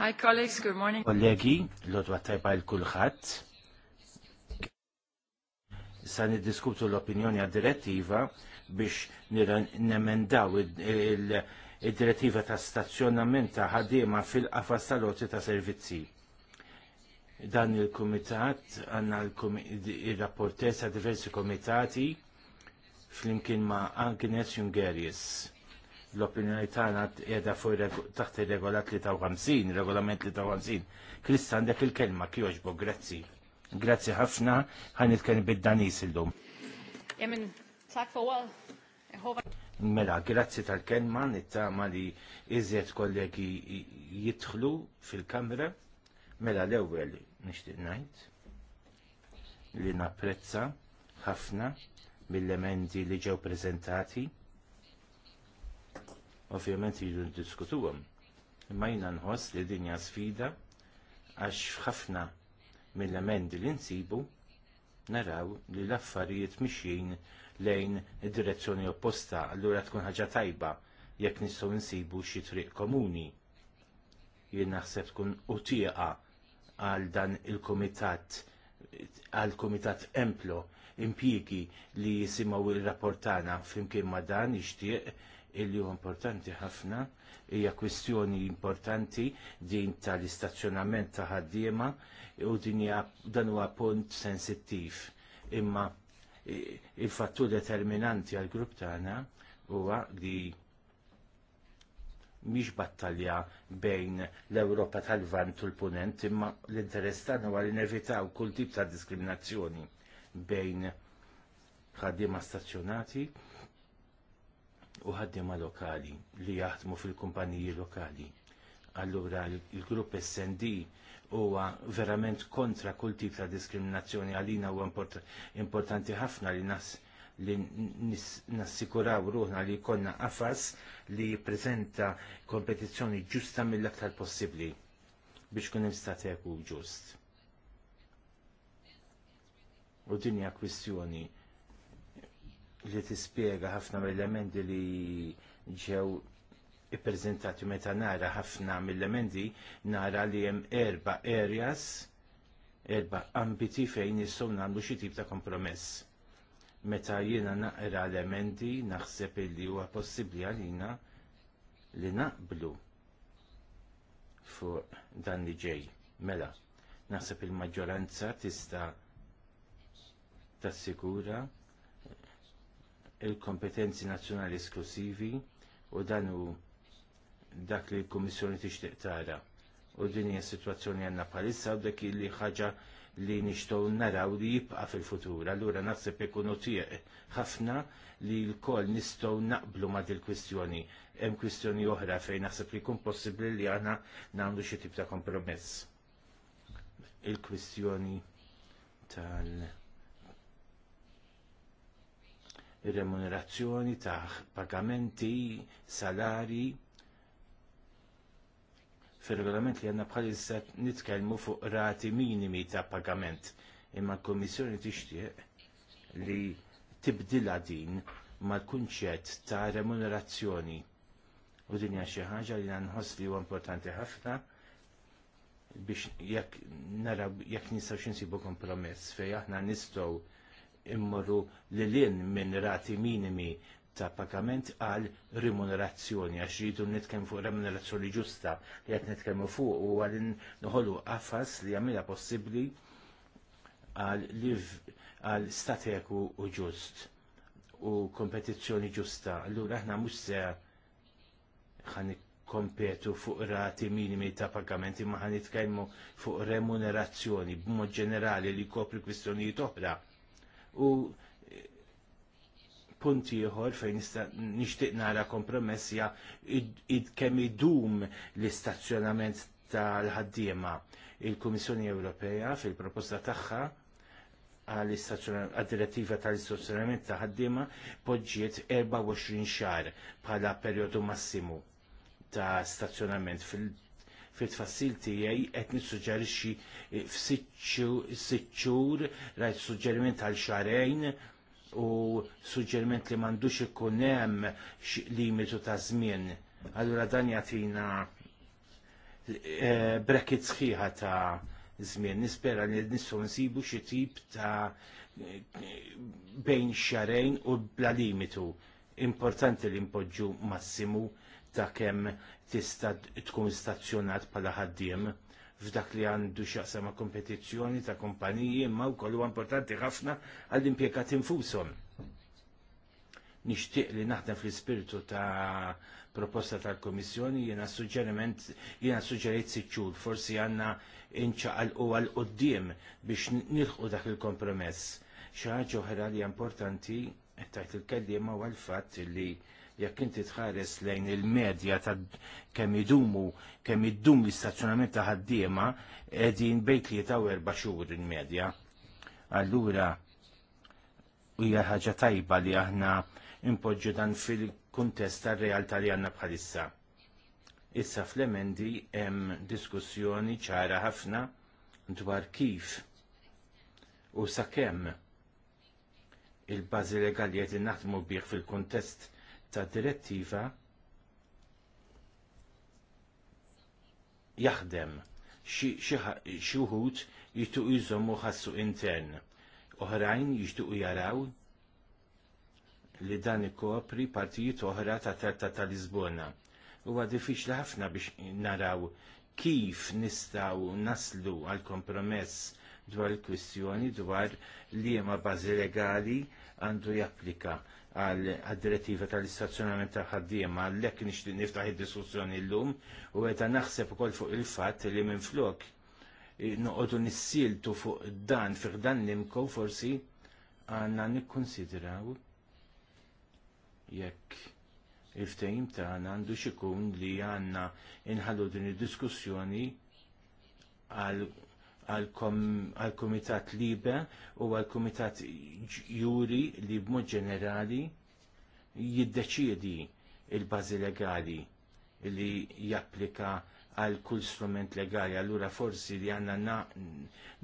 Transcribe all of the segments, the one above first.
Hi colleagues, good morning. Kollegi, l-odwa tajba l-kulħat. Sa niddiskutu l-opinjoni għad-direttiva biex nemendaw il-direttiva ta' stazzjonament ta' ħaddiema fil-qafas tal-loti ta' servizzi. Dan il-komitat għanna il-rapportessa diversi komitati fl-imkien ma' Agnes Jungerius l-opinjoni tagħna qiegħda fuq taħt ir-regola 53, regolament 53. Krista għandek il-kelma jogħġbok. grazzi. Grazzi ħafna, ħan nitkellem bid-Danis illum. tak Mela, grazzi tal-kelma, nittama li iżjed kollegi jidħlu fil-kamra. Mela, l-ewwel nixtieq ngħid li napprezza ħafna mill-elementi li ġew preżentati ovvjament jridu ndiskutuhom. Imma jiena nħoss li din sfida għax f'ħafna mill-emendi li nsibu naraw li l-affarijiet mixjin lejn id-direzzjoni opposta, allura tkun ħaġa tajba jekk nistgħu nsibu xi triq komuni. Jien naħseb tkun utieqa għal dan il-kumitat għal kumitat emplo impjiegi li jisimaw il-rapportana flimkien ma dan ixtieq illi huwa importanti ħafna, hija kwistjoni importanti din tal-istazzjonament ta' ħaddiema u din dan huwa punt sensittiv. Imma il-fattur determinanti għall grupp tagħna huwa li mhix battalja bejn l-Ewropa tal-Vant u l-Punent imma l-interess tagħna huwa li nevitaw kull tip ta' diskriminazzjoni bejn ħaddiema stazzjonati u ħaddiema lokali li jaħdmu fil-kumpaniji lokali. Allura il-grupp SND huwa verament kontra kull tip ta' diskriminazzjoni għalina huwa importanti ħafna li nas li nassikuraw ruħna li jkollna qafas li jippreżenta kompetizzjoni ġusta mill-aktar possibbli biex kun hemm ġust. U dinja kwistjoni li tispjega ħafna mill-elementi li ġew ippreżentati meta nara ħafna mill-elementi nara li hemm erba' areas, erba' ambiti fejn nistgħu nagħmlu xi tip ta' kompromess. Meta jiena naqra elementi naħseb li huwa possibbli għalina li naqblu fuq dan li ġej. Mela, naħseb il-maġġoranza tista' tassigura il-kompetenzi nazzjonali esklusivi u dan hu dak li l-Kummissjoni tixtieq tara. U din hija sitwazzjoni għandna bħalissa u dak li ħaġa li nixtgħu naraw li jibqa' fil-futur. Allura naħseb ikunu tieq ħafna li l-koll nistgħu naqblu ma' dil-kwistjoni. Hemm kwistjoni oħra fejn naħseb li jkun possibbli li aħna nagħmlu xi tip ta' kompromess. Il-kwistjoni tal- remunerazzjoni ta' pagamenti, salari. Fil-regolament li għanna bħalissa nitkelmu fuq rati minimi ta' pagament. Imma l-Komissjoni tixtieq li tibdila din mal-kunċett ta' remunerazzjoni. U din hija xi ħaġa li nħoss li huwa importanti ħafna biex jekk naraw jekk nistgħu xinsibu kompromess fejn aħna nistgħu immorru li lin minn rati minimi ta' pagament għal rimunerazzjoni, għax rridu nitkem fuq remunerazzjoni ġusta li qed nitkellmu fuq u għalin nħolu qafas li għamila possibbli għal liv għal stateku u ġust u kompetizzjoni ġusta. Allura aħna mhux se ħan kompetu fuq rati minimi ta' pagamenti ma ħan nitkellmu fuq remunerazzjoni b'mod ġenerali li kopri kwistjonijiet oħra u punti ieħor fejn nixtieq nara kompromessja id kemm idum l-istazzjonament tal-ħaddiema. Il-Kummissjoni Ewropea fil-proposta tagħha għal direttiva tal-istazzjonament ta' ħaddiema poġġiet 24 xahar bħala perjodu massimu ta' stazzjonament fil fil tfassil tiegħi qed nissuġġerixxi eh, f xhur rajt suġġeriment għal xarejn u suġġeriment li m'għandux ikun hemm limitu ta' żmien. Allura dan jagħtina eh, brekket sħiħa ta' żmien. Nispera li nistgħu nsibu xi tip ta' bejn xarejn u bla limitu. Importanti li npoġġu massimu ta' kemm tista' tkun stazzjonat bħala ħaddiem f'dak li għandu x'jaqsam ma' kompetizzjoni ta' kumpaniji imma wkoll huwa importanti ħafna għall impjegat infushom. Nixtieq li naħdem fl-ispirtu ta' proposta tal-Komissjoni jiena suġġeriment jiena suġġerit siċċur forsi għandna u għal qudiem biex nilħu dak il-kompromess. Xaħġa oħra li importanti qed tajt il kelli ma' għal fatt li jekk inti tħares lejn il-medja ta' kemm idumu kemm iddum l-istazzjonament ta' ħaddiema qegħdin bejn tliet u erba' xhur il-medja. Allura hija ħaġa tajba li aħna impoġġu dan fil-kuntest tar-realtà li għandna bħalissa. Issa fl-emendi hemm diskussjoni ċara ħafna dwar kif u sakemm il-bażi legali qed naħdmu bih fil-kuntest tad direttiva jaħdem xi wħud jixtuq jżommu ħassu intern. Oħrajn jixtuq jaraw li dan ikopri partijiet oħra ta' Tratta ta' Lisbona. Huwa diffiċli ħafna biex naraw kif nistgħu naslu għal kompromess dwar il-kwistjoni dwar li ma bażi legali għandu japplika għal-direttiva tal-istazzjonament ta' ħaddiema għal nixtieq niftaħ id-diskussjoni llum u qed naħseb ukoll fuq il-fatt li minflok noqogħdu nissiltu fuq dan fih dan nimkow forsi għandna nikkonsidraw jekk il-ftehim tagħna għandu xikun li għandna inħallu din id-diskussjoni għal għal-Kumitat Libe u għal-Kumitat Juri li b'mod ġenerali jiddeċiedi il-bazi legali li japplika għal kull strument legali, allura forsi li għanna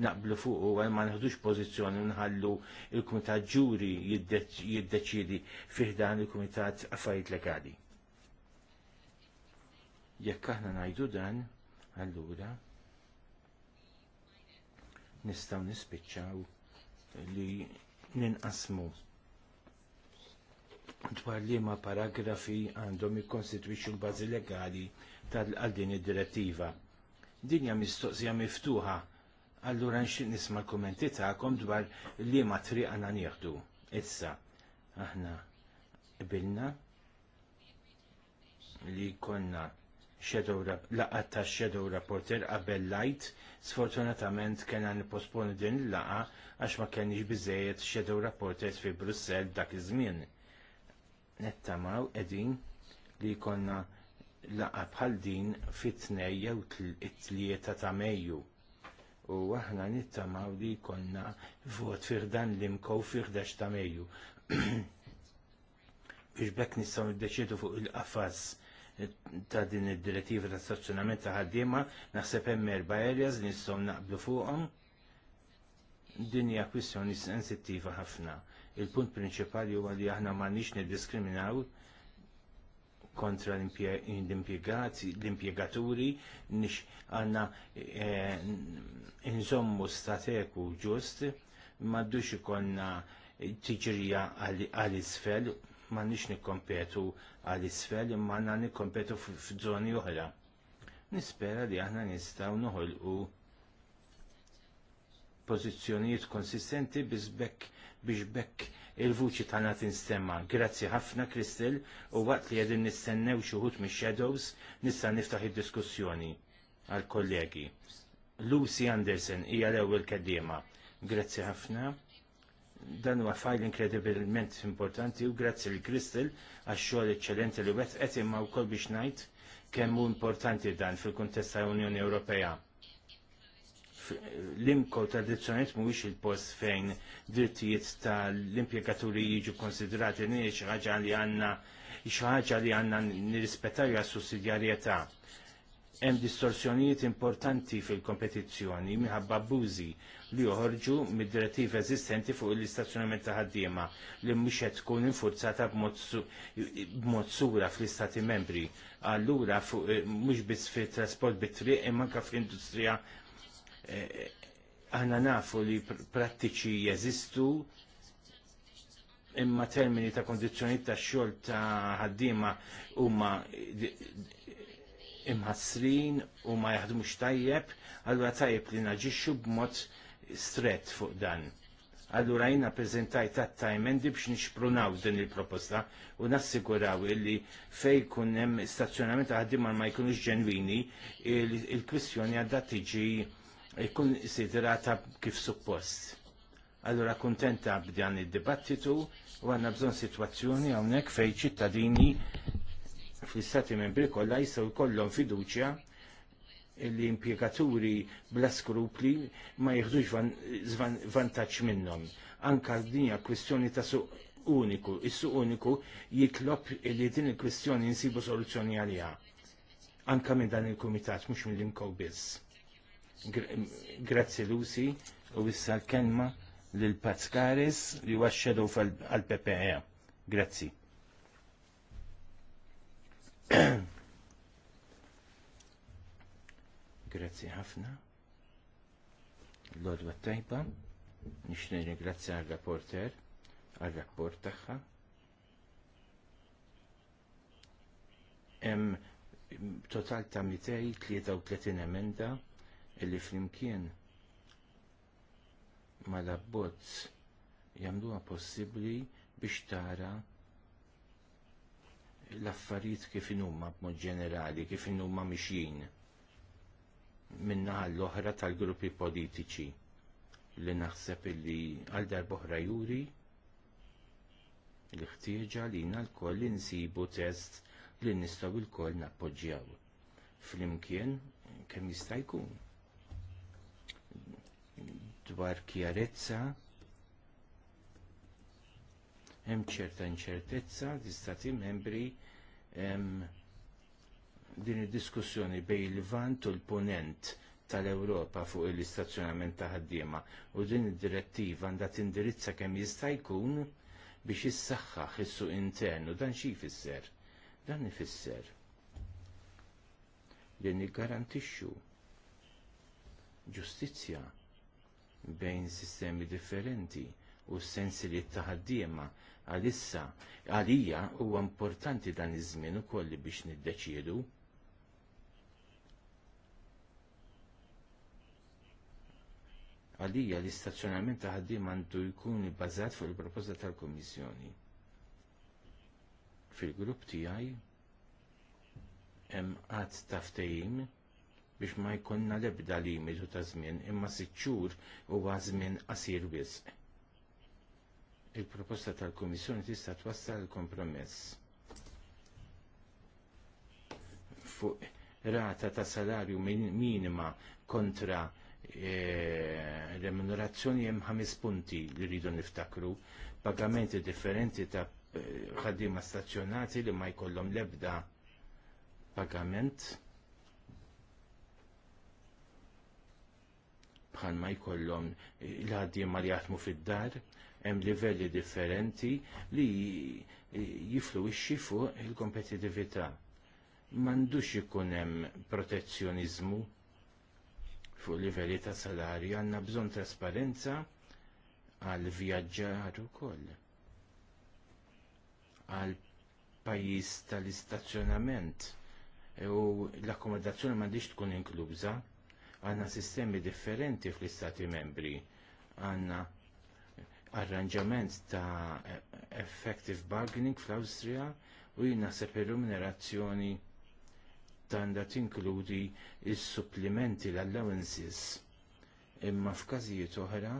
naqblu fuq u għal ma naħdux pozizjoni nħallu il-Kumitat Ġuri jiddeċiedi fiħdan il-Kumitat Affarijiet Legali. Jekk aħna ngħidu dan, allura nistgħu nispiċċaw li ninqasmu dwar li ma paragrafi għandhom jikkonstitwixxu l-bażi legali tal din id-direttiva. Dinja mistoqsija miftuħa, allura nxin nisma l-kommenti tagħkom dwar li ma triq għandna nieħdu. Issa, aħna qbilna li konna shadow laqat ta' shadow rapporter qabel lajt, sfortunatament kena niposponi din il laqa għax ma kenniex biżejjed shadow rapporters fi Brussell dak iż-żmien. Nettamaw edin li konna laqa bħal din fit-tnej jew it-tlieta ta' Mejju. U aħna nittamaw li konna vot firdan l-imkow firdax ta' Mejju. Biex bekk nistgħu niddeċiedu fuq il-qafas ta' din id-direttiva ta' stazzjonament ta' ħaddiema naħseb hemm erba' areas li nistgħu naqblu fuqhom. Din hija kwistjoni sensittiva ħafna. Il-punt prinċipali huwa li aħna m'għandniex niddiskriminaw kontra l impjegaturi l-impiegaturi, nix għanna eh, nżommu stateku ġust, maddux ikonna tiġrija għal-isfel, għal isfel m'għandniex nikkompetu għal isfel imma għandna nikkompetu f'żoni oħra. Nispera li aħna nistgħu noħolqu pożizzjonijiet konsistenti biex bekk il-vuċi tagħna instemma. Grazzi ħafna Kristel u waqt li qegħdin nistennew xi wħud mix-shadows nista' niftaħ id-diskussjoni għall kollegi. Lucy Anderson hija l-ewwel keddiema. Grazzi ħafna dan huwa fajl inkredibilment importanti u grazzi li Kristel għax xogħol eċċellenti li wet qed imma wkoll biex ngħid kemm hu importanti dan fil-kuntest ta' Unjoni Ewropea. L-imko tradizzjoniet mhuwiex il-post fejn drittijiet tal-impjegaturi jiġu konsidrati ni xi ħaġa li għandna xi ħaġa li għandna għas sussidjarjetà. Hemm distorsjonijiet importanti fil-kompetizzjoni minħabba abbużi li joħorġu mid-direttiva eżistenti fuq l-istazzjonament ta' ħaddiema li mhux qed tkun infurzata b'mod sura fl-istati membri. Allura eh, mhux biss fit-trasport bit-triq imma anke fl-industrija eh, aħna nafu li prattiċi jeżistu imma termini ta' kondizjoni ta' xogħol ta' ħaddiema huma imħassrin u ma jaħdmux tajjeb, allura tajjeb li naġixxu b'mod stret fuq dan. Allura jina prezentaj ta' tajmen dibx nixprunaw din il-proposta u nassiguraw li fej kun hemm stazzjonament għaddim ma jkunux ġenwini il-kwistjoni għadda tiġi jkun siderata kif suppost. Allura kontenta b'dan id-dibattitu u għanna bżon situazzjoni għawnek fej ċittadini fl-istati membri kollha jistgħu jkollhom fiduċja l-impiegaturi bla skrupli ma jieħdux vantaġġ van, vantaġġ minnhom. Anka hija kwistjoni ta' suq uniku. Is-suq uniku jitlob li din il-kwistjoni nsibu soluzzjoni għaliha. Anka minn dan il-kumitat mhux mill inkow biss. Grazzi Lucy u issa l-kelma lil Pazkaris li huwa xedow għal-PPE. Grazzi. Grazzi ħafna. L-odwa tajba, nixni ringrazzja għal-rapporter, għal-rapport tagħha. Hemm total ta' 233 emenda illi flimkien mal-abbozz jagħmluha possibbli biex tara l-affarijiet kif inhuma b'mod ġenerali, kif inhuma mixjin minna l-oħra tal-gruppi politiċi li naħseb li għal darboħra juri li ħtieġa li l-koll insibu test li nistaw il-koll nappoġġjaw. Flimkien, kemm jista' jkun. Dwar kjarezza, hemm ċerta inċertezza l membri din id-diskussjoni bejn il-vant u l-ponent tal-Ewropa fuq il istazzjonament ta' ħaddiema u din id-direttiva għandha tindirizza kemm jista' jkun biex jissaħħaħ is-suq internu dan xi jfisser? Dan ifisser li niggarantixxu ġustizzja bejn sistemi differenti u s-sensi li t-taħaddiema għalissa għalija huwa importanti dan iż-żmien ukoll biex niddeċiedu Għalija l-istazzjonament ta' ħaddim għandu jkun bbażat fuq il-proposta tal-Kummissjoni. Fil-grupp tiegħi hemm qatt ta' ftehim biex ma jkollna l-ebda limitu ta' żmien imma sitt xhur huwa żmien qasir wisq. Il-proposta tal-Kummissjoni tista' twassal il-kompromess fuq rata ta' salarju minima kontra Eh, remunerazzjoni hemm ħames punti li rridu niftakru, pagamenti differenti ta' ħaddiema stazzjonati li ma jkollhom l-ebda pagament bħal ma jkollhom l-ħaddiema li jaħdmu fid-dar, hemm livelli differenti li jifluwixxi fuq il-kompetitività. M'għandux ikun hemm protezzjoniżmu fuq livelli ta' salarju għandna bżonn trasparenza għal vjaġġar ukoll. Għal pajjiż tal-istazzjonament u l-akkomodazzjoni m'għandix tkun inkluża għandna sistemi differenti fl-istati membri għandna arranġament ta' effective bargaining fl-Awstrija u jina sepp remunerazzjoni da tinkludi il-supplimenti l-allowances imma f'każijiet oħra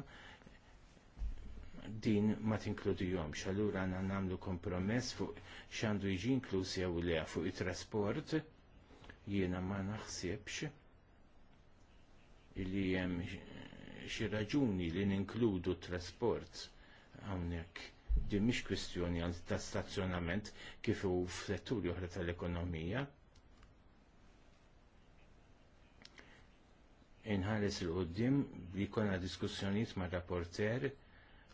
din ma jom. Allura għanna nagħmlu kompromess fuq x'għandu jiġi inkluż jew le fuq it-trasport jiena ma naħsibx li hemm xi raġuni li ninkludu t-trasport hawnhekk. Din mhix kwistjoni għal ta' stazzjonament kif hu f'setturi oħra tal-ekonomija inħares il-qoddim li jkollna diskussjonijiet mar rapporter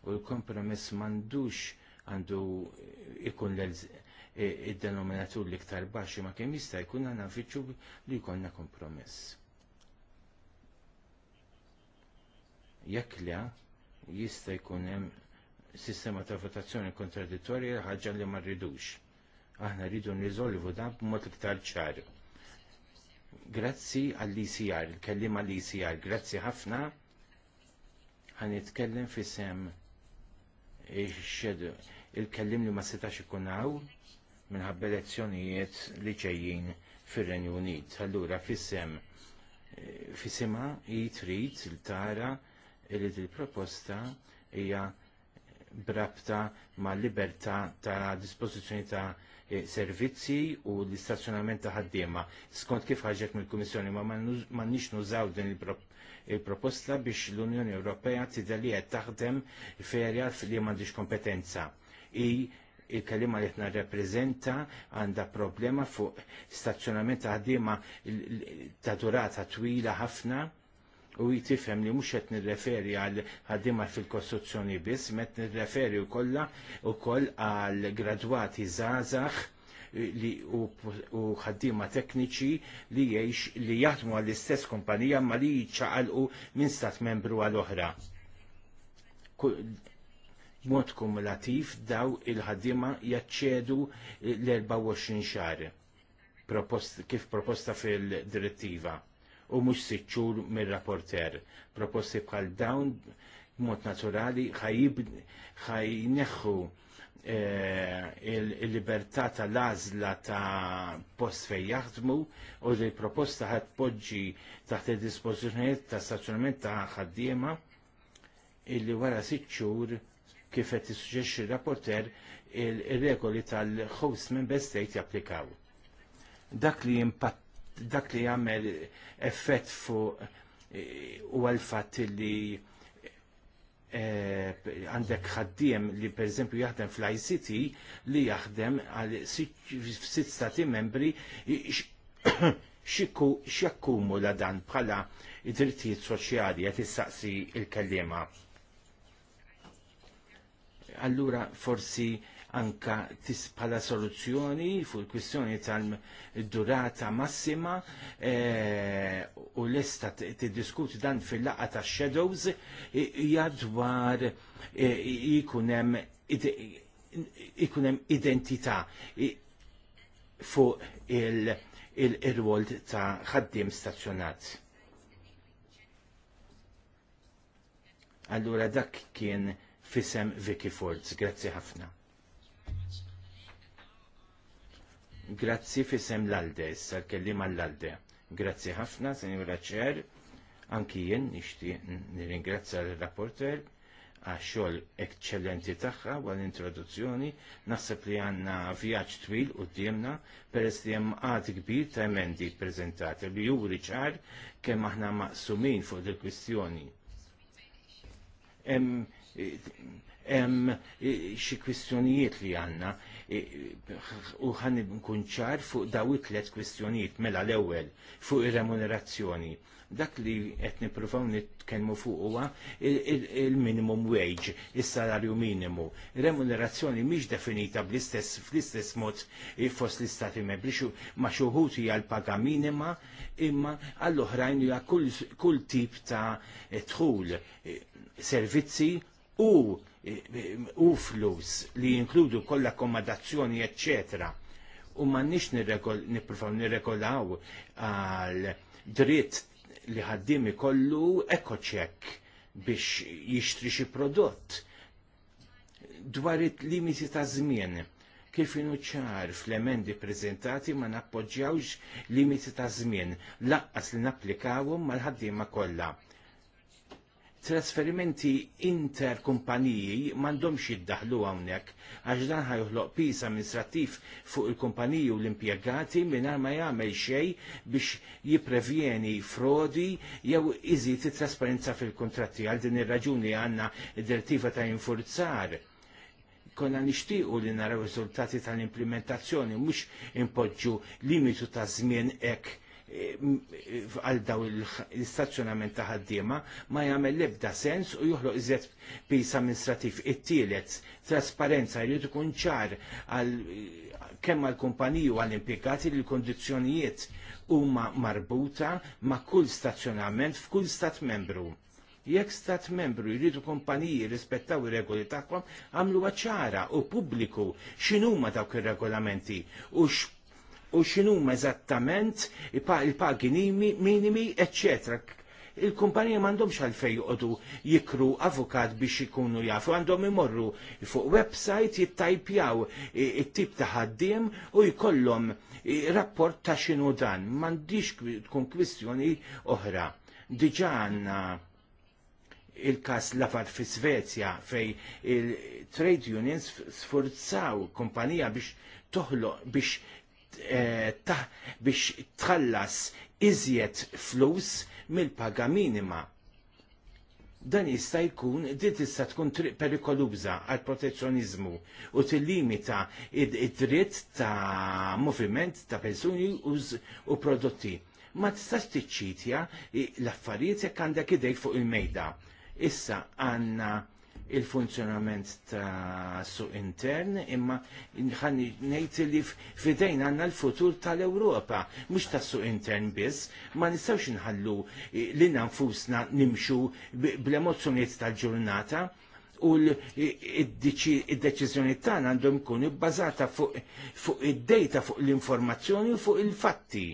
u l-kompromess m'għandux għandu ikun l e, denominatur l-iktar baxi ma kemm jista' jkun għanna fiċċu li jkollna kompromess. Jekk le jista' jkun hemm sistema ta' votazzjoni kontradittorja ħaġa li ma rridux. Aħna rridu nriżolvu dan b'mod iktar ċar. Grazzi għall-ICR, kellim għall-ICR, grazzi ħafna. Għan itkellem fissem il-kellim li ma setax ikunaw minħabba elezzjonijiet li ġejjin fir-Renju Unit. Allura fissem fissima jitrit il-tara li il-proposta hija brabta ma' libertà ta' dispożizzjoni ta' Eh, servizzi u l-istazzjonament ta' ħaddiema. Skont kif ħarġet mill-Kummissjoni ma m'għandniex nużaw din il-proposta biex l-Unjoni Ewropea tidha li qed taħdem ferja li m'għandix kompetenza. I il-kalima li jtna reprezenta għanda problema fuq stazzjonament ta' ħaddiema ta' durata twila ħafna u jitifem li mhux qed nirreferi għal ħaddiema fil-kostruzzjoni biss, met nirreferi u wkoll għal gradwati żgħażagħ li u ħaddiema tekniċi li jgħix li jaħdmu għall-istess kumpanija ma li jiċċaqalqu minn stat membru għal oħra. Mod kumulativ daw il ħaddima jaċċedu l-24 xar kif proposta fil-direttiva u mhux siċur mir-rapporter. Proposti bħal dawn mod naturali ħajneħħu eh, il-libertà tal-għażla ta' post fej jaħdmu u li proposta ħad poġġi taħt il dispozizjoniet ta' stazzjonament ta' ħaddiema illi wara sitt xhur kif qed tissuġġexxi rapporter ir regoli tal-host member state japplikaw. Dak li impatt dak li jagħmel effett fuq e, u għalfat li e, għandek ħaddiem li per eżempju jaħdem fl-ICT li jaħdem għal sitt stati membri la dan bħala id-drittijiet soċjali qed issaqsi il-kellima. Allura forsi anka tispala soluzzjoni fuq il-kwistjoni tal-durata massima eh, u l-esta tiddiskuti dan fil laqqa ta' shadows jadwar ikunem eh, ikunem identità fuq il-irwold ta' ħaddim stazzjonat. Allura dak kien fisem Vicky Fords. Grazzi ħafna. Grazzi fisem l-alde, sal-kellim l alde Grazzi ħafna, Senjura Ċer, anki jien nir nirringrazzja l-rapporter għax-xogħol eċċellenti tagħha u l-introduzzjoni naħseb li għandna vjaġġ twil qudiemna peress li hemm għad kbir ta' emendi ppreżentati li juri ċar kemm aħna maqsumin fuq il kwistjoni em, xi kwistjonijiet li għandna E, u ħan nkun ċar fuq daw it-tlet kwistjonijiet mela l-ewwel fuq ir-remunerazzjoni. Dak li qed nippruvaw nitkellmu fuq huwa il-minimum wage, is-salarju minimu. Remunerazzjoni mhix definita bl-istess fl-istess mod fost l-istati membri ma xuħut hija l-paga minima imma għall-oħrajn hija kull tip ta' dħul e, servizzi u Eh, eh, u flus li jinkludu koll akkomodazzjoni eccetera. U m'għandniex nippruvaw nirregolaw għal dritt li ħaddimi ikollu ekoċek biex jixtri xi prodott dwar it-limiti ta' żmien kif inu ċar fl-emendi prezentati ma nappoġġjawx limiti ta' żmien laqqas li napplikawhom mal-ħaddiema kollha trasferimenti interkumpaniji m'għandhomx jiddaħlu hawnhekk għax dan ħajoħloq pis amministrattiv fuq il-kumpaniji u l-impjegati mingħajr ma jagħmel xejn biex jiprevjeni frodi jew iżid it-trasparenza fil-kontratti għal din ir-raġuni għandna id-direttiva ta' infurzar konna nixtiequ li naraw riżultati tal-implementazzjoni mhux impoġġu limitu ta' żmien hekk għal daw l-istazzjonament ta' ħaddiema ma jagħmel l-ebda sens u joħloq iżjed pis amministrativ. It-tielet, trasparenza jrid ikun ċar għal kemm għal kumpaniji u għal impjegati li l-kondizzjonijiet huma marbuta ma' kull stazzjonament f'kull stat membru. Jekk stat membru jridu kumpaniji rispettaw ir-regoli tagħhom, għamlu ċara u pubbliku x'inhuma dawk ir-regolamenti u u x'inhuma eżattament il-pagi minimi, etc. il-kumpanija mandomx għalfej joqdu jikru avukat biex ikunu jafu, għandhom imorru fuq website jittajpjaw it-tip ta' ħaddiem u jkollhom rapport ta' xinu dan, mandiġ tkun kwistjoni oħra. Diġa għanna il-kas lafar fi Svezja fej il-trade unions sforzaw kumpanija biex toħlo biex Eh, biex tħallas iżjed flus mill-paga minima. Dan jista' jkun di tista' tkun triq perikoluża għal protezzjonizmu u tillimita id-dritt ta' moviment ta' persuni u prodotti. Ma tistax tiċċitja l-affarijiet jekk għandek idej fuq il-mejda. Issa għandna il-funzjonament ta' suq intern, imma nħanni ngħid li fidejn għandna l-futur tal-Ewropa, mhux ta' suq intern biss, ma nistgħux nħallu eh, li nfusna nimxu bl emozjoniet tal-ġurnata u id-deċiżjoni tagħna għandhom ikunu bazata fuq id-dejta, fuq l-informazzjoni u fuq il-fatti.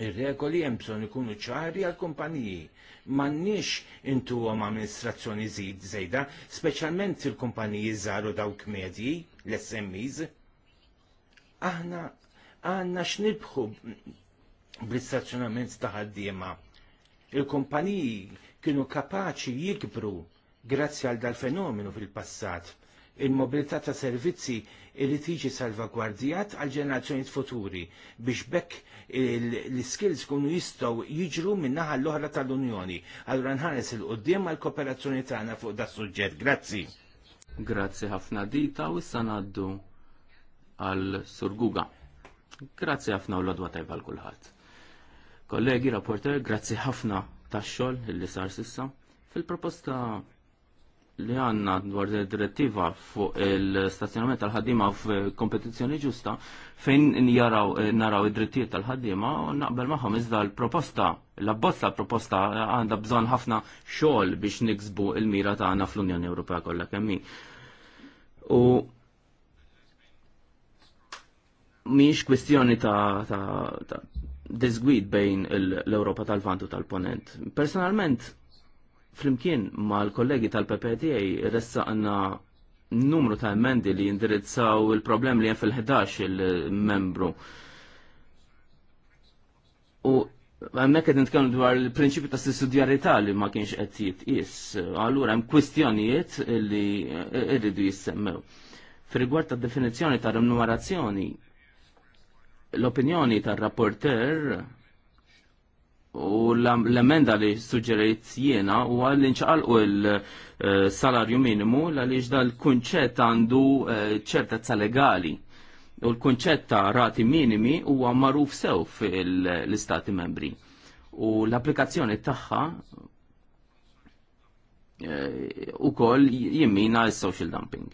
Ir-regoli hemm bżonn ikunu ċari għall-kumpaniji m'għandniex intu għom amministrazzjoni zid zejda, speċjalment il-kumpaniji zaru dawk medji, l-SMEs. Aħna aħna x'nibħu bl-istazzjonament ta' ħaddiema. Il-kumpaniji kienu kapaċi jikbru grazzi għal dal-fenomenu fil-passat il-mobilità ta' servizzi li tiġi salvagwardjat għal ġenerazzjonijiet futuri biex bekk l-skills kunu jistgħu jiġru min-naħa l-oħra tal-Unjoni. Allura nħares il-qudiem għal kooperazzjoni tagħna fuq da' suġġett. Grazzi. Grazzi ħafna dita u issa ngħaddu għal Surguga. Grazzi ħafna u l-odwa tajba għal kulħadd. Kollegi, rapporter, grazzi ħafna tax-xogħol li sar sissa. Fil-proposta li għanna dwar direttiva fuq il-stazzjonament tal-ħaddima f'kompetizzjoni ġusta fejn jaraw naraw id-drittijiet tal-ħaddima u naqbel magħhom iżda l-proposta l-abbozza proposta għandha bżonn ħafna xogħol biex niksbu il-mira tagħna fl-Unjoni Ewropea kollha kemm U miex kwestjoni ta', ta, ta bejn l-Europa tal-Vantu tal-Ponent. Personalment, Flimkien mal-kollegi tal-PPTA ressa għanna numru ta' emendi li jindirizzaw il-problem li jen fil-11 il-membru. U Għemmek għed nitkellmu dwar il-prinċipju ta' sussidjarjetà li ma kienx qed jitqies. Allura hemm kwistjonijiet li rridu jissemmew. Fir-rigward ta' definizzjoni ta' remunerazzjoni, l-opinjoni tar-rapporter U l-emenda li suġġerejt jiena u għall inċaqalqu il-salarju minimu għaliex dal-kunċett għandu eh, ċertezza legali. U l-kunċett ta' rati minimi huwa magħruf sew fil-istati membri. U l-applikazzjoni tagħha eh, ukoll jimmina s-social dumping.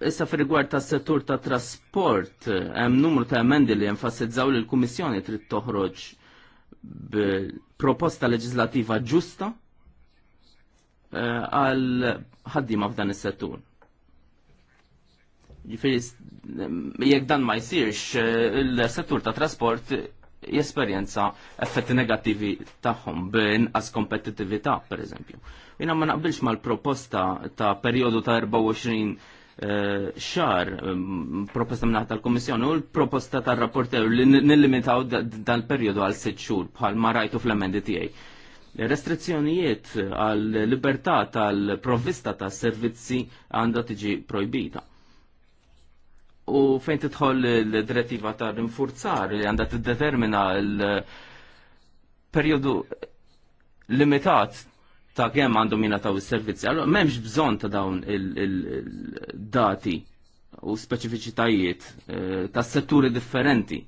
Issa fi rigward tas settur ta' trasport, hemm numru ta' emendi li enfasizzaw li l-Kummissjoni trid toħroġ proposta leġislativa ġusta eh, għal ħaddiema f'dan is-settur. Ġifieri jekk dan ma jsirx, eh, il-settur ta' trasport jesperjenza effetti negattivi tagħhom b'inqas kompetittività pereżempju. Jiena ma naqbilx mal-proposta ta' perjodu ta' 24 Eh, xar eh, proposta minna tal-Komissjoni u l-proposta tal-rapporter li nillimitaw dal-periodu għal sitt xhur bħal ma rajtu fl-emendi tiegħi. Restrizzjonijiet għal libertà tal-provvista ta' servizzi għandha tiġi projbita. U fejn tidħol l-direttiva ta' rinforzar li għandha tiddetermina l-periodu limitat ta' kemm għandhom jingħataw is-servizzi. Allora m'hemmx bżonn ta' dawn il-dati u speċifiċitajiet eh, ta' setturi differenti.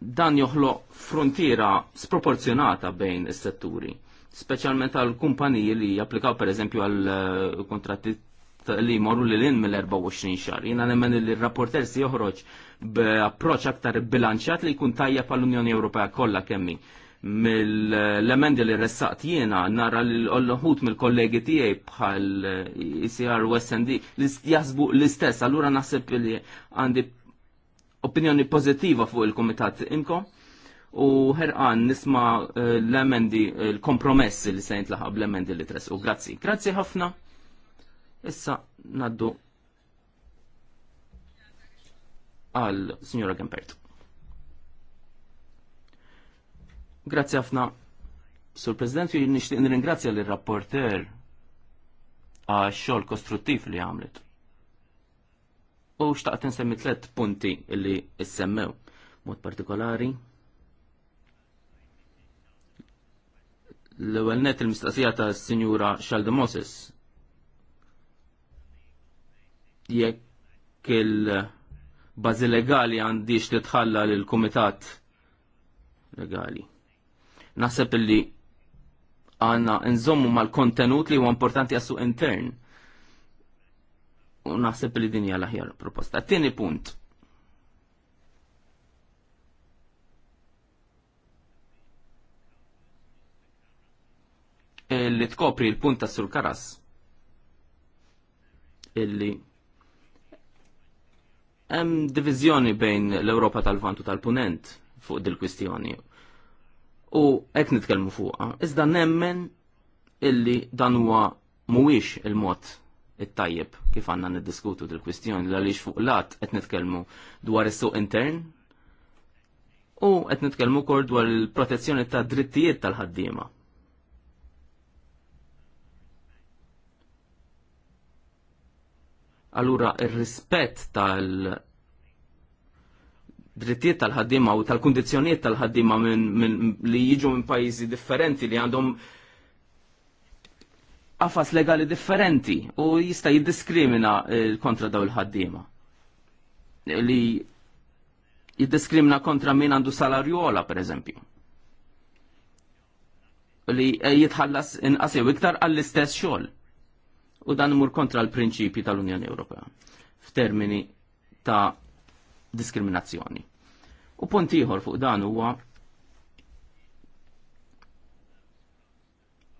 Dan joħloq frontiera sproporzjonata bejn is-setturi, speċjalment għal kumpaniji li japplikaw pereżempju għal eh, kontratti li jmorru li l-in mill-24 xar. Jina nemmen li rapporter si joħroġ b'approċċ aktar bilanċat li jkun tajja pal unjoni Ewropea kollha kemmi mill-emendi li ressaqt jiena nara l-olloħut mill-kollegi tiegħi bħal ICR e u SND li jasbu l-istess, allura naħseb li għandi opinjoni pozittiva fuq il-komitat imko u Herqan nisma eh, l-emendi, l-kompromess li se laħab l-emendi li tresqu. Grazzi. Grazzi ħafna. Issa naddu għal signora Gempert. Grazzi ħafna. Sur President, jien nixtieq nirringrazzja l rapporter għax xogħol kostruttiv li għamlet. U xtaqt insemmi tliet punti li issemmew mod partikolari. L-ewwel net il-mistaqsija ta' sinjura Xalde Moses. Jekk il-bażi legali għandix titħalla lill kumitat legali. Naħseb illi għanna nżommu mal-kontenut li huwa importanti għassu intern. U naħseb li dinja l-aħjar proposta. Tieni punt. Li tkopri l-punta sul karas illi hemm diviżjoni bejn l-Ewropa tal-Vantu tal-Punent fuq dil-kwistjoni u qed nitkellmu fuqha. Iżda nemmen illi dan huwa mhuwiex il-mod it-tajjeb kif għandna niddiskutu dil-kwistjoni għaliex fuq lat qed nitkellmu dwar is-suq intern u qed nitkellmu wkoll dwar il-protezzjoni ta' drittijiet tal-ħaddiema. Allura ir-rispett tal drittijiet tal-ħaddima u tal kondizjoniet tal-ħaddima li jiġu minn pajjiżi differenti li għandhom għafas legali differenti u jista' jiddiskrimina eh, kontra daw il-ħaddima. Li jiddiskrimina kontra min għandu salarjola, per eżempju. Li eh, jitħallas inqas jew iktar għall-istess xogħol. U dan imur kontra l prinċipi tal-Unjoni Ewropea f'termini ta' diskriminazzjoni. U punt ieħor fuq dan huwa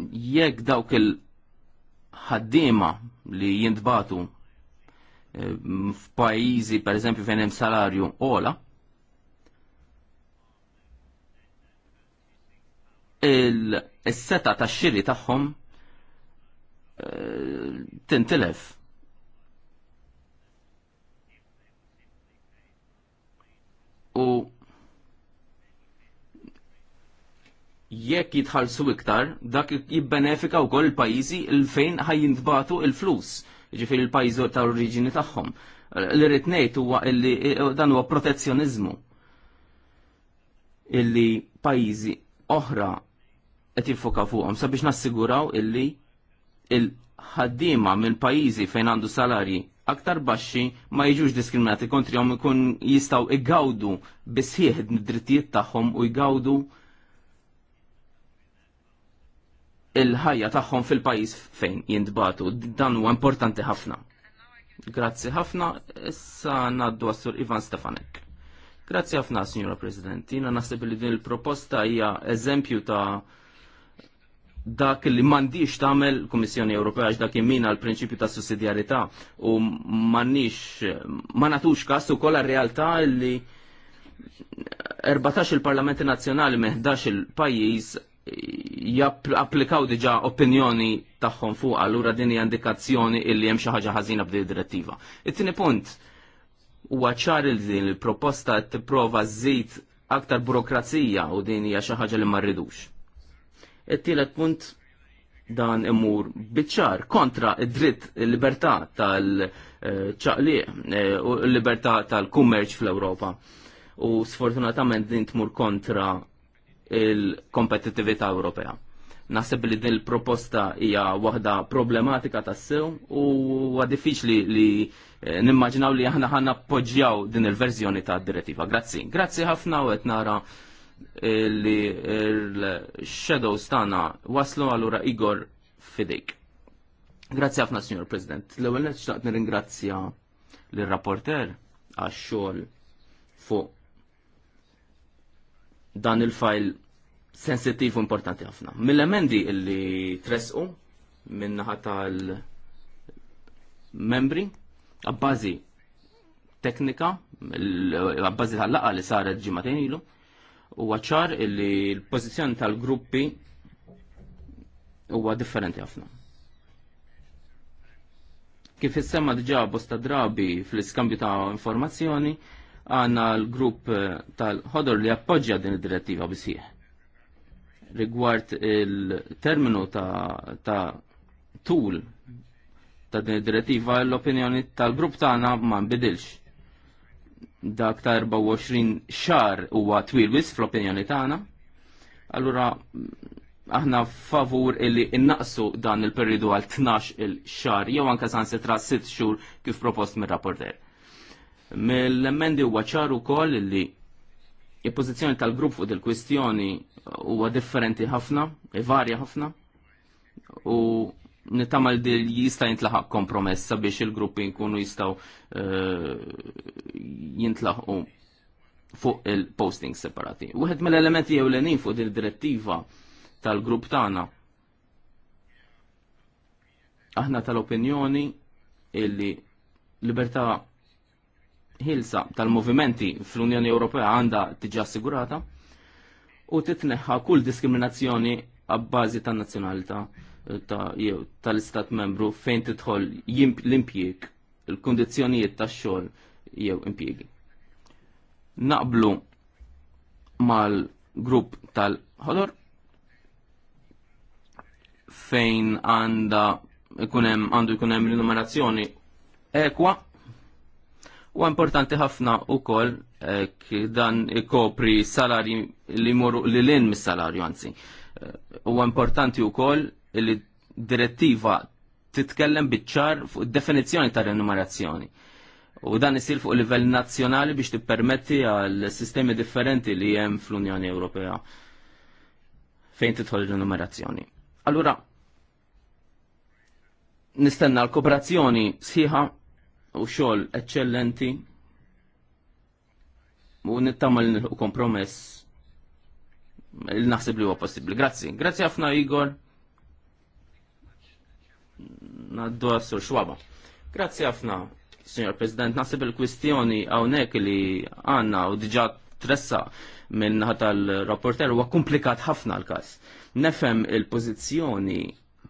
jekk dawk il-ħaddiema li jintbatu eh, f'pajjiżi pereżempju fejn hemm salarju ola, il-seta ta' xiri tagħhom eh, tintilef. u jekk jitħallsu iktar, dak jibbenefika wkoll il-pajjiżi il fejn ħajjintbatu il-flus, ġifir il pajizu ta' oriġini tagħhom. L-ritnejt ngħid huwa li eh, dan huwa protezzjonizmu illi pajjiżi oħra qed jiffoka fuqhom sabiex nassiguraw illi il-ħaddiema minn pajjiżi fejn għandu salarji aktar baxxi ma jiġux diskriminati kontrihom ikun jistgħu igawdu bisħieħ id-drittijiet tagħhom u jgawdu il-ħajja tagħhom fil-pajjiż fejn jintbatu. Dan huwa importanti ħafna. Grazzi ħafna, issa naddu għas Ivan Stefanek. Grazzi ħafna, Signora President. Jiena naħseb li din il-proposta hija eżempju ta' dak li mandiġ tamel Komissjoni Ewropea dak jimmina l-prinċipju ta' sussidjarità u mandiġ ma natux kas kolla realtà li 14 il-Parlamenti Nazzjonali me 11 il pajis japplikaw diġa opinjoni tagħhom fuq allura din hija indikazzjoni illi hemm xi ħaġa ħażina b'di direttiva. It-tieni punt huwa ċar li din il-proposta tipprova żżid aktar burokrazija u din hija xi ħaġa li ma rridux it-tielet punt dan imur biċċar kontra id-dritt il-libertà tal ċaqli eh, u l-libertà tal-kummerċ fl-Ewropa. U sfortunatament din tmur kontra il-kompetitività Ewropea. Naħseb li din il-proposta hija waħda problematika tassew u huwa diffiċli li eh, nimmaġinaw li aħna ħanna poġġjaw din il-verżjoni ta' direttiva. Grazzi. Grazzi ħafna u qed nara li l-shadows tagħna waslu allura Igor Fidik. Grazzi ħafna, Signor President. L-ewwel qed xtaqt nirringrazzja lir-rapporter għax-xogħol fuq dan il-fajl sensittiv u importanti ħafna. Mill-emendi illi tresqu minnaħa tal-membri, għabbazi teknika, għabbazi tal-laqa li saret ġimatejn ilu, huwa ċar illi l-pożizzjoni tal-gruppi huwa differenti ħafna. Kif issemma diġà bosta drabi fl-iskambju ta' informazzjoni, għanna l-grupp tal-ħodor li appoġġja din id-direttiva bisieħ. Rigward il-terminu ta', ta tul ta' din id-direttiva, l-opinjoni tal-grupp tagħna ma nbidilx dak ta' 24 xar huwa twil wis fl-opinjoni tagħna. Allura mm, aħna favur illi innaqsu dan il-periodu għal 12 il-xar jew anke sansitra 6 xhur kif propost mir-rapporter. Mill-emendi huwa ċar ukoll illi il-pożizzjoni tal-grupp fuq il-kwistjoni huwa differenti ħafna, varja ħafna u nitamal dil jista jintlaħaq kompromessa biex il-gruppi nkunu jistaw eh, jintlaħqu fuq il-posting separati. Wieħed mill-elementi ewlenin fuq din direttiva tal-grupp tagħna. Aħna tal-opinjoni illi libertà ħilsa tal-movimenti fl-Unjoni Ewropea għandha tiġi assigurata u titneħħa kull diskriminazzjoni għabbażi tan-nazzjonalità. Ta tal-istat membru fejn titħol l-impjieg, il-kondizjonijiet tax-xogħol jew impjiegi. Naqblu mal-grupp tal-ħolor fejn għanda ikunem għandu ikunem l-numerazzjoni ekwa u importanti ħafna u koll eh, dan ikopri salari li moru li l-in mis-salarju għanzi. Eh, u importanti u koll li direttiva titkellem bitċar fuq id definizzjoni ta' renumerazzjoni. U dan isir fuq livell nazzjonali biex tippermetti għal sistemi differenti li hemm fl-Unjoni Ewropea fejn tidħol renumerazzjoni. Allura, nistenna l-kooperazzjoni sħiħa u xogħol eċċellenti u nittamal nilħu kompromess il-naħseb li huwa possibbli. Grazzi. Grazzi ħafna Igor naddu għassur xwaba. Grazzi għafna, Signor President, nasib il-kwistjoni għawnek li għanna u diġa tressa minn tal-rapporter huwa komplikat ħafna l-kas. Nefem il-pozizjoni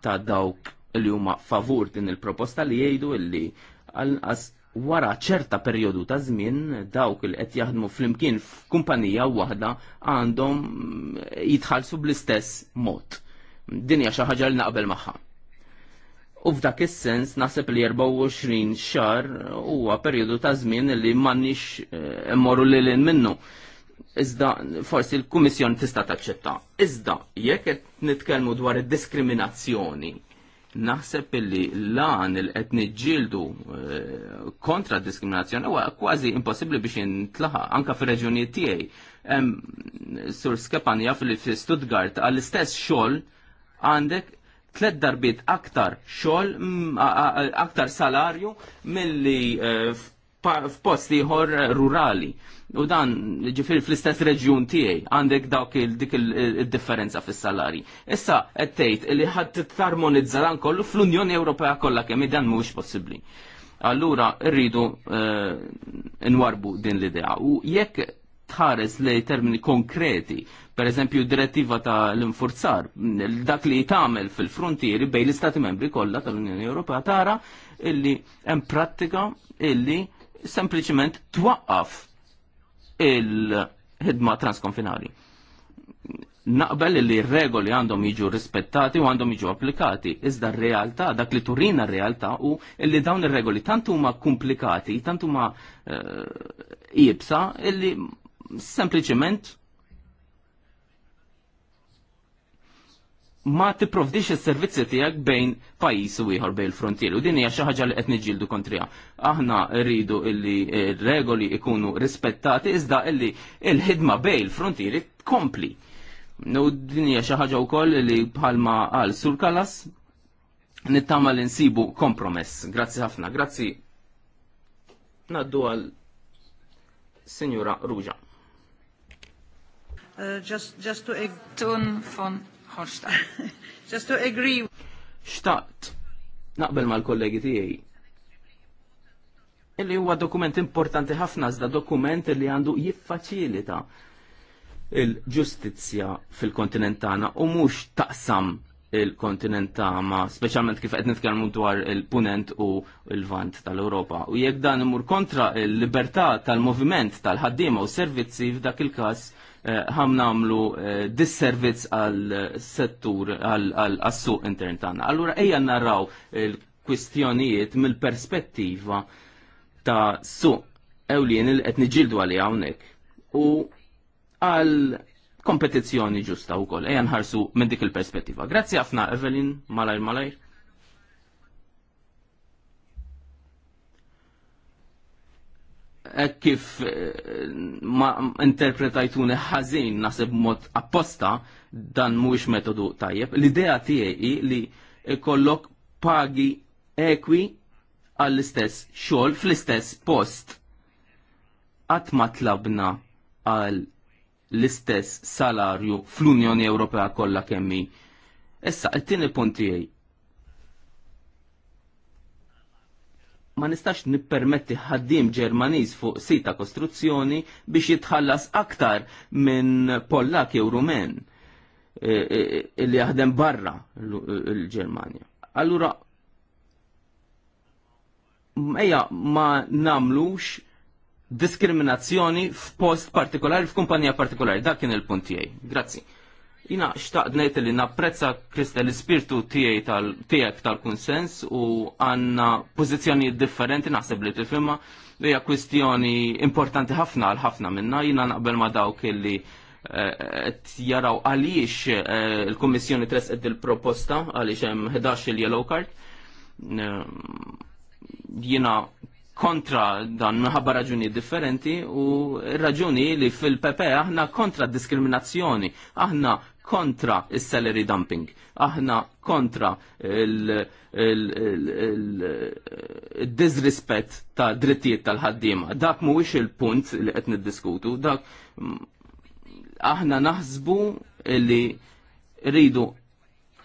ta' dawk li huma favur din il-proposta li jgħidu illi għal wara ċerta perjodu ta' żmien dawk li qed jaħdmu flimkien f'kumpanija waħda għandhom jitħallsu bl-istess mod. Dinja xi ħaġa li naqbel magħha. U f'dak is-sens naħseb li 24 xar huwa perjodu ta' żmien li m'għandniex eh, immorru lil minnu. Iżda forsi l-Kummissjoni tista' taċċetta. Iżda jekk qed nitkellmu dwar id-diskriminazzjoni, naħseb li lan il-qed niġġieldu eh, kontra diskriminazzjoni huwa kważi impossibbli biex jintlaħa. anka fir-reġjunijiet tiegħi. Sur Skepanja fil-Stuttgart għall-istess xogħol għandek tlet darbit aktar xol, aktar salarju mill-li eh, f'post ieħor rurali. U dan ġifir, fl-istess reġjun tiegħi għandek dawk dik il-differenza fis-salari. Issa qed tgħid li ħadd tarmonizza dan kollu fl-Unjoni Ewropea kollha kemm dan mhuwiex possibbli. Allura rridu eh, nwarbu din l-idea. U jekk tħares li termini konkreti per eżempju direttiva ta' l-infurzar, dak li tagħmel fil-frontieri bejn l-Istati membri kollha tal-Unjoni Ewropea tara illi hemm prattika illi sempliċement twaqqaf il-ħidma transkonfinali. Naqbel li r-regoli għandhom jiġu rispettati u għandhom jiġu applikati, iżda r-realtà, dak li turina r-realtà u illi dawn ir-regoli tant huma komplikati, tant huma uh, jibsa, illi sempliċement ma tipprovdix is-servizzi tiegħek bejn pajjiż u ieħor bejn il-frontier u din hija xi ħaġa li qed niġġieldu kontriha. Aħna rridu illi eh, regoli ikunu rispettati iżda illi il-ħidma bejn il-frontieri tkompli. U din hija xi ħaġa wkoll li bħalma għal sur kalas nittama li nsibu kompromess. Grazzi ħafna, grazzi. Naddu għal Signora Ruġa. Uh, just, just to Tun fon Just to agree. Xtaqt. Naqbel mal-kollegi tiegħi. Illi huwa dokument importanti ħafna iżda dokument li għandu jiffaċilita il-ġustizzja fil-kontinent tagħna u mhux taqsam il-kontinent tagħna, speċjalment kif qed nitkellmu dwar il-punent u l-vant tal-Ewropa. U jekk dan imur kontra il-libertà tal-moviment tal-ħaddiema u servizzi f'dak il-każ Eh, ħam namlu eh, disservizz għal eh, settur għal suq intern tagħna. Allura ejja narraw il-kwistjonijiet mill-perspettiva ta' suq ewlien il-qed niġildu għal hawnhekk u għal kompetizzjoni ġusta wkoll ejja nħarsu minn dik il-perspettiva. Grazzi ħafna Evelyn, malajr malajr. Eh, kif eh, ma interpretajtuni ħażin naħseb mod apposta dan mhuwiex metodu tajjeb. L-idea tiegħi li kollok pagi ekwi għall-istess xogħol fl-istess post. Qatt ma tlabna għal l-istess salarju fl-Unjoni Ewropea kollha kemmi. Issa, it-tieni punt tiegħi ma nistax nippermetti ħaddim Ġermaniż fuq sita kostruzzjoni biex jitħallas aktar minn Pollak jew Rumen e, e, e, li jaħdem barra l-Ġermanja. Allura ejja ma namlux diskriminazzjoni f'post partikolari f'kumpanija partikolari. Dak kien il-punt tiegħi. Grazzi. Jina xtaqt nejt li napprezza Krista l-ispirtu tijek tal-konsens u għanna pozizjoni differenti naħseb li tifimma li hija kwistjoni importanti ħafna għal ħafna minna jina naqbel ma dawk li eh, jaraw għaliex eh, il-Kommissjoni tresqed il-proposta għaliex hemm 11 il-yellow card. Eh, Jiena kontra dan minħabba raġuni differenti u raġuni li fil-PP e aħna kontra diskriminazzjoni, aħna kontra il-salary dumping. Aħna kontra il-disrispett ta' drittijiet tal-ħaddima. Dak mhuwiex il-punt li qed niddiskutu, dak aħna naħsbu li rridu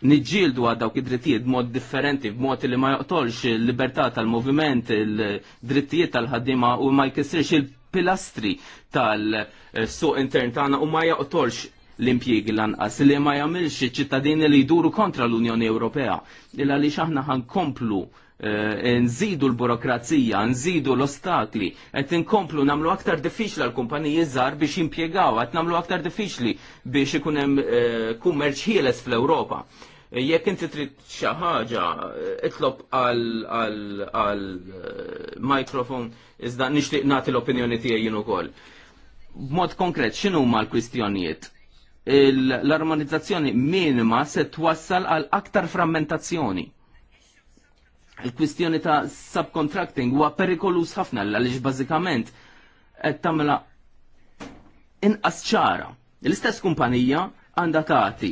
niġġieldu għad dawk id-drittijiet b'mod differenti, b'mod li ma joqtolx il-libertà tal-moviment, il-drittijiet tal-ħaddima u ma jkissirx il-pilastri tal-suq intern tagħna u ma jaqtolx l-impjiegi lanqas li ma jagħmilx iċ-ċittadini li jduru kontra l-Unjoni Ewropea. Il għaliex aħna ħankomplu eh, nżidu l-burokrazija, nżidu l-ostakli, qed inkomplu nagħmlu aktar diffiċli għal kumpaniji żgħar biex jimpjegaw, qed nagħmlu aktar diffiċli biex ikun hemm eh, kummerċ ħieles fl-Ewropa. Eh, jekk inti trid xi ħaġa, itlob għal mikrofon iżda nixtieq nagħti l-opinjoni tiegħi jien ukoll. B'mod konkret x'inhuma l-kwistjonijiet? l-armonizzazzjoni minima se twassal għal aktar frammentazzjoni. Il-kwistjoni ta' subcontracting huwa perikolus ħafna għaliex bażikament qed tagħmilha inqas ċara. L-istess kumpanija għandha tagħti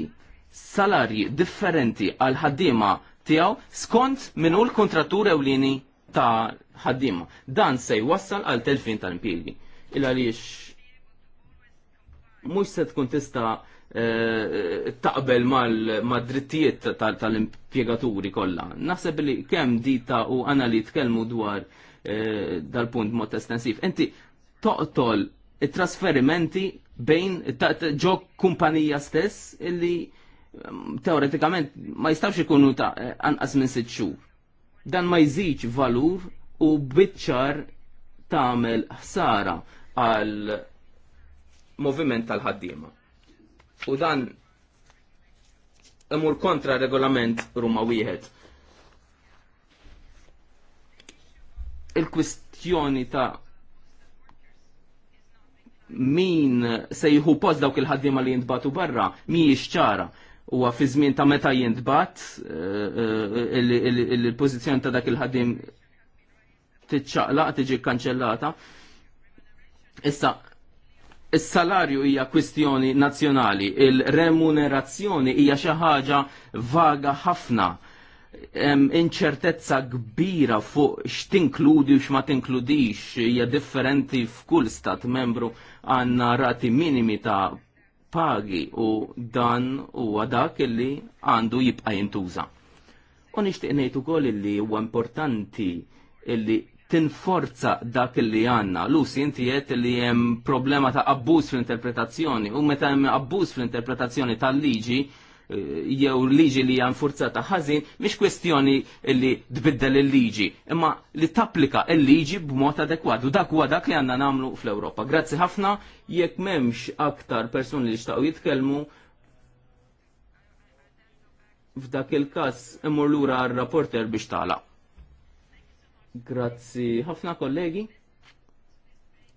salarji differenti għal ħaddiema tiegħu skont minn hu l-kontrattur ewlieni ta' ħaddiema. Dan se jwassal għal telfin tal-impjiegi. Il għaliex mhux se tkun tista' eh, taqbel mal-drittijiet tal-impjegaturi kollha. Naħseb li kemm dita u għana li tkellmu dwar eh, dal-punt mod estensiv. Inti toqtol it-trasferimenti bejn ġo kumpanija stess illi mm, teoretikament ma jistawx ikunu ta' eh, anqas minn sitt xhur. Dan ma jżidx valur u biċċar tagħmel ħsara għal moviment tal-ħaddiema. U dan imur kontra regolament Ruma wieħed. Il-kwistjoni ta' min se jieħu post dawk il-ħaddiema li jintbatu barra mhijiex ċara huwa fi żmien ta' meta jintbat eh, eh, eh, il pozizjon ta' dak il-ħaddim tiċċaqlaq tiġi kkanċellata. Issa Is-salarju hija kwistjoni nazzjonali, il-remunerazzjoni hija xi ħaġa vaga ħafna. Inċertezza kbira fuq x'tinkludi u x'ma tinkludix hija differenti f'kull stat membru għandna rati minimi ta' pagi u dan huwa dak illi għandu jibqa' jintuża. U nixtieq ngħid ukoll li huwa importanti illi tinforza dak li għanna. Lusi inti jett li jem problema ta' abbuż fl-interpretazzjoni, u meta jem abbuż fl-interpretazzjoni tal-liġi, eh, jew liġi li għan ta' ħazin, mish kwestjoni li tbiddel il-liġi, imma li tapplika il-liġi b'mod adekwat. U dak huwa dak li għanna namlu fl-Ewropa. Grazzi ħafna, jekk memx aktar persuni li xtaqu jitkellmu, f'dak il-kas imur lura għal-rapporter biex tala. Grazzi ħafna kollegi.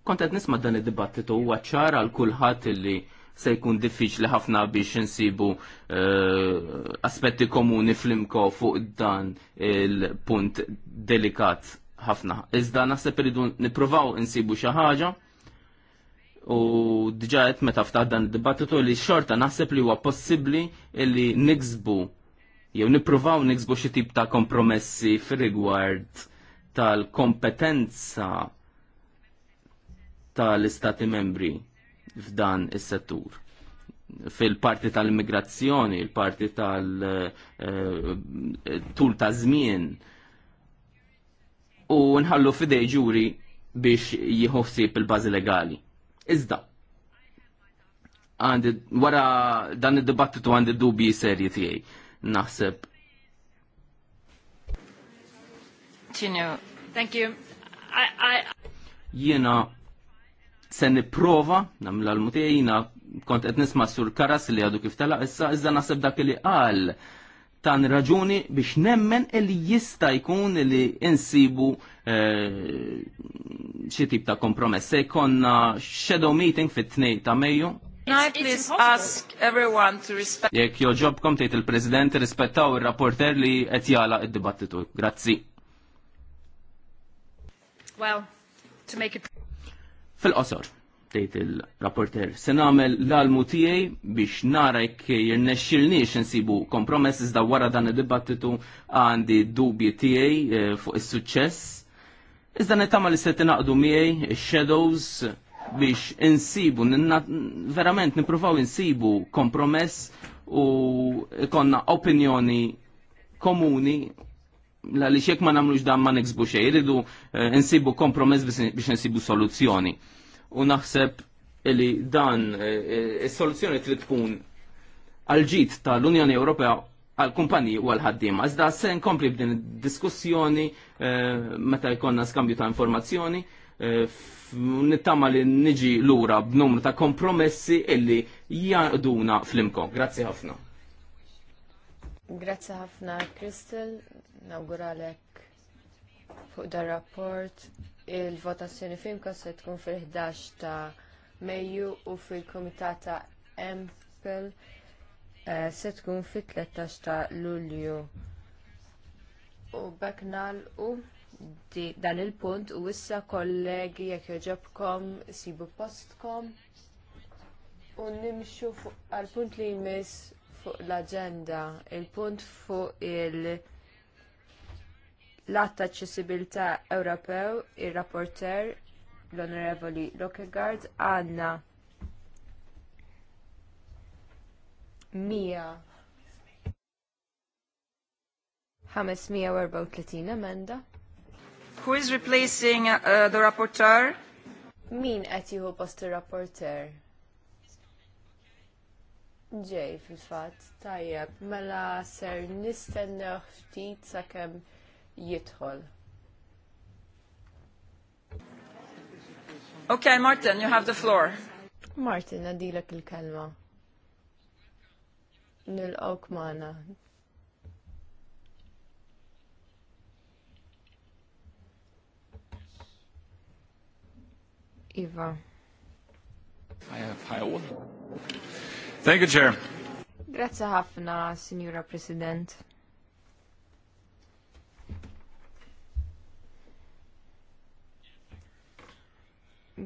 Kontet nisma dan id-dibattitu huwa ċar għal kulħadd li se jkun diffiċli ħafna biex nsibu uh, eh, aspetti komuni flimko fuq dan il-punt delikat ħafna. Iżda naħseb iridu nippruvaw insibu xi ħaġa u diġa qed meta ftaħ dan id-dibattitu li xorta naħseb li huwa possibbli li niksbu jew nippruvaw niksbu xi tip ta' kompromessi fir-rigward tal-kompetenza tal-istati membri f'dan is-settur fil-parti tal-immigrazzjoni, il-parti tal-tul eh, ta' żmien u nħallu fidej ġuri biex jħossib il-bażi legali. Iżda, għandi wara dan id-dibattitu għandi dubji serji tiegħi. Naħseb continue. Thank you. I, I... Jena se niprova namla l-mutija jina kont qed nisma' sur Karas li għadu kif tela issa iżda naħseb dak li qal tan raġuni biex nemmen li jista' jkun li insibu eh, xi tip ta' kompromess. Se jkollna shadow meeting fit-tnejn ta' Mejju. Jekk jogħġobkom tgħid il-President rispettaw ir-rapporter li qed jala d-dibattitu. Grazzi. Well, to make it... Fil-qosor, tgħid il-rapporter, se nagħmel l-almu tiegħi biex nara jekk jirnexxilniex insibu kompromess iżda wara dan id-dibattitu għandi dubji tiegħi eh, fuq is-suċċess. Iżda nittama li se tinaqdu miegħi ix-shadows biex insibu, verament nippruvaw insibu kompromess u ikonna opinjoni komuni la li xek ma namlux dan ma nixbu xej, irridu eh, nsibu kompromess biex nsibu soluzzjoni. U naħseb li dan is-soluzzjoni eh, eh, trid tkun għal-ġit tal-Unjoni Ewropea għal kumpani u għal ħaddim. Għazda se nkompli b'din diskussjoni meta jkonna skambju ta' informazzjoni, nittama li niġi lura b'numru ta' kompromessi illi jaduna fl-imkom. Grazzi ħafna. Grazzi ħafna, Kristel nawguralek fuq dar rapport il-votazzjoni fimka se tkun fil-11 ta' Mejju u fil-Komitat ta' Empel eh, se tkun fil-13 ta' Lulju. U b'hekk nagħlqu dan il-punt u issa kollegi jekk joġobkom sibu postkom u nimxu għal-punt li jmiss fuq l-agenda, il-punt fuq il-, -punt l-att aċċessibilità Ewropew, ir-rapporter l-Onorevoli Lockegaard għandna mija 534 emenda. Who is replacing uh, the rapporteur? Min qed jieħu post ir-rapporter? Ġej fil-fatt, tajjeb, mela ser nistennew ftit sakemm jidħol. Okay, Martin, you have the floor. Martin, għadilek il-kelma. Nil-għok maħna. Iva. Uh, Thank you, Chair. Grazie ħafna, Signora President.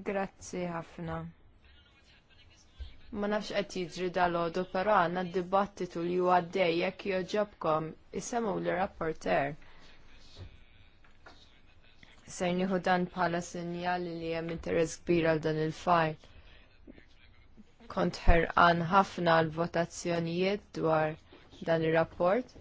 Grazzi ħafna. Ma nafx qed jiġri dal-għodu, però għandna dibattitu li huwa għaddej jekk joġobkom isemgħu l rapporter Ser nieħu dan bħala sinjali li hemm interess kbir għal dan il-fajl. Kont ħerqan ħafna l-votazzjonijiet dwar dan ir-rapport.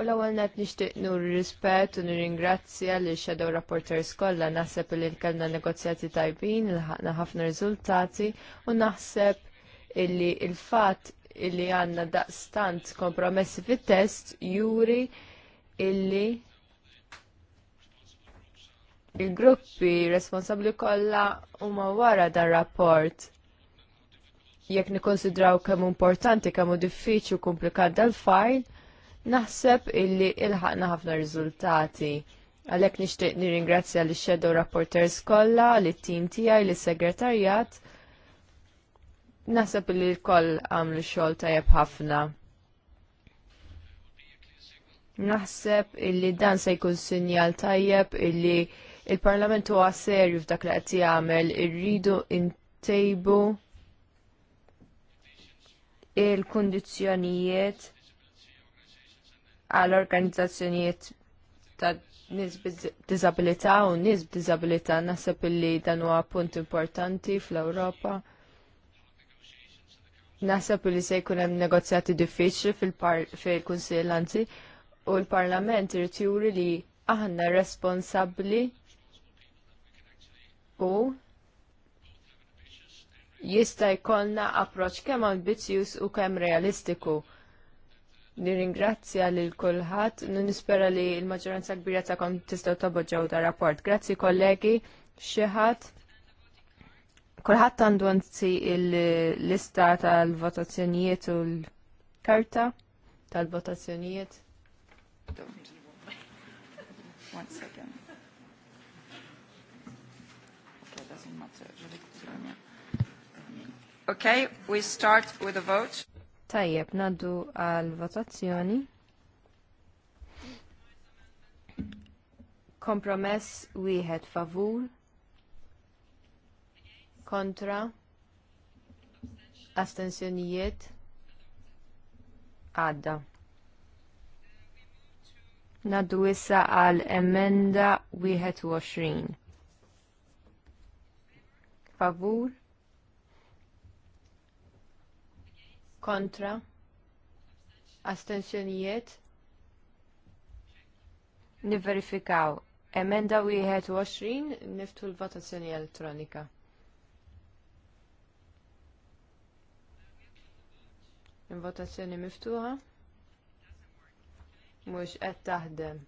U l-ewwel nett nixtieq nur rispett u nirringrazzja lil shadow rapporters kollha naħseb li kellna negozjati tajbin, ħaqna ħafna riżultati u naħseb illi il-fatt illi għandna daqstant kompromessi fit-test juri illi il-gruppi responsabbli kollha huma wara dan rapport jekk nikkonsidraw kemm importanti kemm diffiċli u komplikat dal-fajl Naħseb illi ilħaqna ħafna riżultati. Għalhekk nixtieq nirringrazzja li shadow rapporters kollha, li tim tiegħi, li segretarjat. Naħseb illi l-koll għamlu xogħol tajjeb ħafna. Naħseb illi dan se jkun sinjal tajjeb illi il-Parlament huwa serju f'dak li qed jagħmel irridu intejbu il-kundizzjonijiet għal organizzazzjonijiet ta' nis b'disabilità u nis b'disabilità naħseb illi dan huwa punt importanti fl-Ewropa. Naħseb li se jkun hemm negozjati diffiċli fil-Kunsill anzi u l-Parlament irid juri li aħna responsabbli u jista' jkollna approċċ kemm ambizzjuż u kemm realistiku Nirringrazzja l kulħadd, nispera li l-maġġoranza kbira ta kom tistaw tabboġġaw ta' rapport. Grazzi kollegi, xi ħadd kulħadd għandu għanzi l-lista tal-votazzjonijiet u l-karta tal-votazzjonijiet. One second. Okay, we start with a vote. Tajjeb, naddu għal votazzjoni. Kompromess wieħed favur. Kontra. Astensjonijiet. Għadda. Naddu issa għal emenda 21. Favur. kontra, astensjonijiet, niverifikaw. Emenda 21, niftu l-votazzjoni elettronika. Votazzjoni miftuħa. Mux qed taħdem.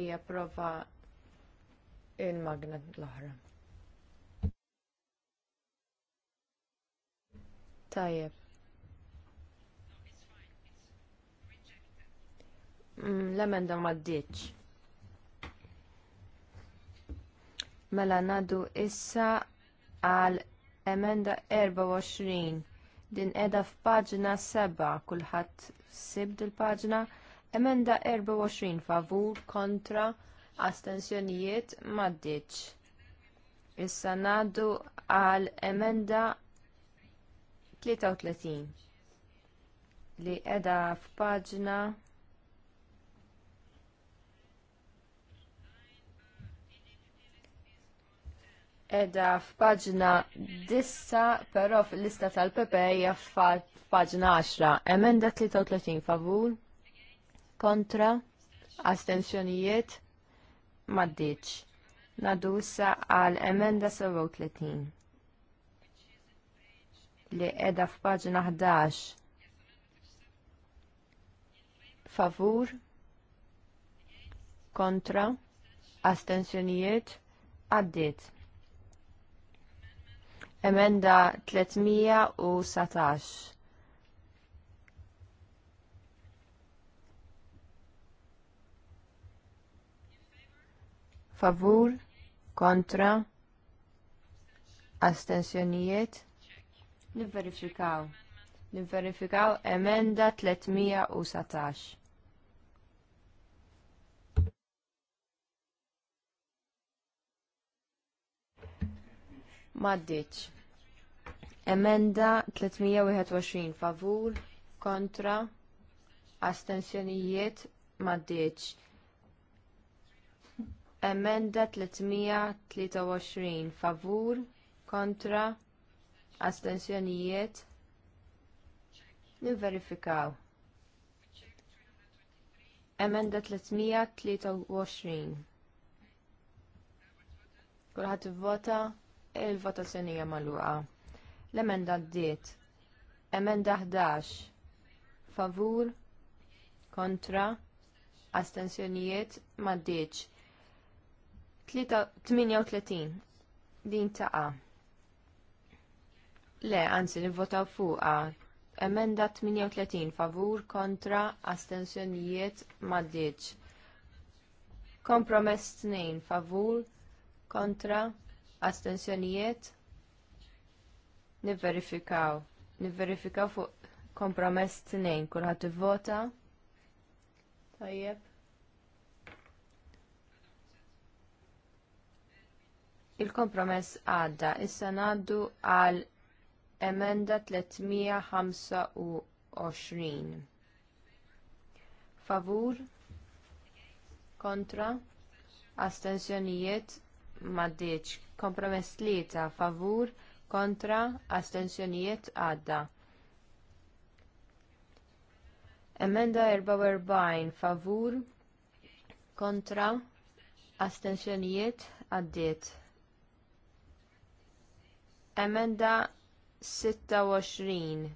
Hija prova il-magnet l-oħra. tajjeb. Mm, l-emenda maddiċ. Mela ngħaddu issa għal emenda 24 din qiegħda f'paġna 7 kulħadd sib il-paġna emenda 24 favur kontra astensjonijiet m'għaddietx. Issa ngħaddu għal emenda 33 li edha f'paġna edha f'paġna dissa, però fil-lista tal-PP hija f'paġna 10. Emenda 33 favur, kontra, astensjonijiet, maddiċ. Nadusa għal emenda 37 li edha f'paġna 11 favur kontra astensjonijiet għaddit emenda 317 favur kontra astensjonijiet Nivverifikaw. Nivverifikaw emenda 317. Maddiċ. Emenda 321 favur kontra astensjonijiet maddiċ. Emenda 323 favur kontra astensjonijiet nivverifikaw. Emenda 323. Kulħadd ivvota il-votazzjoni hija magħluqa. L-emenda ddiet. Emenda 11. Favur, kontra, astensjonijiet ma ddietx. 38. Din taqa' Le, anzi, nivvotaw fuqa. Emenda 38 favur kontra astensjonijiet maddiċ. Kompromess 2 favur kontra astensjonijiet nivverifikaw. Nivverifikaw fuq kompromess 2 kulħadd vota. Tajjeb. Il-kompromess għadda, issa ngħaddu għal Emenda 325. Favur? Kontra? Astensjonijiet? Maddiċ. Kompromess tlieta. Favur? Kontra? Astensjonijiet? Għadda. Emenda 44 favur kontra astensjonijiet għaddiet. Emenda 26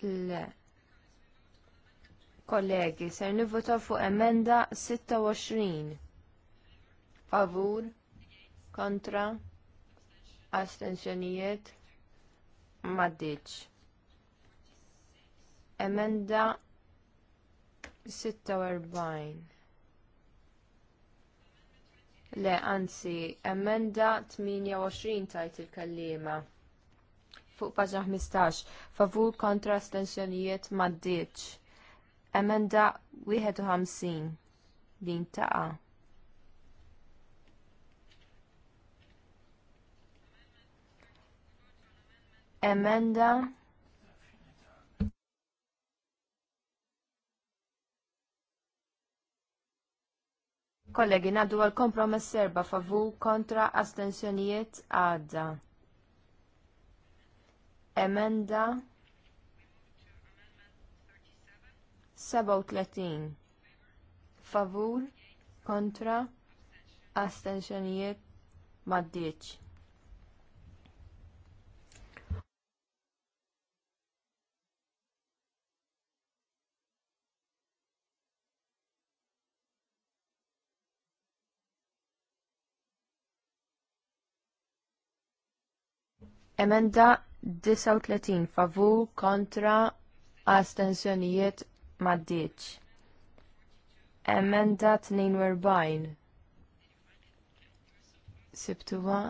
Le. Kollegi, ser nivvota fuq emenda 26. Favur, kontra, astensjonijiet, maddiċ. Emenda 26. 46. Le, anzi, emenda 28 tajt il kelliema Fuq paġa 15. Favur kontra stensjonijiet maddiċ. Emenda 51. Din taqa. Emenda Kollegi, naddu għal kompromess serba favu kontra astensjonijiet għadda. Emenda 37. Favur kontra astensjonijiet maddieċ. Emenda 39 favur kontra astensjonijiet maddiċ. Emenda 42. Sibtuwa,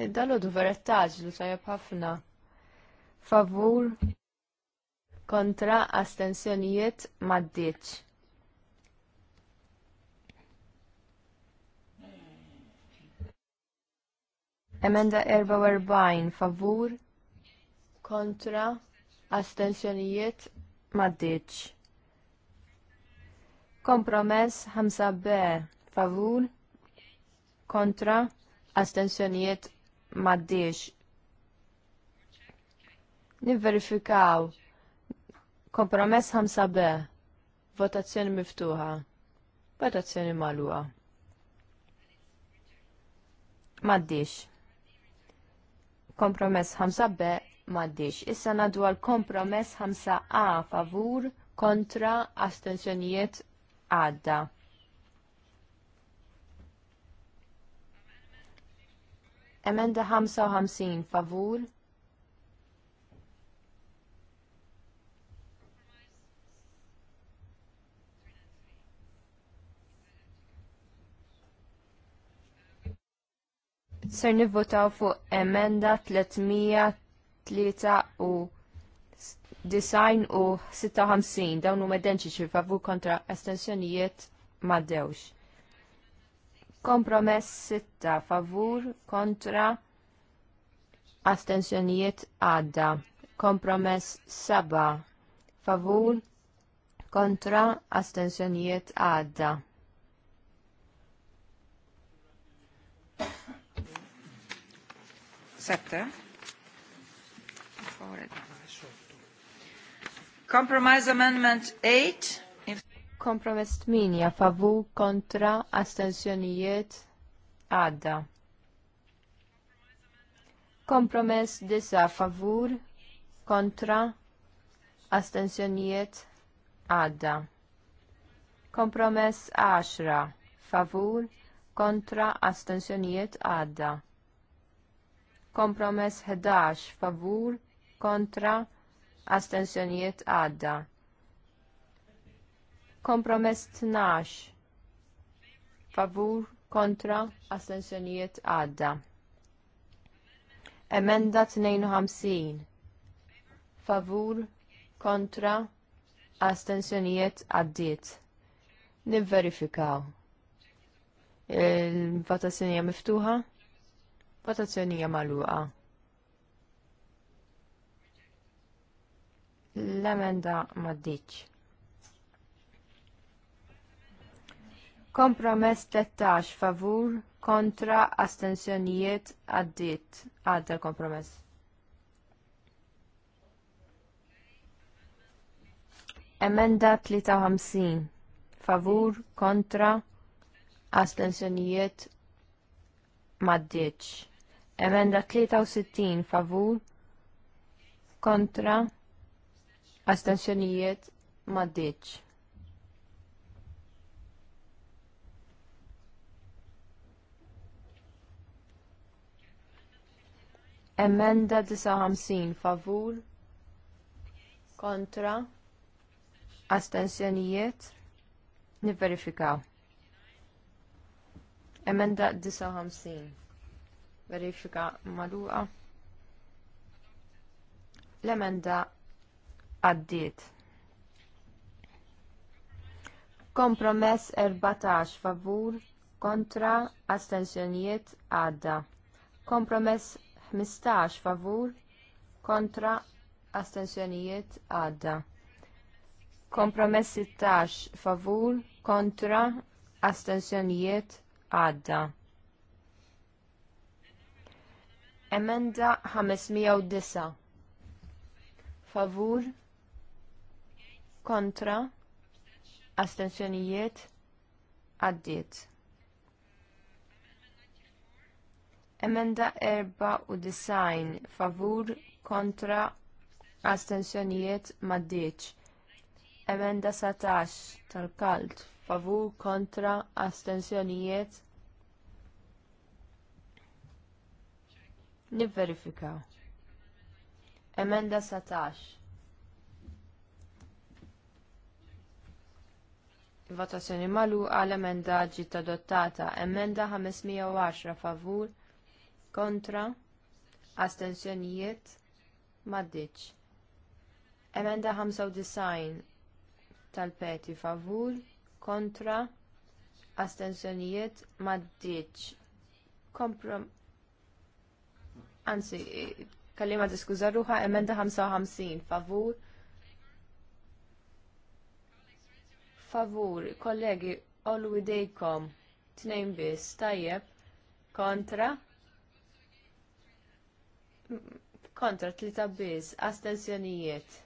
eh, dalu għodu verettaġ li tajab ħafna. Favur kontra astensjonijiet maddiċ. Emenda 44 favur kontra astensjonijiet maddiċ. Kompromess 5b favur kontra astensjonijiet maddiċ. Nivverifikaw kompromess 5b votazzjoni miftuħa votazzjoni maluħa. Maddiċ kompromess 5b maddix. Issa nadu għal kompromess 5a favur kontra astensjonijiet għadda. Emenda 55 favur Ser nivvotaw fuq emenda 303 u design u 56 dawn huma identiċi favur kontra astensjonijiet maddewx. Kompromess 6 favur kontra astensjonijiet għadda. Kompromess 7 favur kontra astensjonijiet għadda. Compromise Amendment 8. Compromise minja favu kontra astensjonijiet għadda. Kompromess disa favur kontra astensjonijiet għadda. Kompromess 10 favur kontra astensjonijiet għadda. Kompromess 11 favur kontra astensjonijiet għadda. Kompromess 12 favur kontra astensjonijiet għadda. Emenda 52 favur kontra astensjonijiet għaddit. Nivverifikaw. Il-votazzjoni miftuħa? Votazzjonija magħluqa. L-emenda maddiċ. Kompromess 13 favur kontra astensjonijiet għaddit għadda kompromess. Emenda 53 favur kontra astensjonijiet maddiċ. Emenda 63 favur kontra astensjonijiet maddiċ. Emenda 59 favur kontra astensjonijiet niverifikaw. Emenda 59 verifika maluqa. L-emenda għaddiet. Kompromess 14 favur kontra astensjonijiet għadda. Kompromess 15 favur kontra astensjonijiet għadda. Kompromess 16 favur kontra astensjonijiet għadda. Emenda 509. Favur. Kontra. Astenzjonijiet. Għaddiet. Emenda 94. Favur. Kontra. Astenzjonijiet. Maddiċ. Emenda 17. Tal-kalt. Favur. Kontra. Astenzjonijiet Nivverifikaw. Emenda 17. Votazzjoni malu għal emenda ġiet adottata. Emenda 510 favur kontra astensjonijiet maddiċ. Emenda 95 tal-peti favur kontra astensjonijiet maddiċ. Komprom anzi, kallima diskuza ruħa emenda 55 favur. Favur, kollegi, ollu idejkom, tnejn biss, tajjeb, kontra, kontra tlita biss, astensjonijiet,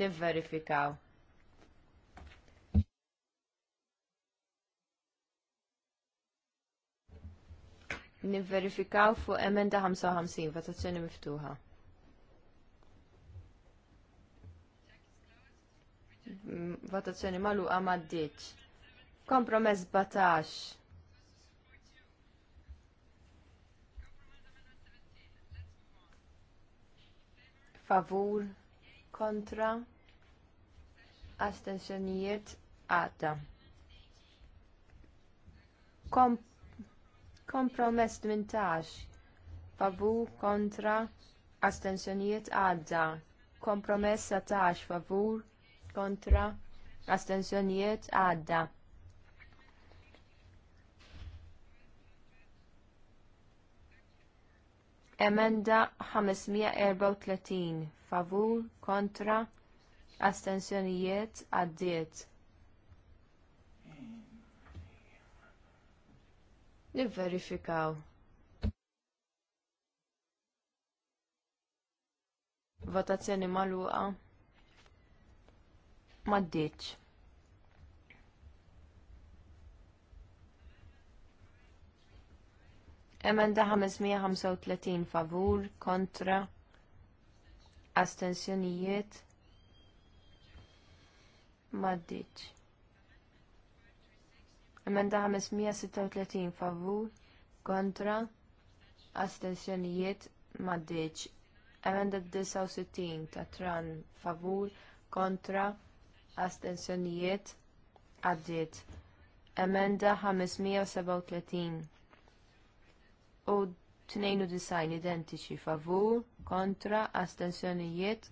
nif-verifikaw. nivverifikaw fuq emenda 55, votazzjoni miftuħa. Votazzjoni malu għamaddiċ. Kompromess batax. Favur, kontra, astensjonijiet, għadda. Kompromess Kompromess 18. Favur kontra astensjonijiet għadda. Kompromess 17. Favur kontra astensjonijiet għadda. Emenda 534 favur kontra astensjonijiet għaddiet. nivverifikaw. Votazzjoni magħluqa maddiċ. Emenda 535 favur kontra astensjonijiet maddiċ. Emenda 536 favur kontra astensjonijiet maddeċ. Emenda 69 ta' tran favur kontra astensjonijiet għaddit. Emenda 537 u 92 identiċi favur kontra astensjonijiet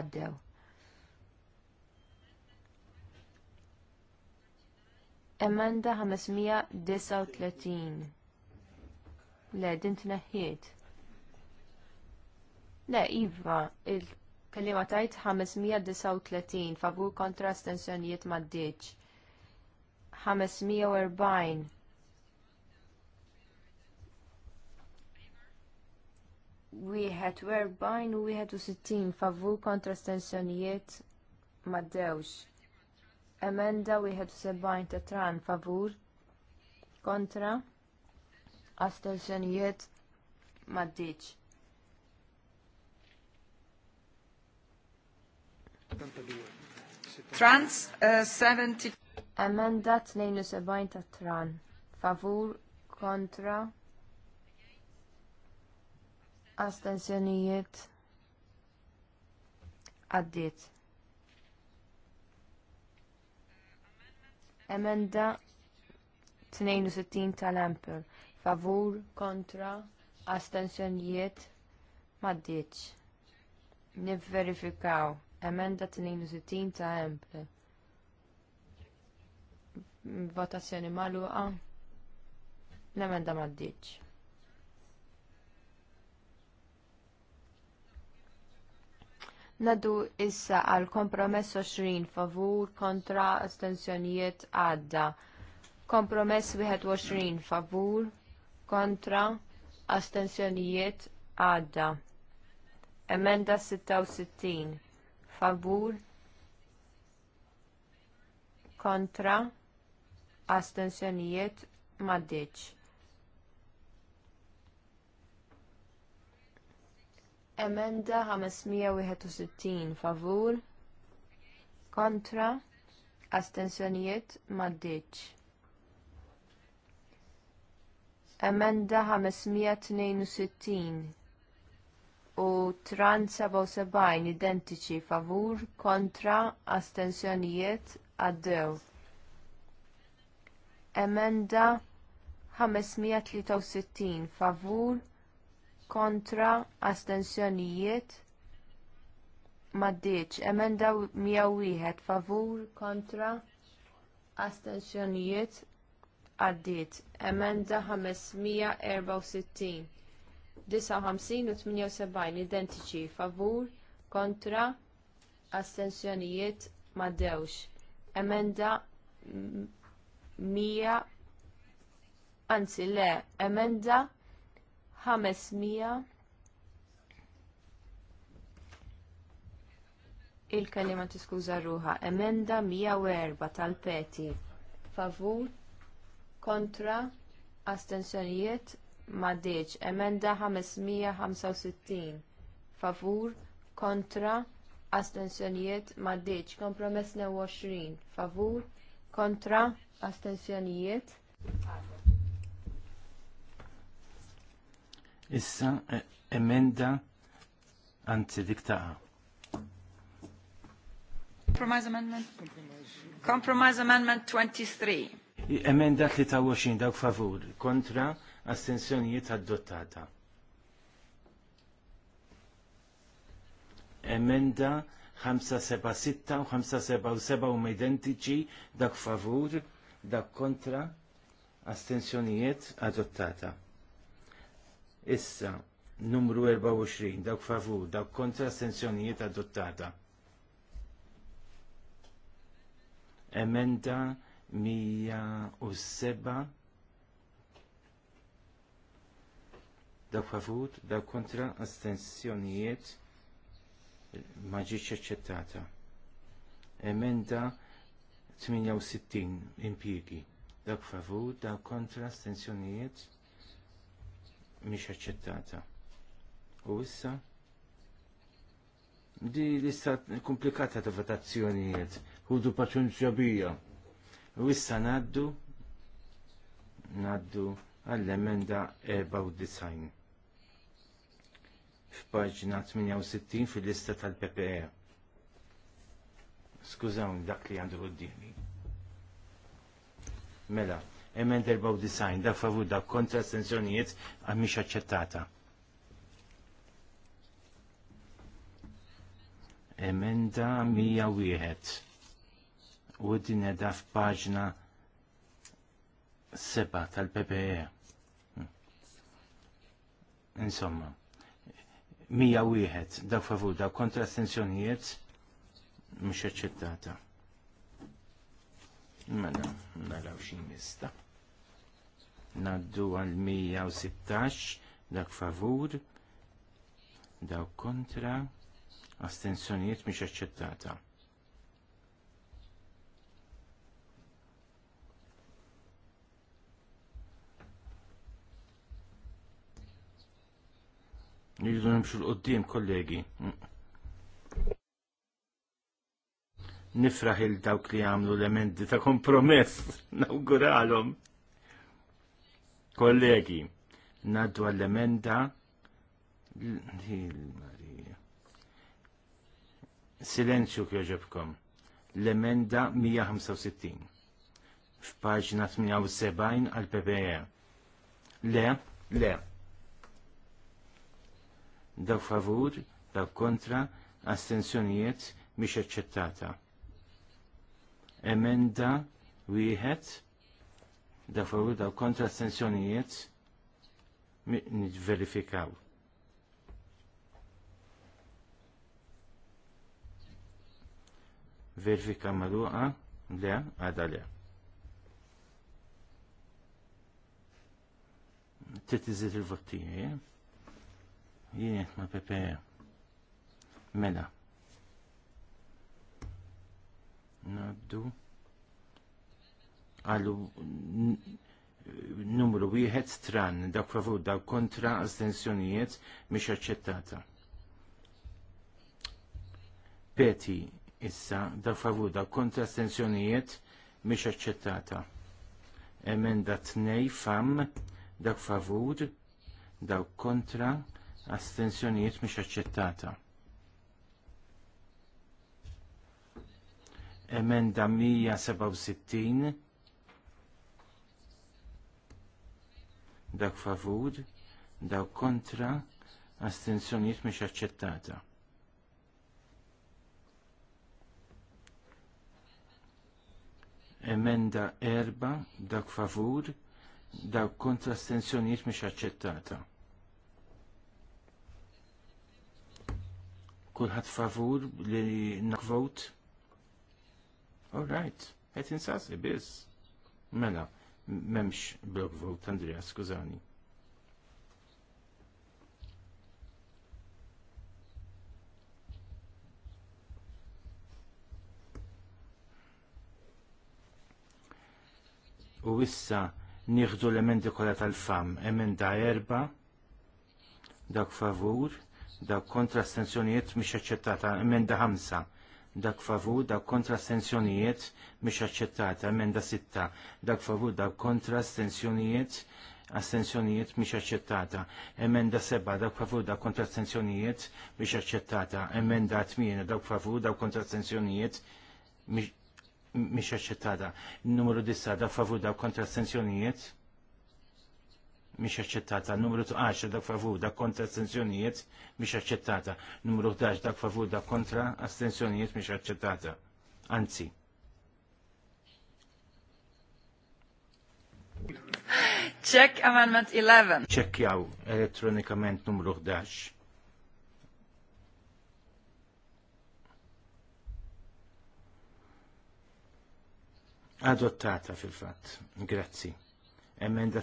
għaddew. Emenda 539. Le, din tneħħiet. Le, Iva, il-kelima tajt 539, favur kontra stensjonijiet maddiċ. 540. Wieħed u erbajn u wieħed u sittin favur kontra stensjonijiet maddewx. Emenda 71 ta' tran favur kontra astensjonijiet maddiċ. Trans uh, 70. Emenda 72 ta' tran favur kontra astensjonijiet għaddiet. Emenda 62 tal-Ampel. Favur, kontra, astensjonijiet, maddiċ. Nivverifikaw. Emenda 62 ta' Ampel. Votazzjoni maluqa. L-emenda maddiċ. Nadu issa għal kompromess 20 favur kontra astensjonijiet għadda. Kompromess 21 favur kontra astensjonijiet għadda. Emenda 66 favur kontra astensjonijiet maddiċ. Emenda 561 favur kontra astensjonijiet maddiċ. Emenda 562 u tran 77 identiċi favur kontra astensjonijiet għaddew. Emenda 563 favur kontra astensjonijiet maddiċ. Emenda 101 favur kontra astensjonijiet għaddiet. Emenda 564. 59 u 78 identiċi favur kontra astensjonijiet madewx. Emenda 100 anzi le, emenda 500 il-kelima tiskuża ruha emenda 104 tal-peti favur kontra astensjonijiet m'għaddiex emenda 565 favur kontra astensjonijiet m'għaddiex kompromess 29 favur kontra astensjonijiet Issa eh, emenda anzi dikta Compromise Amendment? Compromise Amendment 23. Emenda 23 dawk favur kontra astensjonijiet adottata. Emenda 576 u 577 huma identiċi dak favur, dak kontra astensjonijiet adottata. Issa, numru 24, Dak favur, dak kontra astenzjonijiet adottata. Emenda 107 Dak favur, dak kontra astenzjonijiet ma ġietx aċċettata. Emenda 68 impiegi. Dak favur, dak kontra astenzjonijiet mhix aċċettata. U issa di lista komplikata ta' votazzjonijiet, Hudu paċunċja bija. U issa naddu naddu għall-emenda design. f'paġna 68 fil-lista tal-PPE. Skużawni dak li għandu għoddini. Mela, emend 94 da favur da kontra astenzjonijiet għamix aċċettata. Emenda 101 u din edha f'paġna seba tal-PPE. Hmm. Insomma, 101 da favur da kontra astenzjonijiet mhux aċċettata. Mela, mela xi nista' naddu għal 116 dak favur daw kontra astensjoniet mhix aċċettata. Nidu nimxu l-qoddim, kollegi. Nifraħ il dawk li għamlu l-emendi ta' kompromess, nawguralhom. Kollegi, naddu għall-emenda Silenzju kjoġobkom. L-emenda 165. F'paġna 78 għal PPE. Le, le. Daw favur, daw kontra, astensjonijiet mhix eċċettata. Emenda wieħed da favur daw kontra astensjonijiet nivverifikaw. Verifika maluqa le għada le. Titizit il-vottijie, eh? jienet ma pepe mela. Naddu. No, għallu numru wieħed tran dak favur dak kontra astensjonijiet mhix aċċettata. Peti issa dak favur dak kontra astensjonijiet mhix aċċettata. Emenda tnej fam dak favur dak kontra astensjonijiet mhix aċċettata. Emenda 167 dak favur, dak kontra, astenzjonijiet mhix aċċettata. Emenda erba, dak favur, dak kontra astenzjonijiet mhix aċċettata. Kulħadd favur li nakvot? All right, qed insasi biss. Mela, memx blog vote Andrea, skużani. U issa nieħdu l-emendi kollha tal-fam, emenda erba, dak favur, dak kontra astensjonijiet mhix aċċettata, emenda ħamsa, dak favur, dak kontra mhix aċċettata, emenda sitta, dak favur, dak kontra stenzjonijiet, astenzjonijiet mhix aċċettata. Emenda seba dak favur dak kontra astenzjonijiet mhix aċċettata. Emenda 8 dak favur dak kontra astenzjonijiet mhix aċċettata. Numru 9 dak favur dak kontra astenzjonijiet mhix aċċettata. Numru 10 dak favur dak kontra astensjonijiet mhix aċċettata. Numru 11 dak favur dak kontra astensjonijiet mhix aċċettata. Anzi. Check amendment 11. jaw elettronikament numru 11. adottata fil fatt Grazzi. Emenda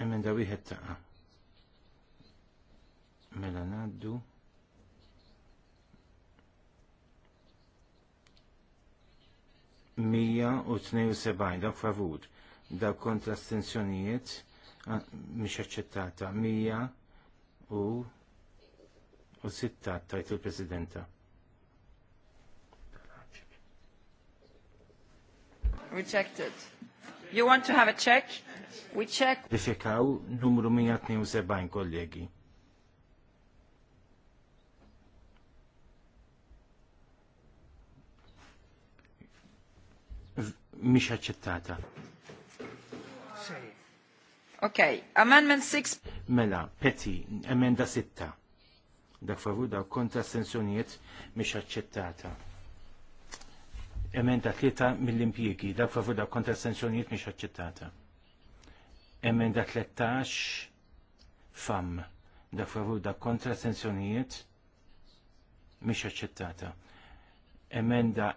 Emenda wieħed taqa. Mela ngħaddu. Mija u tnej u sebgħin dak favur da kontra stenzjonijiet, mhix aċċettata. Mija u u sitta tajt il-Presidenta. Rejected. You want to have a check? We check. Verifikaw numru 172 kollegi. Mish aċċettata. Ok, amendment 6. Mela, peti, emenda 6. Dak favur, dak kontra astensjonijiet mish aċċettata. Emenda tlieta mill-impjiegi, dak favur dak kontra mhix aċċettata. Emenda 13 fam, dak favur dak kontra mhix aċċettata. Emenda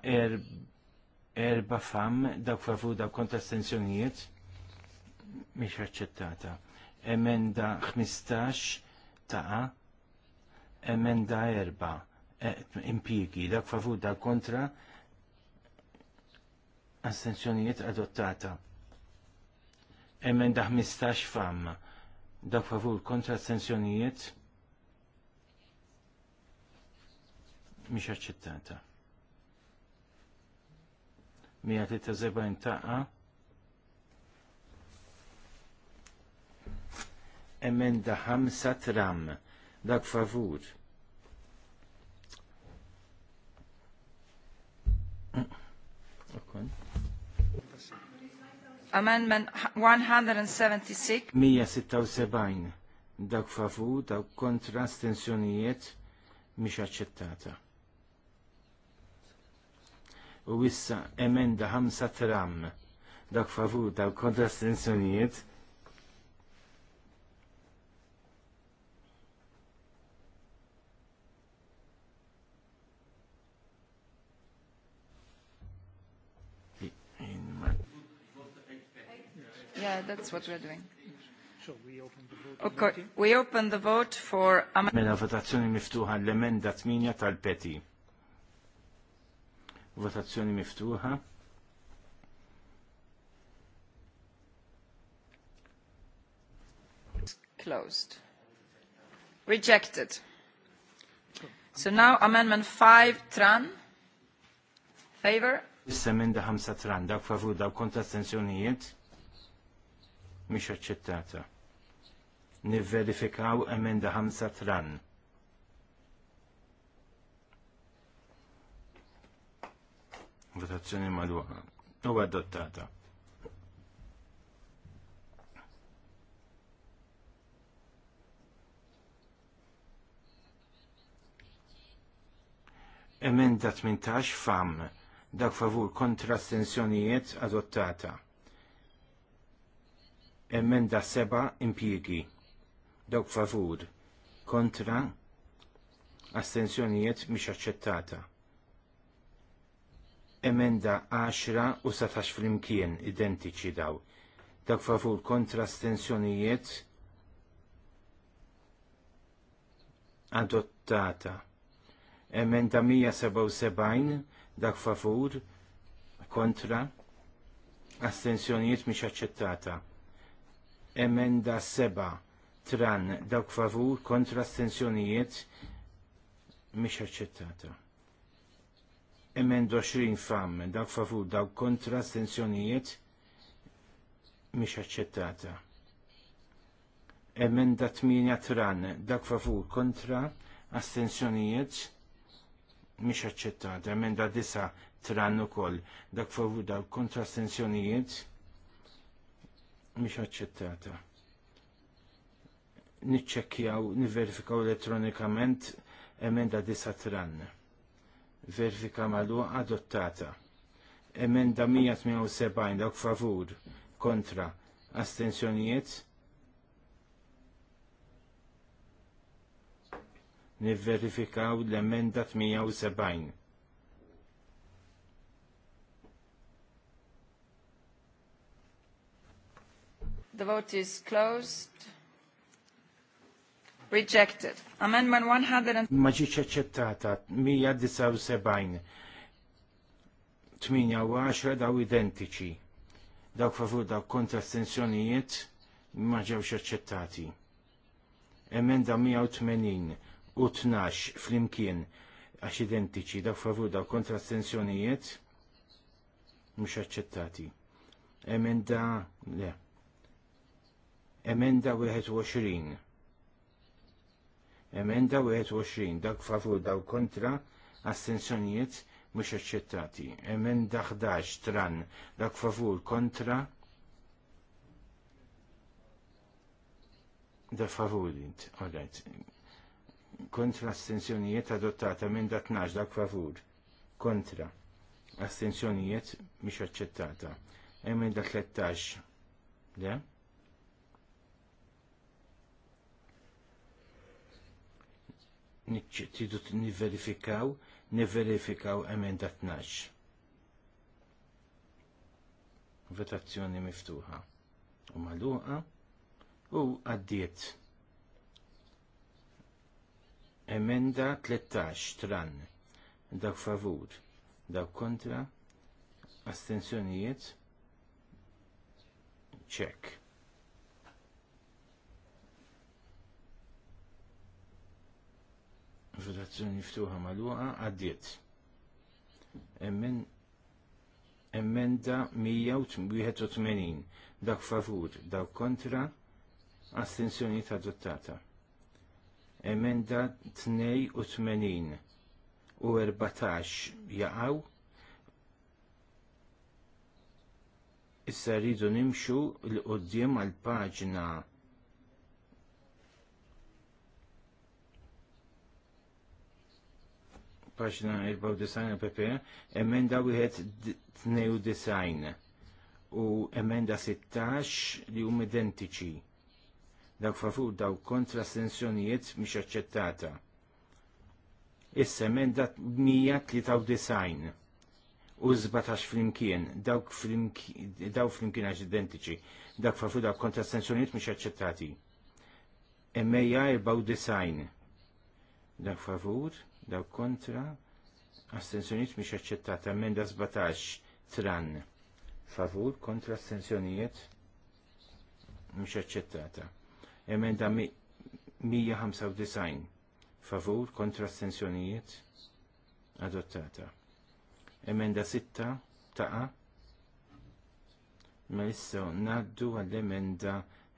erba fam, dak favur dak kontra mhix aċċettata. Emenda 15 taqa' emenda erba' e, impjiegi dak favur dak kontra Assenzjonijiet adottata. Emenda mistax fam. Dak favur kontra astenzjonijiet mhix aċċettata. 173 emmen Emenda 5 tram. Dak favur. Mm. Okay. Amendment 176. 176 dak favu, dak kontra stensjonijiet mhix aċċettata. U issa emenda 5 tram dak favu, dak kontra stensjonijiet Yeah, that's what we're doing. Okay, we open the vote for Mela votazzjoni miftuħa l-emenda 8 tal-Peti. Votazzjoni miftuħa. Closed. Rejected. So now amendment 5 Tran. Favor? Issa emenda 5 Tran, dak favur, dak kontra astensjonijiet mhix aċċettata. Nivverifikaw emenda ħamsa tran. Votazzjoni magħluqa. U adottata. Emenda 18 fam dak favur kontra stensjonijiet adottata. Emenda seba' impjiegi. Dawk favur. Kontra. Astenzjonijiet mhix aċċettata. Emenda 10 u 17 flimkien identiċi daw. Dawk favur kontra astenzjonijiet adottata. Emenda 177 dak favur kontra astenzjonijiet mhix aċċettata emenda seba tran dawk favur kontra stensjonijiet mhix aċċettata. Emenda 20 fam dawk favur dawk kontra stensjonijiet mhix aċċettata. Emenda 8 tran dawk favur kontra astensjonijiet mhix aċċettata. Emenda 9 tran ukoll dawk favur dawk kontra astensjonijiet mhix aċċettata. Niċċekkjaw, niverifikaw elettronikament emenda disa tran. Verifika malu adottata. Emenda 178 dawk favur kontra astensjonijiet nivverifikaw l-emenda 170. The vote is closed. Rejected. Amendment 100 and... Maġiċ eċċettata, 179, 8 daw identiċi. Dawk favur dawk kontra astensjonijiet ma ġewx eċċettati. Emenda 180 u 12 flimkien għax identiċi dawk favur dawk kontra astensjonijiet mhux aċċettati. Emenda le. Emenda 21. Emenda 21. Dak favur, dak kontra, astensjonijiet mux aċċettati. Emenda 11. Tran. Dak favur, kontra, da favorint. All right. Kontra astensjonijiet adottata. Emenda 12. Dak favur, kontra astenzjonijiet mhix aċċettata. Emenda 13. Le? tridu niverifikaw, niverifikaw emenda 12. Votazzjoni miftuħa u maluqa u għaddiet. Emenda 13 tran dak favur, dak kontra, astensjonijiet, Check. votazzjoni ftuħa maluqa għaddiet. Emmen emmenda 181 dak favur, dak kontra astensjoni ta' dottata. Emenda 82 u 14 jaqaw issa rridu nimxu l-qoddim għal paġna paġna 94 PP, emenda wieħed 92 u emenda 16 li hum identiċi. Dak favur daw kontra stensjonijiet mhix aċċettata. Issa emenda 193 u 17 flimkien, dawk flimkien għax identiċi, Dak favur daw kontra stensjonijiet mhix aċċettati. Emmeja 94 dak favur daw kontra astenzjoniet mish aċċettata emenda 17 tran favur kontra astenzjonijiet mhix aċċettata emenda 195 favur kontra astenzjonijiet adottata emenda 6 taqa ma mela issa naddu għall-emenda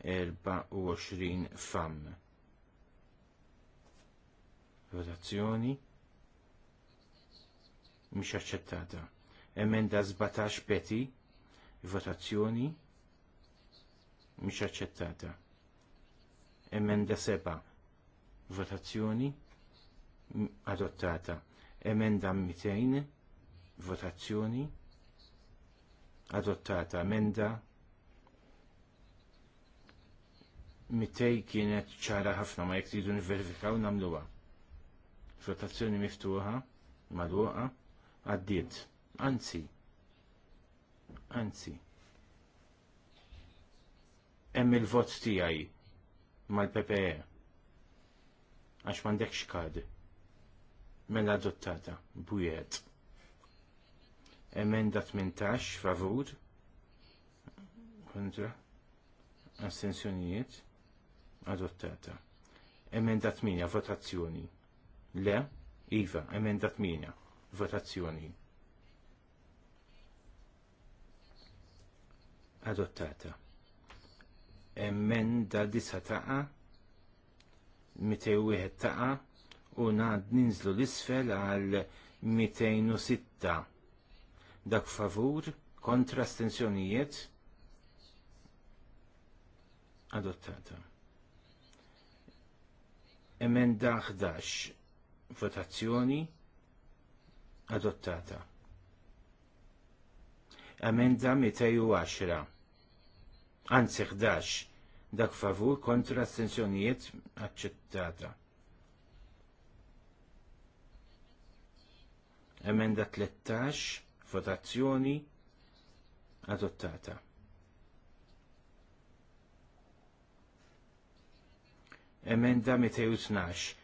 24 fam votazzjoni mhix aċċettata. Emenda 17 peti votazzjoni mhix aċċettata. Emenda 7 votazzjoni adottata. Emenda 200 votazzjoni adottata. Emenda Mitej kienet ċara ħafna ma jek tridu niverifikaw namluha votazzjoni miftuħa, madwoqa, għaddiet, anzi, anzi, hemm il-vot tiegħi mal-PPE għax m'għandekx kadi. Mela adottata, bujet. Emenda 18, favur, kontra, astensjonijiet, adottata. Emenda 8, votazzjoni Le, Iva, emenda 8, votazzjoni. Adottata. Emenda 9 taqa, 201 taqa, u nad ninżlu l-isfel għal 206 dak favur kontra stenzjonijiet adottata. Emenda 11 votazzjoni adottata. Amenda 210. Anzi 11. Dak favur kontra astensjonijiet accettata. Emenda 13. Votazzjoni adottata. Emenda 212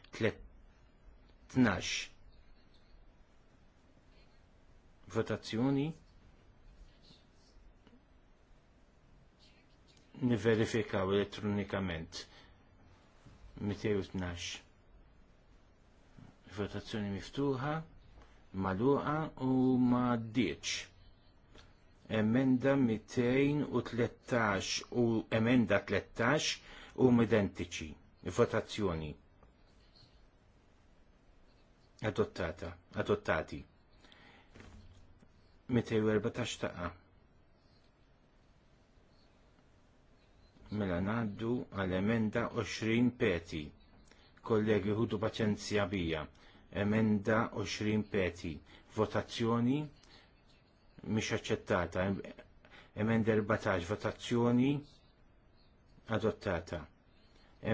tnax. Votazzjoni. Niverifikaw elettronikament. tnax. Votazzjoni miftuħa, maluqa u ma diċ. emenda 213 u emenda 13 u identiċi votazzjoni adottata, adottati. 214 taqa. Mela naddu għal-emenda 20 peti. Kollegi ħudu paċenzja bija. Emenda 20 peti. Votazzjoni mhix aċċettata. Emenda 14 votazzjoni adottata.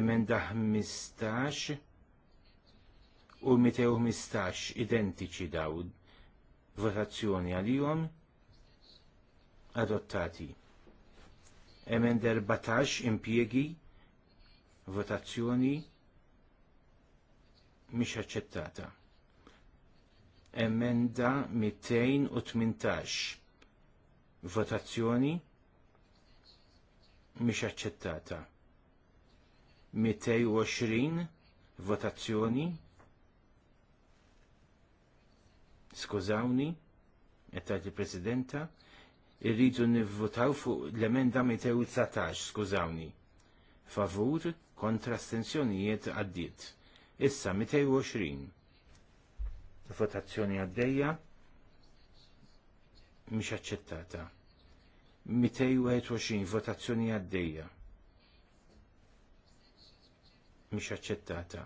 Emenda 15 u 215 identiċi daw votazzjoni għalihom adottati. Emenda 14 impjiegi votazzjoni mhix aċċettata. Emenda 218 votazzjoni mish aċċettata. 220 votazzjoni Skużawni, għettajt il-Presidenta, irridu nivvotaw fuq l-emenda 219, skużawni. Favur kontra stenzjonijiet għaddiet. Issa 220. Votazzjoni għaddejja mhix aċċettata. 221 votazzjoni għaddejja. Mhix aċċettata.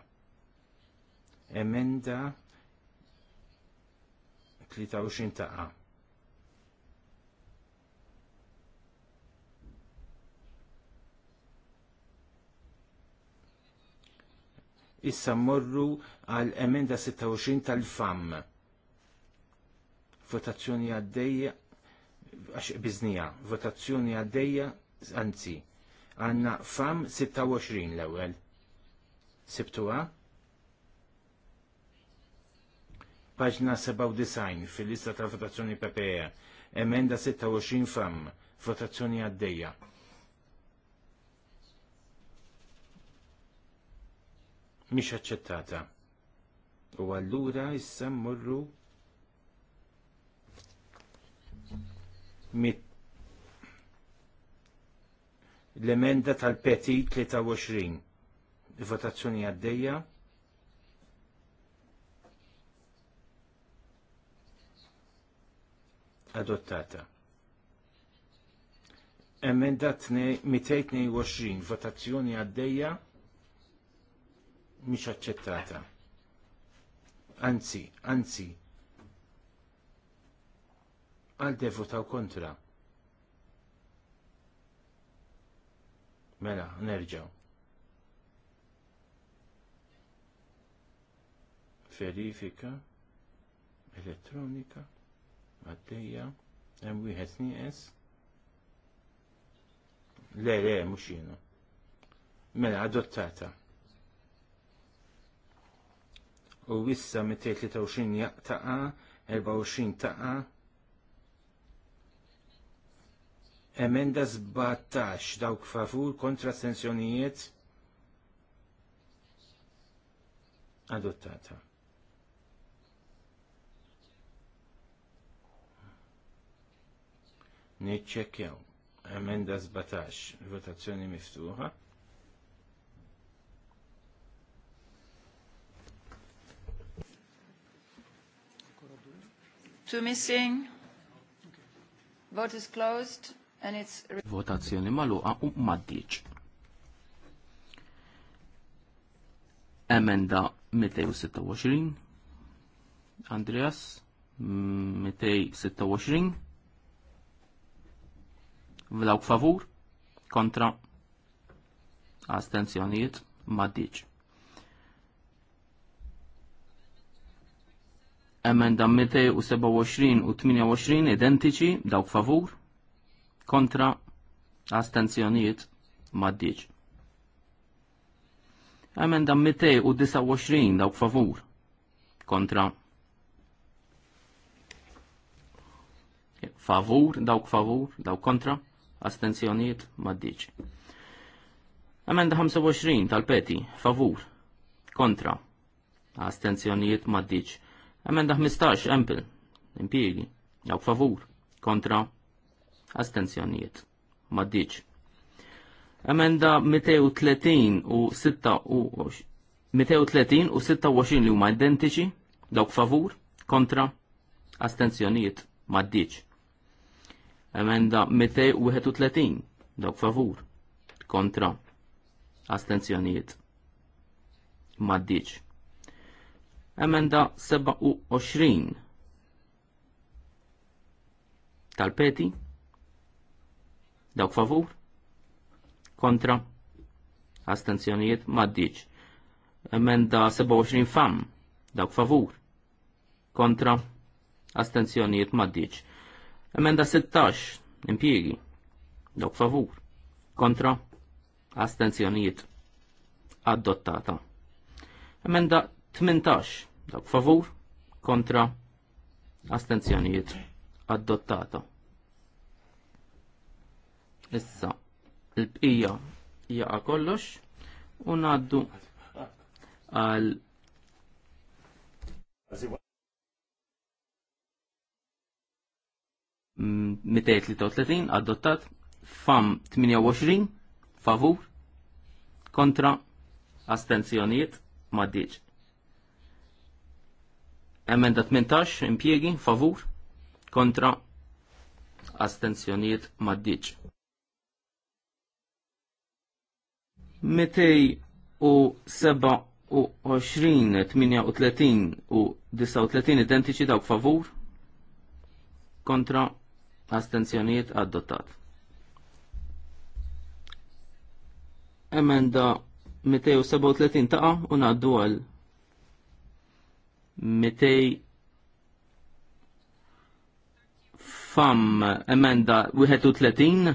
Emenda 23 taqa. Issa morru għal emenda 26 tal-fam. Votazzjoni għaddejja, għax biznija, votazzjoni għaddejja, anzi, għanna fam 26 l-ewel. Sibtuwa? paġna 97 fil-lista ta' votazzjoni PPE, emenda 26 fam, votazzjoni għaddeja. Mhix aċċettata. U allura issa mmorru mit l-emenda tal-peti 23. Votazzjoni għaddejja. adottata. Emenda 222 votazzjoni għaddejja mhix aċċettata. Anzi, anzi, għalde votaw kontra. Mela, nerġaw. Verifika elettronika għaddeja, hemm wieħed nieqes. Le, le, mhux jiena. Mela adottata. U issa 223 jaqtaqa, 24 taqa. Emenda 17 dawk favur kontra sensjonijiet adottata. Nitċekkjaw. Emenda 17, votazzjoni miftuħa. Two missing. Vote is closed and it's Votazzjoni maluqa u maddiċ. Emenda 226. Andreas 226. Dawk favur kontra astenzjonijiet maddiċ. Emenda 227 u 28 identiċi dawk favur kontra astenzjonijiet maddiċ. Emenda 229 dawk favur kontra favur, dawk favur, dawk kontra astenzjonijiet maddiċ. Emenda 25 tal-peti, favur, kontra, astenzjoniet maddiċ. Emenda 15, empil, impiegi, dawk favur, kontra, astenzjonijiet maddiċ. Emenda 230 u 6 u 230 u 26 li huma identiċi, dawk favur, kontra, astenzjonijiet maddiċ. Emenda 231. dok favur. Kontra. astenzjoniet, Maddiċ. Emenda 27. Tal-peti. dok favur. Kontra. Astenzjonijiet. Maddiċ. Emenda 27 fam. dok favur. Kontra. Astenzjonijiet. Maddiċ Emenda 16, impjiegi. dok favur. Kontra. Astenzjonijiet. Adottata. Emenda 18, dok favur. Kontra. Astenzjonijiet. Adottata. Issa, l-bqija jaqa kollox u naddu għal 233 mm, adottat, fam 28 favur kontra astenzjonijiet maddiċ. Emenda 18 impjiegi favur kontra astenzjonijiet maddiċ. u 38 u 39 identiċi dawk favur kontra astenzjonijiet adottat. Emenda 237 taqa u naddu għal 200 fam emenda 31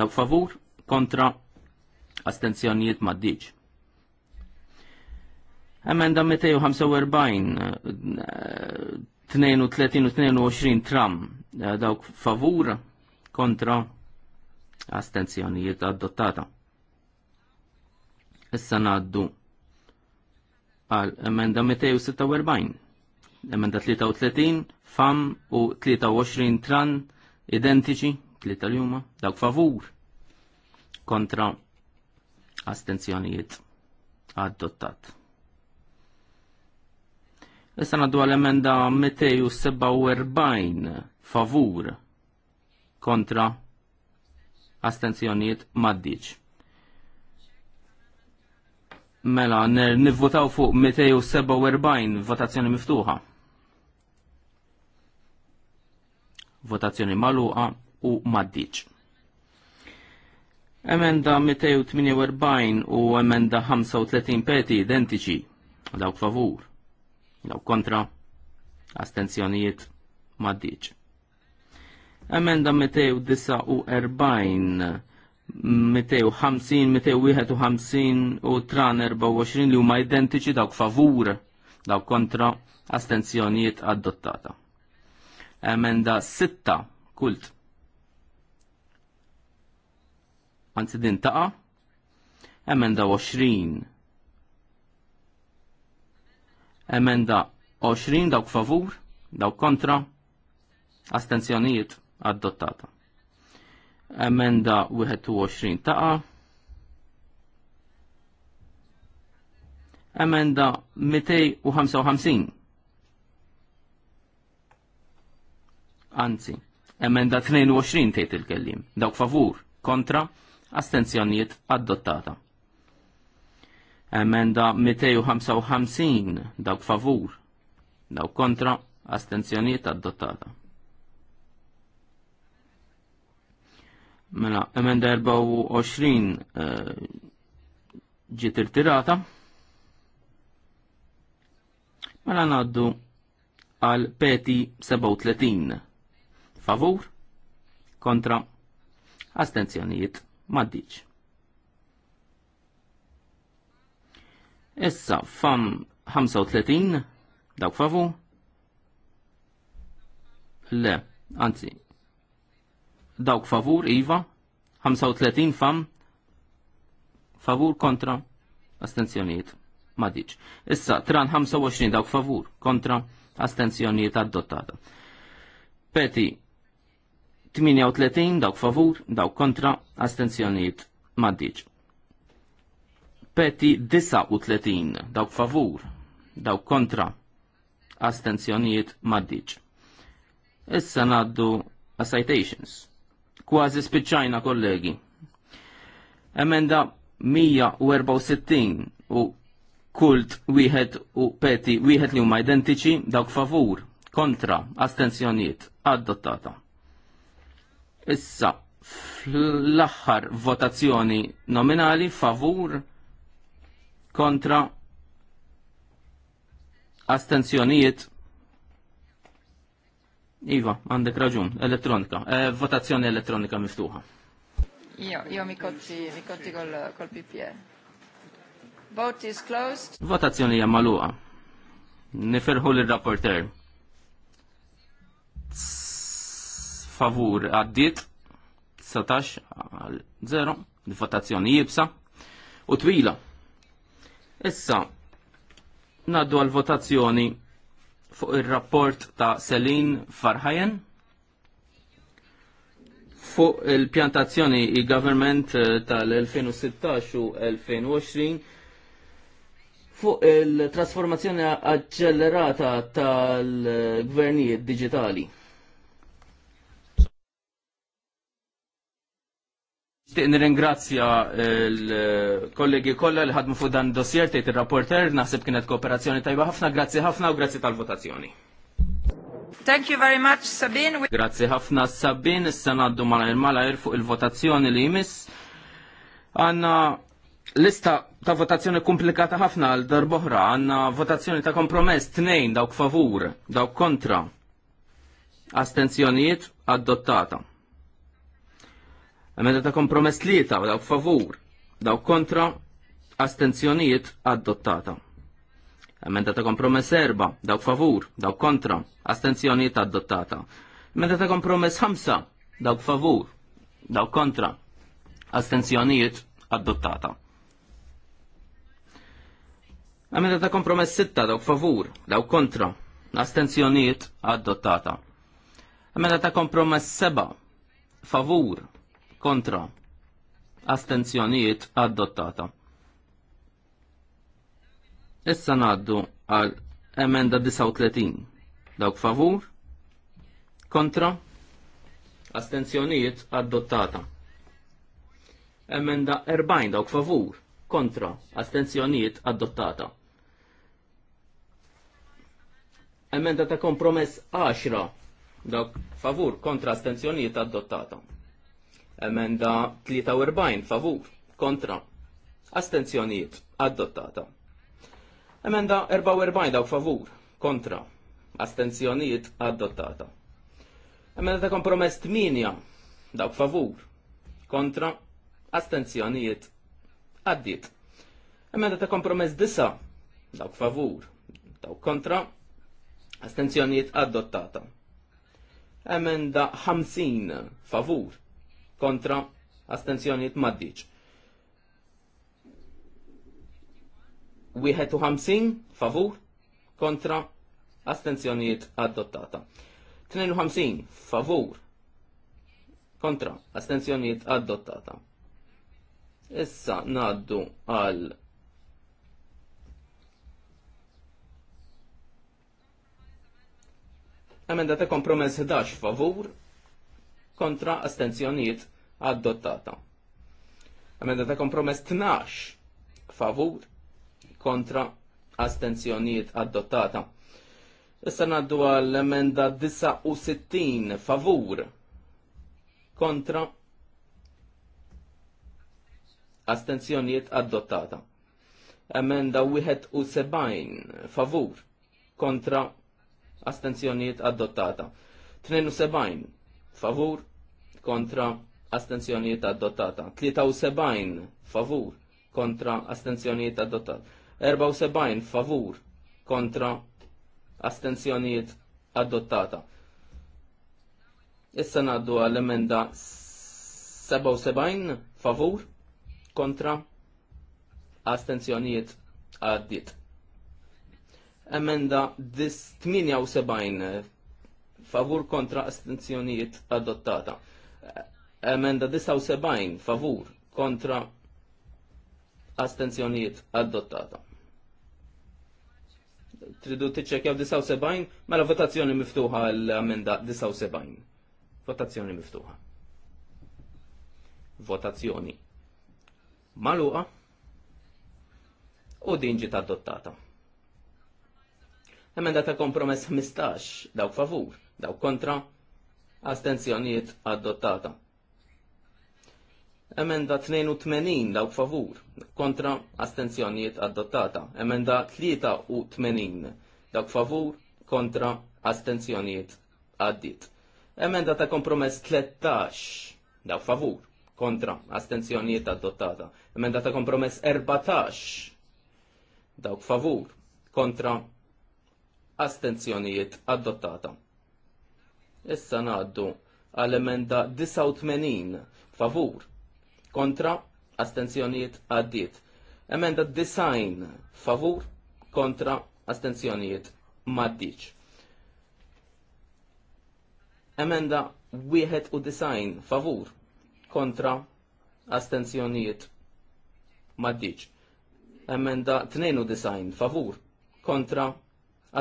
daw favur kontra astenzjonijiet maddiċ. Emenda 245 32 eh, u 22 tram Eh, dawk favur kontra astenzjonijiet adottata. Issa naddu għal emenda 246, emenda 33, fam u 23 tran identiċi, 3 li dawk favur kontra astenzjonijiet adottat. Issa naddu għal emenda 247 favur kontra astenzjonijiet maddiċ. Mela, nivvotaw fuq 247 votazzjoni miftuħa. Votazzjoni maluqa u maddiċ. Emenda 248 u emenda 35 peti identiċi. Dawk favur. Dawk kontra. Astenzjonijiet maddiċ. Emenda 249 250, 251 u tran 24 li huma identiċi dawk favur, dawk kontra astenzjonijiet adottata. Emenda 6 kult. Anzi din taqa. Emenda 20. Emenda 20 dawk favur, dawk kontra astenzjonijiet adottata. Emenda 21 taqa. Emenda 255. Anzi, emenda 22 tgħid il-kellim. Dawk favur, kontra, astenzjonijiet adottata. Emenda 255 dawk favur, dawk kontra, astenzjonijiet adottata. Mela, emenda 24 eh, ġiet irtirata. Mela ngħaddu għal peti 37. Favur? Kontra? Astenzjonijiet? Maddiċ. Issa fam 35 dawk favur? Le, anzi, dawk favur iva, 35 fam, favur kontra, astenzjoniet, madiċ. Issa, tran 25 dawk favur kontra, astenzjoniet addottata. Peti, 38 dawk favur, dawk kontra, astenzjoniet, madiċ. Peti 39 dawk favur, dawk kontra, astenzjoniet, madiċ. Issa naddu a citations. Kważi spiċċajna kollegi. Emenda 164 u kult wieħed u peti wieħed li huma identiċi dawk favur kontra astenzjonijiet adottata. Issa fl-aħħar votazzjoni nominali favur kontra astenzjonijiet Iva, għandek raġun, elettronika, eh, votazzjoni elettronika miftuħa. Jo, jo mi kotti, mi kotti kol, PPE. Vote is closed. Votazzjoni hija magħluqa. l rapporter Favur għaddit. 19 għal 0, votazzjoni jibsa u twila. Issa naddu għal votazzjoni fuq il-rapport ta' Selin Farhajen fuq il-pjantazzjoni il-government eh, tal-2016 u 2020 fuq il-trasformazzjoni accelerata tal-gvernijiet digitali. Nixtieq nirringrazzja eh, l-kollegi kollha li ħadmu fuq dan dossier tgħid ir-rapporter, naħseb kienet kooperazzjoni tajba ħafna, grazzi ħafna u grazzi tal-votazzjoni. Thank you very much, Sabin. Grazzi ħafna Sabin, issa ngħaddu malajr malajr fuq il-votazzjoni li jmiss. Għanna lista ta' votazzjoni komplikata ħafna għal darboħra, għanna votazzjoni ta' kompromess tnejn dawk favur, dawk kontra. Astenzjonijiet adottata. Emenda ta' kompromess tlieta daw favur, dawk kontra, astenzjonijiet adottata. Emenda ta' kompromess erba, dawk favur, dawk kontra, astenzjonijiet adottata. Emenda ta' kompromess ħamsa, dawk favur, dawk kontra, astenzjonijiet adottata. Emenda ta' kompromess sitta, dawk favur, daw kontra, astenzjonijiet adottata. Emenda ta' kompromess seba, favur, kontra astenzjonijiet adottata. Issa naddu għal emenda 39. Dawk favur? Kontra? Astenzjonijiet adottata. Emenda 40 dawk favur? Kontra? Astenzjonijiet adottata. Emenda ta' kompromess 10 dawk favur kontra astenzjonijiet adottata. Emenda 43 favur kontra astenzjonijiet adottata. Emenda 44 daw favur kontra astenzjonijiet adottata. Emenda ta' kompromess 8 daw favur kontra astenzjonijiet addit. Emenda ta' kompromess disa, dawk favur, dawk kontra, astenzjoniet adottata. Emenda 50 favur, kontra t maddiċ. 51 favur kontra astenzjoniet adottata. 52 favur kontra astenzjoniet adottata. Issa naddu għal emenda kompromess 11 favur kontra astenzjonijiet adottata. Emenda ta' kompromess 12 favur kontra astenzjonijiet adottata. Issa naddu għal emenda 69 favur kontra astenzjonijiet adottata. Emenda 71 favur kontra astenzjonijiet adottata. 72 favur kontra astenzjonijiet adottata. 73 favur kontra astenzjonijiet adottata. 74 favur kontra astenzjonijiet adottata. Issa naddu għall-emenda 77 favur kontra astenzjonijiet għaddit. Emenda 78 favur kontra astenzjonijiet adottata. Emenda 79 favur kontra astenzjoniet adottata. Tridu t-ċekjaw 79 mela votazzjoni miftuħa l-emenda 79. Votazzjoni miftuħa. Votazzjoni maluqa u din ġiet adottata. Emenda ta' kompromess 15 daw favur, daw kontra, astenzjonijiet adottata. Emenda 82 dawk favur kontra astenzjonijiet adottata. Emenda 83 dawk favur kontra astenzjonijiet addit. Emenda ta' kompromess 13 dawk favur kontra astenzjonijiet adottata. Emenda ta' kompromess 14 dawk favur kontra astenzjonijiet adottata. Issa ngħaddu għal emenda 89 favur kontra astenzjonijiet għaddiet. Emenda design favur kontra astenzjonijiet maddiċ. Emenda wieħed u favur kontra astenzjonijiet maddiċ. Emenda 92 favur kontra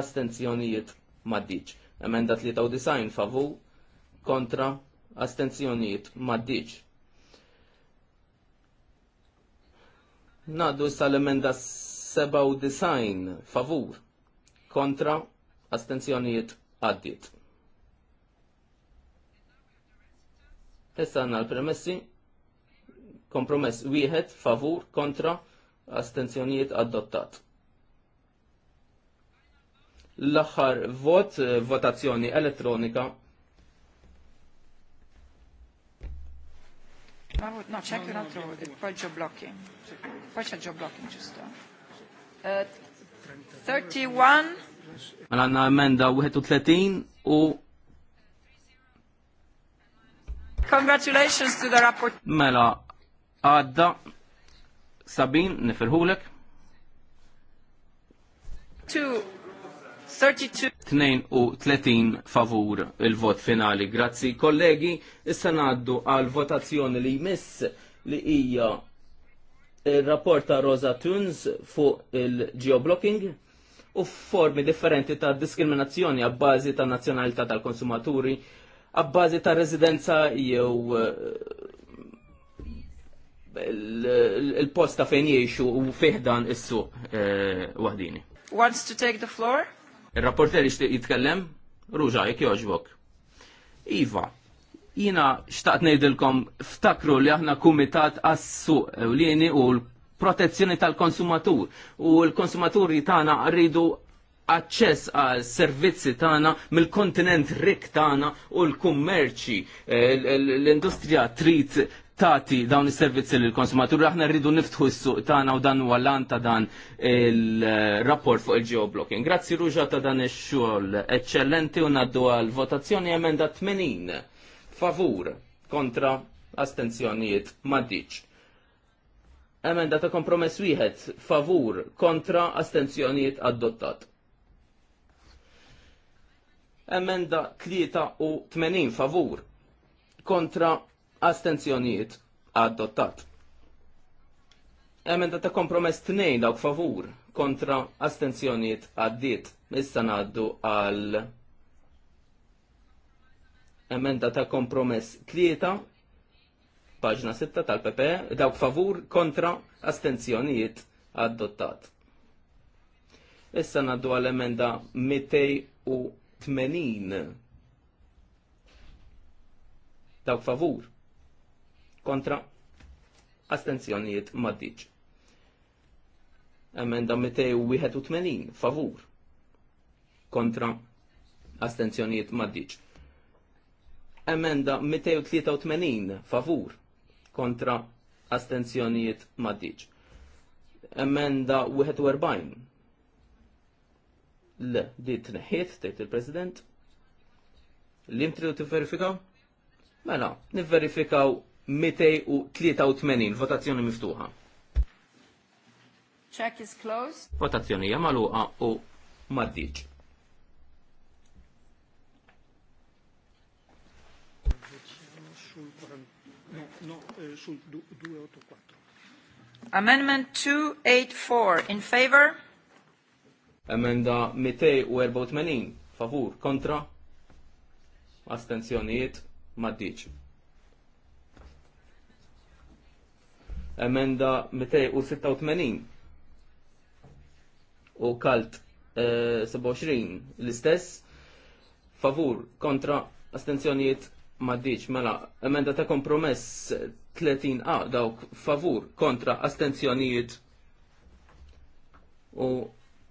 astenzjonijiet maddiċ. Emenda 93 favu kontra astenzjoniet maddiċ. Naddu l emenda 97 favur kontra astenzjonijiet għaddit. Issa għanna l-premessi, kompromess wieħed favur kontra astenzjonijiet adottat l axar vot, eh, votazzjoni elettronika. No, check no, l'altro, no, poi il blocking. Poi c'è il blocking, giusto? 31. Eh, mela għanna emenda 31 u Congratulations to the rapport. Mela, għadda, Sabin, nifirħulek. Two 32 favur il-vot finali. Grazzi kollegi, issa naddu għal votazzjoni li jmiss li hija il-rapport ta' Rosa Tunes fuq il-geoblocking u formi differenti ta' diskriminazzjoni bazi ta' nazzjonalità tal-konsumaturi, bazi ta' residenza jew eh, il-posta fejn jiexu u fiħdan issu eh, wahdini. Wants to take the floor? Il-rapporter ixtieq jitkellem? Ruġa, jek joġbok. Iva, jina xtaqt nejdilkom ftakru li aħna kumitat għassu u lini u l-protezzjoni tal-konsumatur u l-konsumaturi tagħna rridu aċċess għal servizzi tagħna mill-kontinent rik tagħna u l-kummerċi eh, l-industrija trid tati dawn is-servizzi lil konsumaturi aħna rridu niftħu s-suq tagħna u dan huwa lan ta' dan il-rapport fuq il-geoblocking. Grazzi Ruġa ta' dan ix-xogħol eċċellenti u ngħaddu għal votazzjoni emenda 80 favur kontra astenzjonijiet maddiċ. Emenda ta' kompromess wieħed favur kontra astenzjonijiet adottat. Emenda 83 favur kontra Astenzjonijiet adottat. Emenda ta' kompromess tnejn dawk favur kontra astenzjonijiet għaddiet. Issa naddu għal emenda ta' kompromess tlieta paġna 6 tal-PP e, dawk favur kontra astenzjonijiet adottat. Issa ngħaddu għal emenda 280 dawk favur kontra astenzjonijiet maddiċ. Emenda 281 favur kontra astenzjonijiet maddiċ. Emenda 283 favur kontra astenzjonijiet maddiċ. Emenda 41. Le, di neħiet tgħid il-President. Lim t-verifikaw? Mela, nif-verifikaw 283 votazzjoni miftuħa. Check is closed. Votazzjoni jamaluqa u maddiċ. Amendment 284 in favor. Amenda 284 favur kontra. Astenzjonijiet maddiċ. emenda 286 u kalt 27 eh, l-istess favur kontra astenzjonijiet maddiċ mela emenda ta' kompromess 30 a dawk favur kontra astenzjonijiet u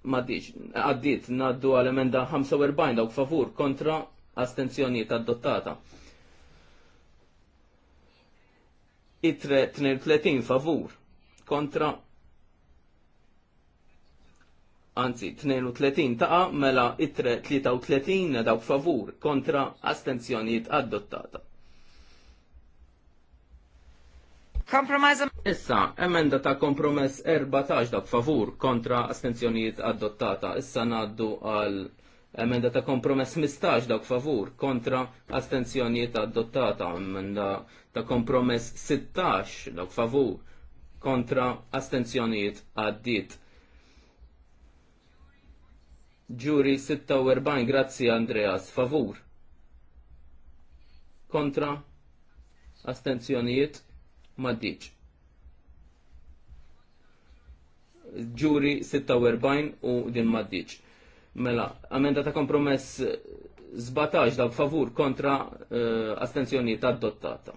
maddiċ għaddit naddu għal emenda 45 dawk favur kontra astenzjonijiet adottata. itre 32 favur kontra anzi 32 taqa mela itre 33 dawk favur kontra astenzjonijiet adottata. Issa, emenda ta' kompromess 14 dawk favur kontra astenzjonijiet adottata. Issa naddu għal Emenda ta' kompromess 15 dawk favur kontra astenzjonijiet adottata. Emenda ta' kompromess 16 dawk favur kontra astenzjonijiet għaddit. Ġuri 46, grazzi Andreas, favur. Kontra astenzjonijiet maddiċ. Ġuri 46 u din maddiċ. Mela, amenda ta' kompromess eh, zbataġ dawk favur kontra uh, eh, astenzjoni ta' dottata.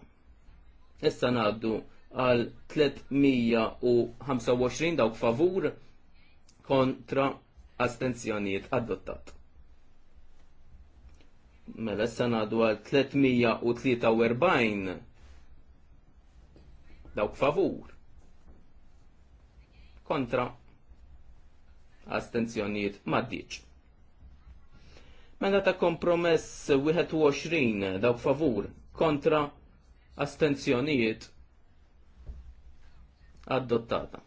Issa naddu għal 325 dawk favur kontra astenzjonijiet adottat. Mela issa nadu għal 343 dawk favur kontra astenzjonijiet maddiċ. Menda ta' kompromess 21 dawk favur kontra astenzjonijiet adottata.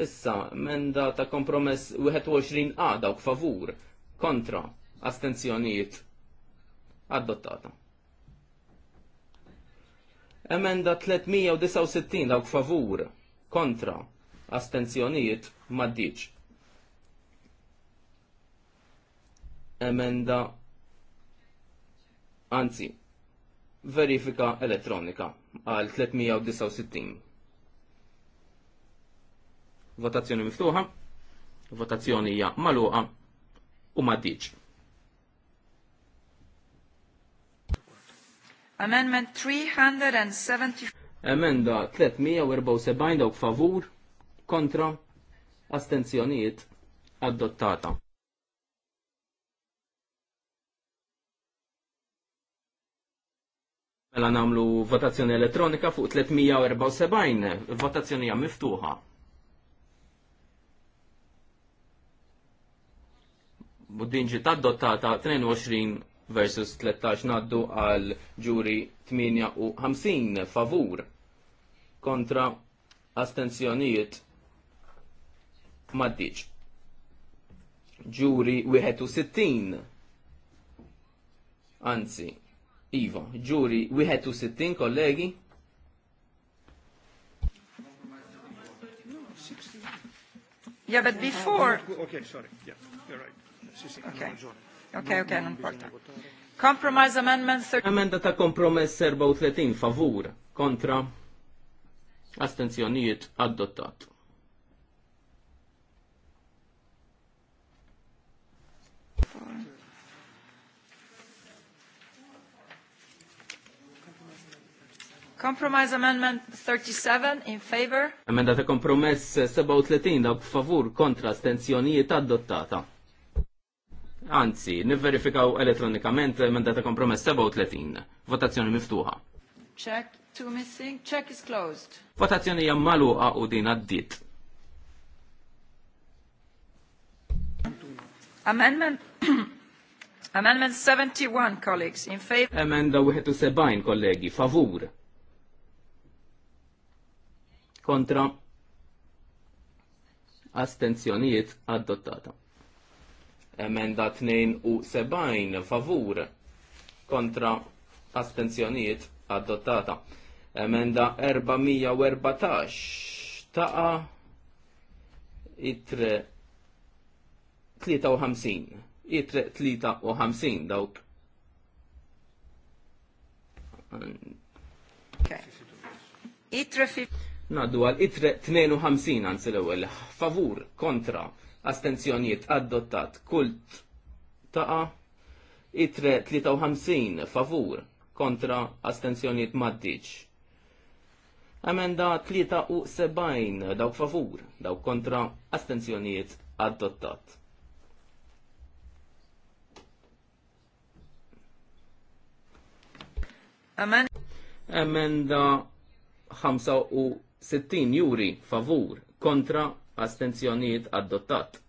Issa, menda ta' kompromess 21 a dawk favur kontra astenzjonijiet adottata. Emenda 369 dawk favur kontra astenzjonijiet maddiċ. Emenda anzi verifika elettronika għal 369. Votazzjoni miftuħa, votazzjoni hija maluqa u maddiċ. Amendment 370. Emenda 374 dawk favur kontra astenzjonijiet adottata. Mela namlu votazzjoni elettronika fuq 374, votazzjoni miftuħa. Buddinġi ta' adottata versus 13 naddu għal ġuri 58 favur kontra astenzjonijiet maddiċ. Ġuri 61 anzi Iva, ġuri 61 kollegi Yeah, but before... Okay, sorry. Yeah, you're right. Okay ok, ok, non importa. Compromise amendment 30. Amenda ta' kompromess 34 favur kontra astenzjonijiet adottat. Compromise Amendment 37 in favor. Amenda ta' kompromess 37 dawk favur kontra astenzjonijiet adottata. Anzi, nivverifikaw elettronikament minn data kompromess 37. Votazzjoni miftuħa. Check, two missing, check is closed. Votazzjoni hija magħluqa u din għaddit. Amendment Amendment 71, colleagues, in favor. Emenda 71, kollegi, favur. Kontra. Astenzjonijiet adottata. Emenda 72 favur kontra astenzjonijiet adottata. Emenda 414 taqa itre 53. Itre 53 dawk. Okay. Itre fi... Naddu għal itre 52 għansil ewel. Favur, kontra, astenzjonijiet adottat kult taqa itre 53 favur kontra astenzjonijiet maddiċ. Amenda 73 dawk favur dawk kontra astenzjonijiet adottat. Amen. Emenda 65 juri favur kontra astenzjonijiet adottat.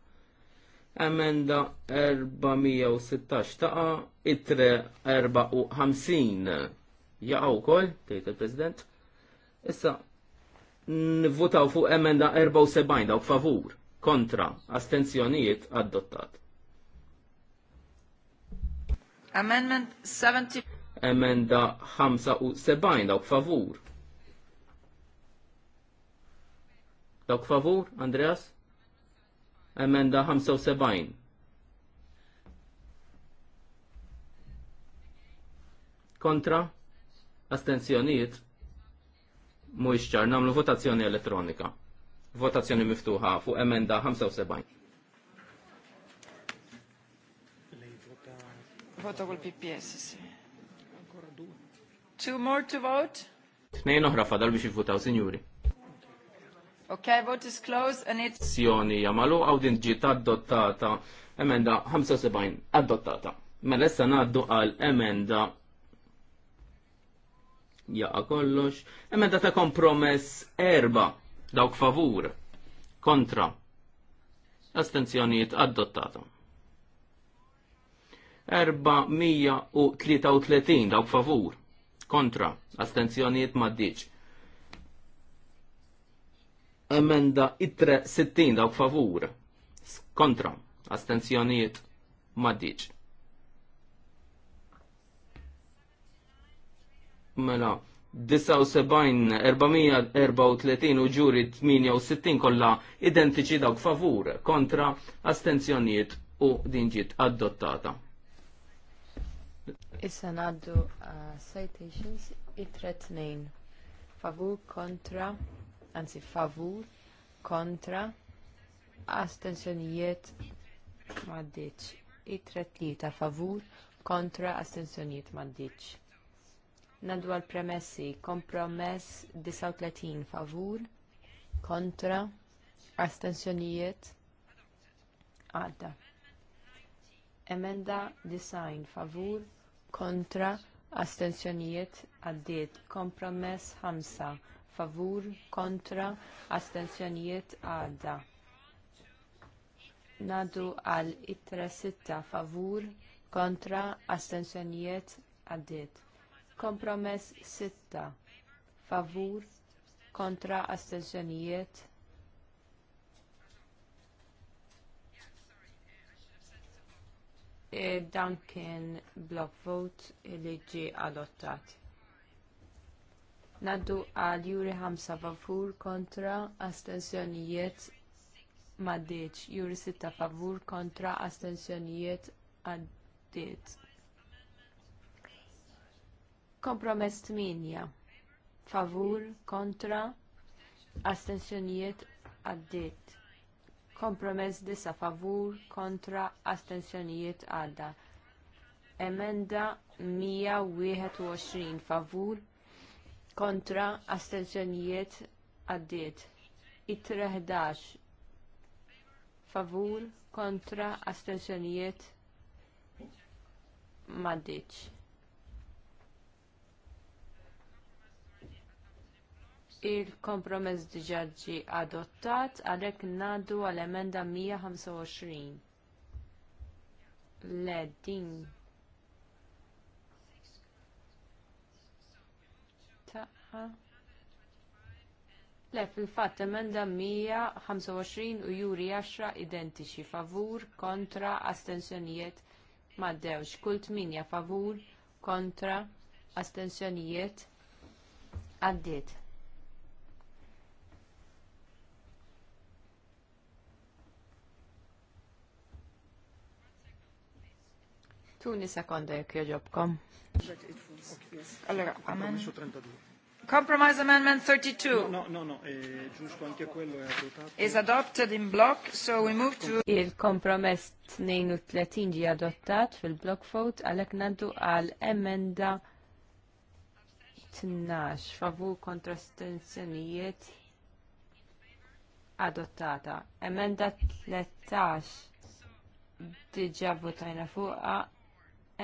Emenda 416 taqa itre 54 jaqaw kol, tejt il-President. Issa, nvutaw fuq emenda 74 daw favur kontra astenzjonijiet adottat. Amendment 70 Emenda 75 daw favur Dawk favur, Andreas? Emenda 75. Kontra? Astenzjonijiet? Mhuwiex ċar, nagħmlu votazzjoni elettronika. Votazzjoni miftuħa fuq emenda 75. Vota col PPS, sì. Ancora due. Two more to vote? Tnejn oħra fadal biex jivvutaw, sinjuri. Okay, vote is closed and it's... Sjoni jamalu għaw din ġiet adottata emenda 75 adottata. Mela issa ngħaddu għal emenda jaqa kollox. Emenda ta' kompromess erba dawk favur kontra astenzjonijiet adottata. 433 dawk favur kontra astenzjonijiet maddiċ. Emenda itre 60 dawk favur. Kontra. Astenzjonijiet maddiċ. Mela, 79, 434 u ġuri 68 kollha identiċi dawk favur kontra astenzjonijiet u din ġiet adottata. Issa naddu uh, citations it-tret favur kontra anzi favur, kontra, astensjonijiet maddiċ. Itret li ta' favur, kontra, astensjonijiet maddiċ. Nadu għal premessi, kompromess 39 favur, kontra, astensjonijiet għadda. Emenda design favur, kontra, astensjonijiet għaddiet. Kompromess 5 favur kontra astenzjonijiet għadda. Nadu għal itra sitta favur kontra astensjonijiet għaddiet. Kompromess sitta favur kontra astensjonijiet E dan kien block vote li ġie adottat. Naddu għal juri 5 favur kontra astensjonijiet maddiċ. Juri 6 favur kontra astensjonijiet għaddiet. Kompromess 8. Favur kontra astensjonijiet għaddiet. Kompromess 9 favur kontra astensjonijiet għadda. Emenda 121 favur kontra astenzjonijiet għaddiet. it 11 favur kontra astenzjonijiet maddiċ. Il-kompromess diġaġi adottat għalek nadu għal-emenda 125. Le din Le, fil-fatt emenda 125 u juri 10 identiċi favur kontra astensjonijiet maddewx. Kult minja favur kontra astensjonijiet għaddiet. Tuni sekonda jek joġobkom. Allora, għamen. Compromise Amendment 32. No, no, no, eh, eh, Is adopted in block, so we move to... Il-kompromess 32 ġi adottat fil-block vote għalek naddu għal emenda 12 favur kontra stenzjonijiet adottata. Emenda 13 diġa votajna fuqa.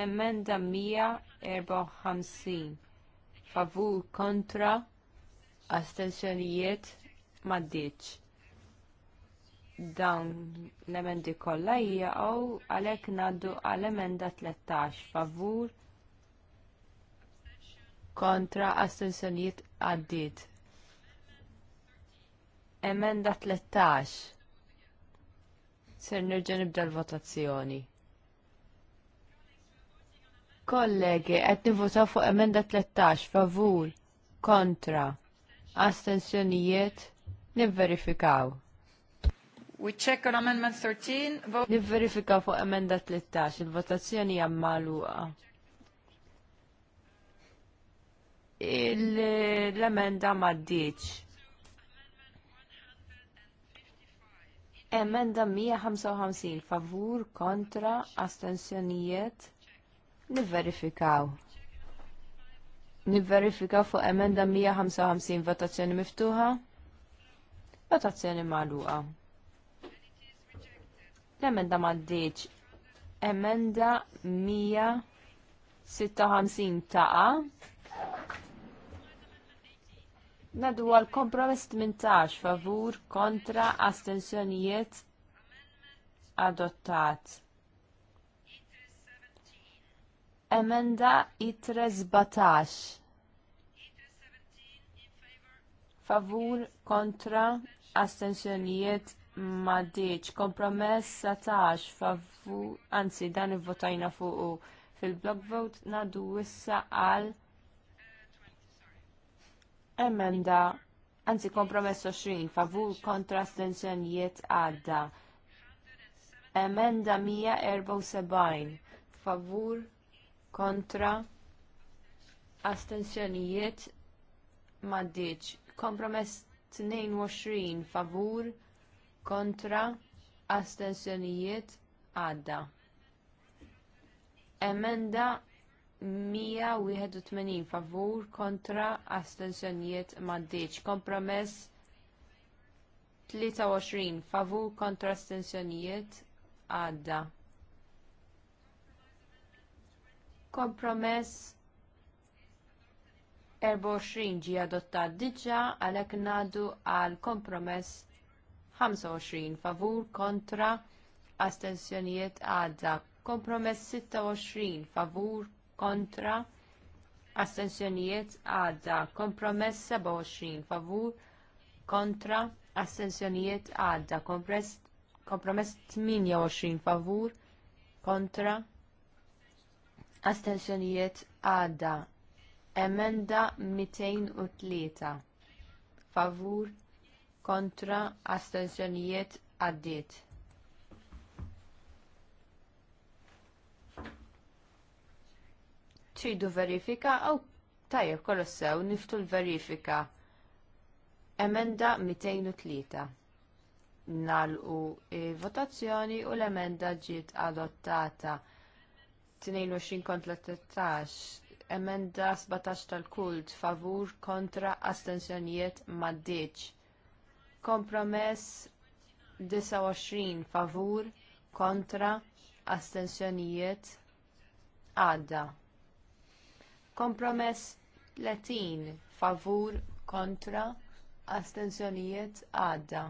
Emenda 154 favur kontra astensjonijiet maddiċ. Dawn l-emendi kollha jaqgħu għalhekk ngħaddu għall emenda 13 favur kontra astensjonijiet għaddiet. Emenda 13. Ser nerġa' nibda l-votazzjoni. Kollegi, qed nivvotaw fuq emenda 13 favur kontra astensjonijiet nivverifikaw. We check on Amendment 13. Vote. fuq emenda 13, il-votazzjoni hija magħluqa. L-emenda ma ddiċ. Emenda 155, favur, kontra, astensjonijiet. Nivverifikaw. Nivverifikaw fuq emenda 155 votazzjoni miftuħa. Votazzjoni magħluqa. L-emenda maddiċ. Emenda 156 taqa. Nadu għal kompromess 18 favur kontra astensjonijiet adottat. Emenda itre 17. Favur kontra astensjonijiet maddiċ. Kompromess satax, Favur, anzi dan votajna fuq fil-block vote nadu wissa għal emenda anzi kompromess 20 favur kontra astenzjonijiet għadda. Emenda 174 favur kontra astensjonijiet maddiċ kompromess 22 favur kontra astensjonijiet għadda emenda 181 favur kontra astensjonijiet maddiċ kompromess 23 favur kontra astensjonijiet għadda Kompromess 24 ġie adottat diġà għalhekk ngħaddu għal kompromess 25 favur kontra astensjonijiet għadda. Kompromess 26 favur kontra astensjonijiet għadda. Kompromess 27 favur kontra astensjonijiet għadda. Kompromess 28 favur kontra Astensjonijiet għadda. Emenda 203. Favur kontra astensjonijiet għaddiet. Tridu verifika għaw tajjeb sew niftu l-verifika. Emenda 203 nalqu votazzjoni u l-emenda ġiet adottata. 22 kontra 13, emenda 17 tal-kult, favur kontra astensjonijiet maddiċ. Kompromess 29 favur kontra astensjonijiet għadda. Kompromess 30 favur kontra astensjonijiet għadda.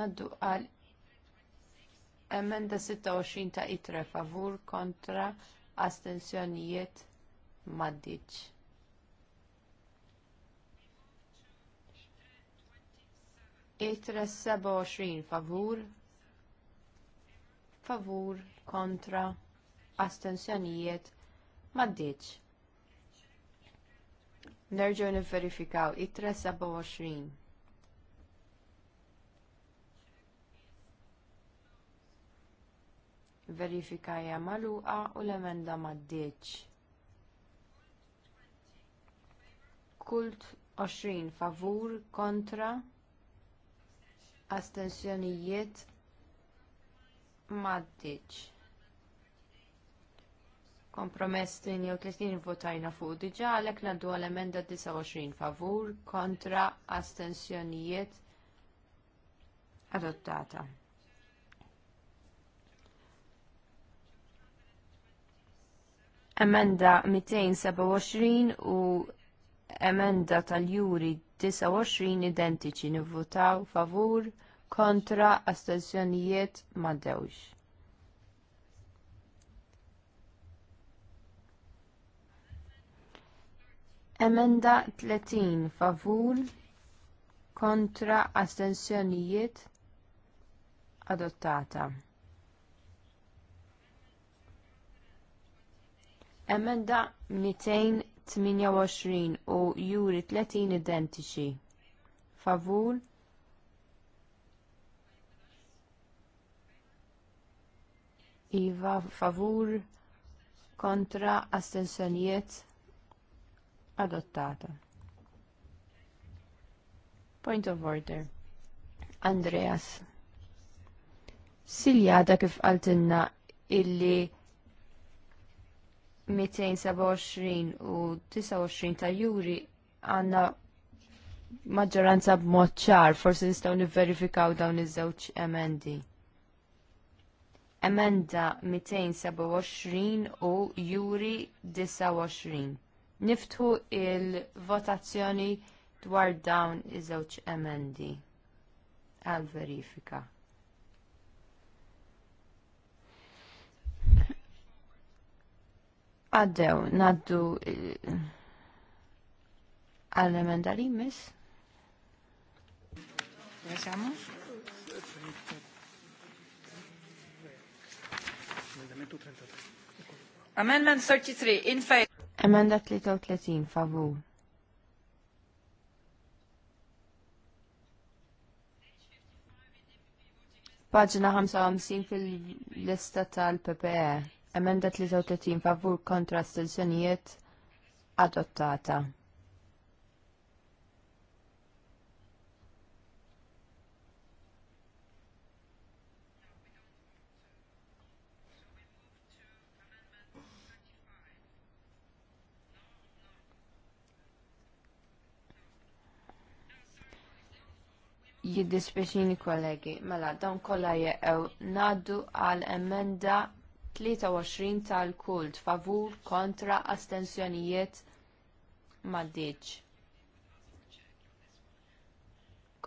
Naddu għal Emenda 26 ta' itre favur kontra astensjonijiet maddiċ. Itra 27 favur favur kontra astensjonijiet maddiċ. Nerġu niverifikaw itra 27. verifika hija magħluqa u l-emenda m'għaddiex. Kult 20 favur kontra astensjonijiet m'għaddiex. Kompromess 32 votajna fuq diġà għalhekk ngħaddu għall-emenda 29 favur kontra astensjonijiet adottata. emenda 227 u emenda tal-juri 29 identiċi nivvotaw favur kontra astensjonijiet dewx. Emenda 30 favur kontra astensjonijiet adottata. Emenda 228 u juri 30 identiċi. Favur. Iva favur kontra astensjonijiet adottata. Point of order. Andreas. Siljada kif qaltinna illi 227 u 29 ta' juri għanna maġġoranza b'mod ċar, forsi nistgħu nivverifikaw dawn iż-żewġ emendi. Emenda 227 u juri 29. Niftħu il-votazzjoni dwar dawn iż-żewġ emendi għal verifika. Għaddew, naddu eh, għal emenda mis. Amendment 33, in favor. Amendment 33, in favor. Pagina 55 fil-lista tal-PPE. Emenda 33 favur kontra astensjonijiet adottata. jiddispeċini kollegi, mela dawn kollha jeqgħu ngħaddu għal emenda 23 tal-kult favur kontra astensjonijiet maddiċ.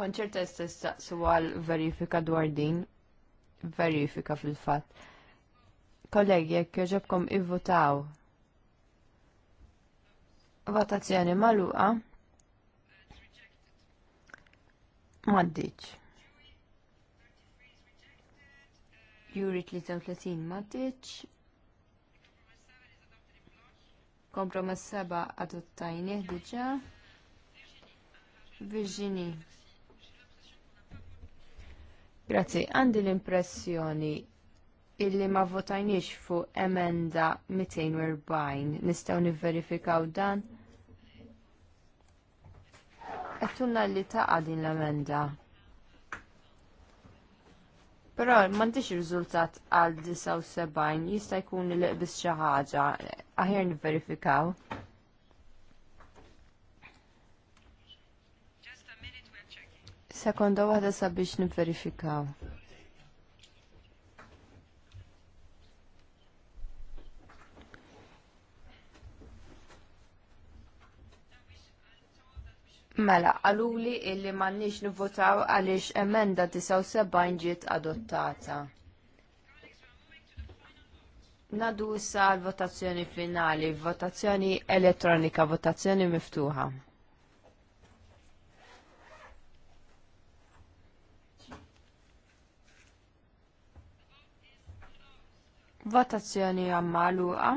Konċerta istessaqsu għal verifika dwar din, verifika fil-fat. Kollegi, jekk joġobkom ivvotaw. Votazzjoni maluqa. Maddiċ. Juri 33 matiċ. Kompromess 7 adottajni diġa. Virginie. Grazzi, għandi l-impressjoni illi ma votajniex fuq emenda 240. Nistaw niverifikaw dan. Għattunna li taqa din l-emenda. Però m'għandix riżultat għal 79 jista' jkun li qbis xi ħaġa, aħjar nivverifikaw. Sekonda waħda sabiex nivverifikaw. Mela, għaluli illi mannix nivvotaw għalix emenda 79 ġiet adottata. Nadu sa l-votazzjoni finali, votazzjoni elettronika, votazzjoni miftuħa. Votazzjoni għammaluqa.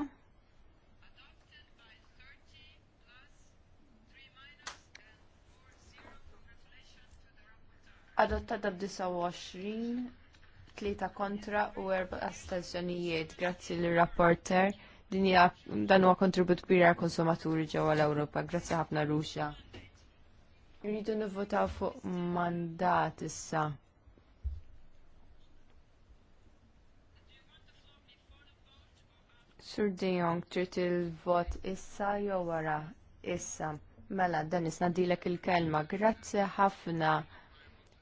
adottata b'29 tlieta kontra u erba' astensjonijiet. Grazzi lir-rapporter. Din hija dan huwa kontribut kbir għal konsumaturi ġewwa l-Ewropa. Grazzi ħafna Ruxja. Iridu nivvotaw fuq mandat issa. Sur De Jong, trid il-vot issa jew wara issa. Mela, dan isna dilek il-kelma. Grazzi ħafna.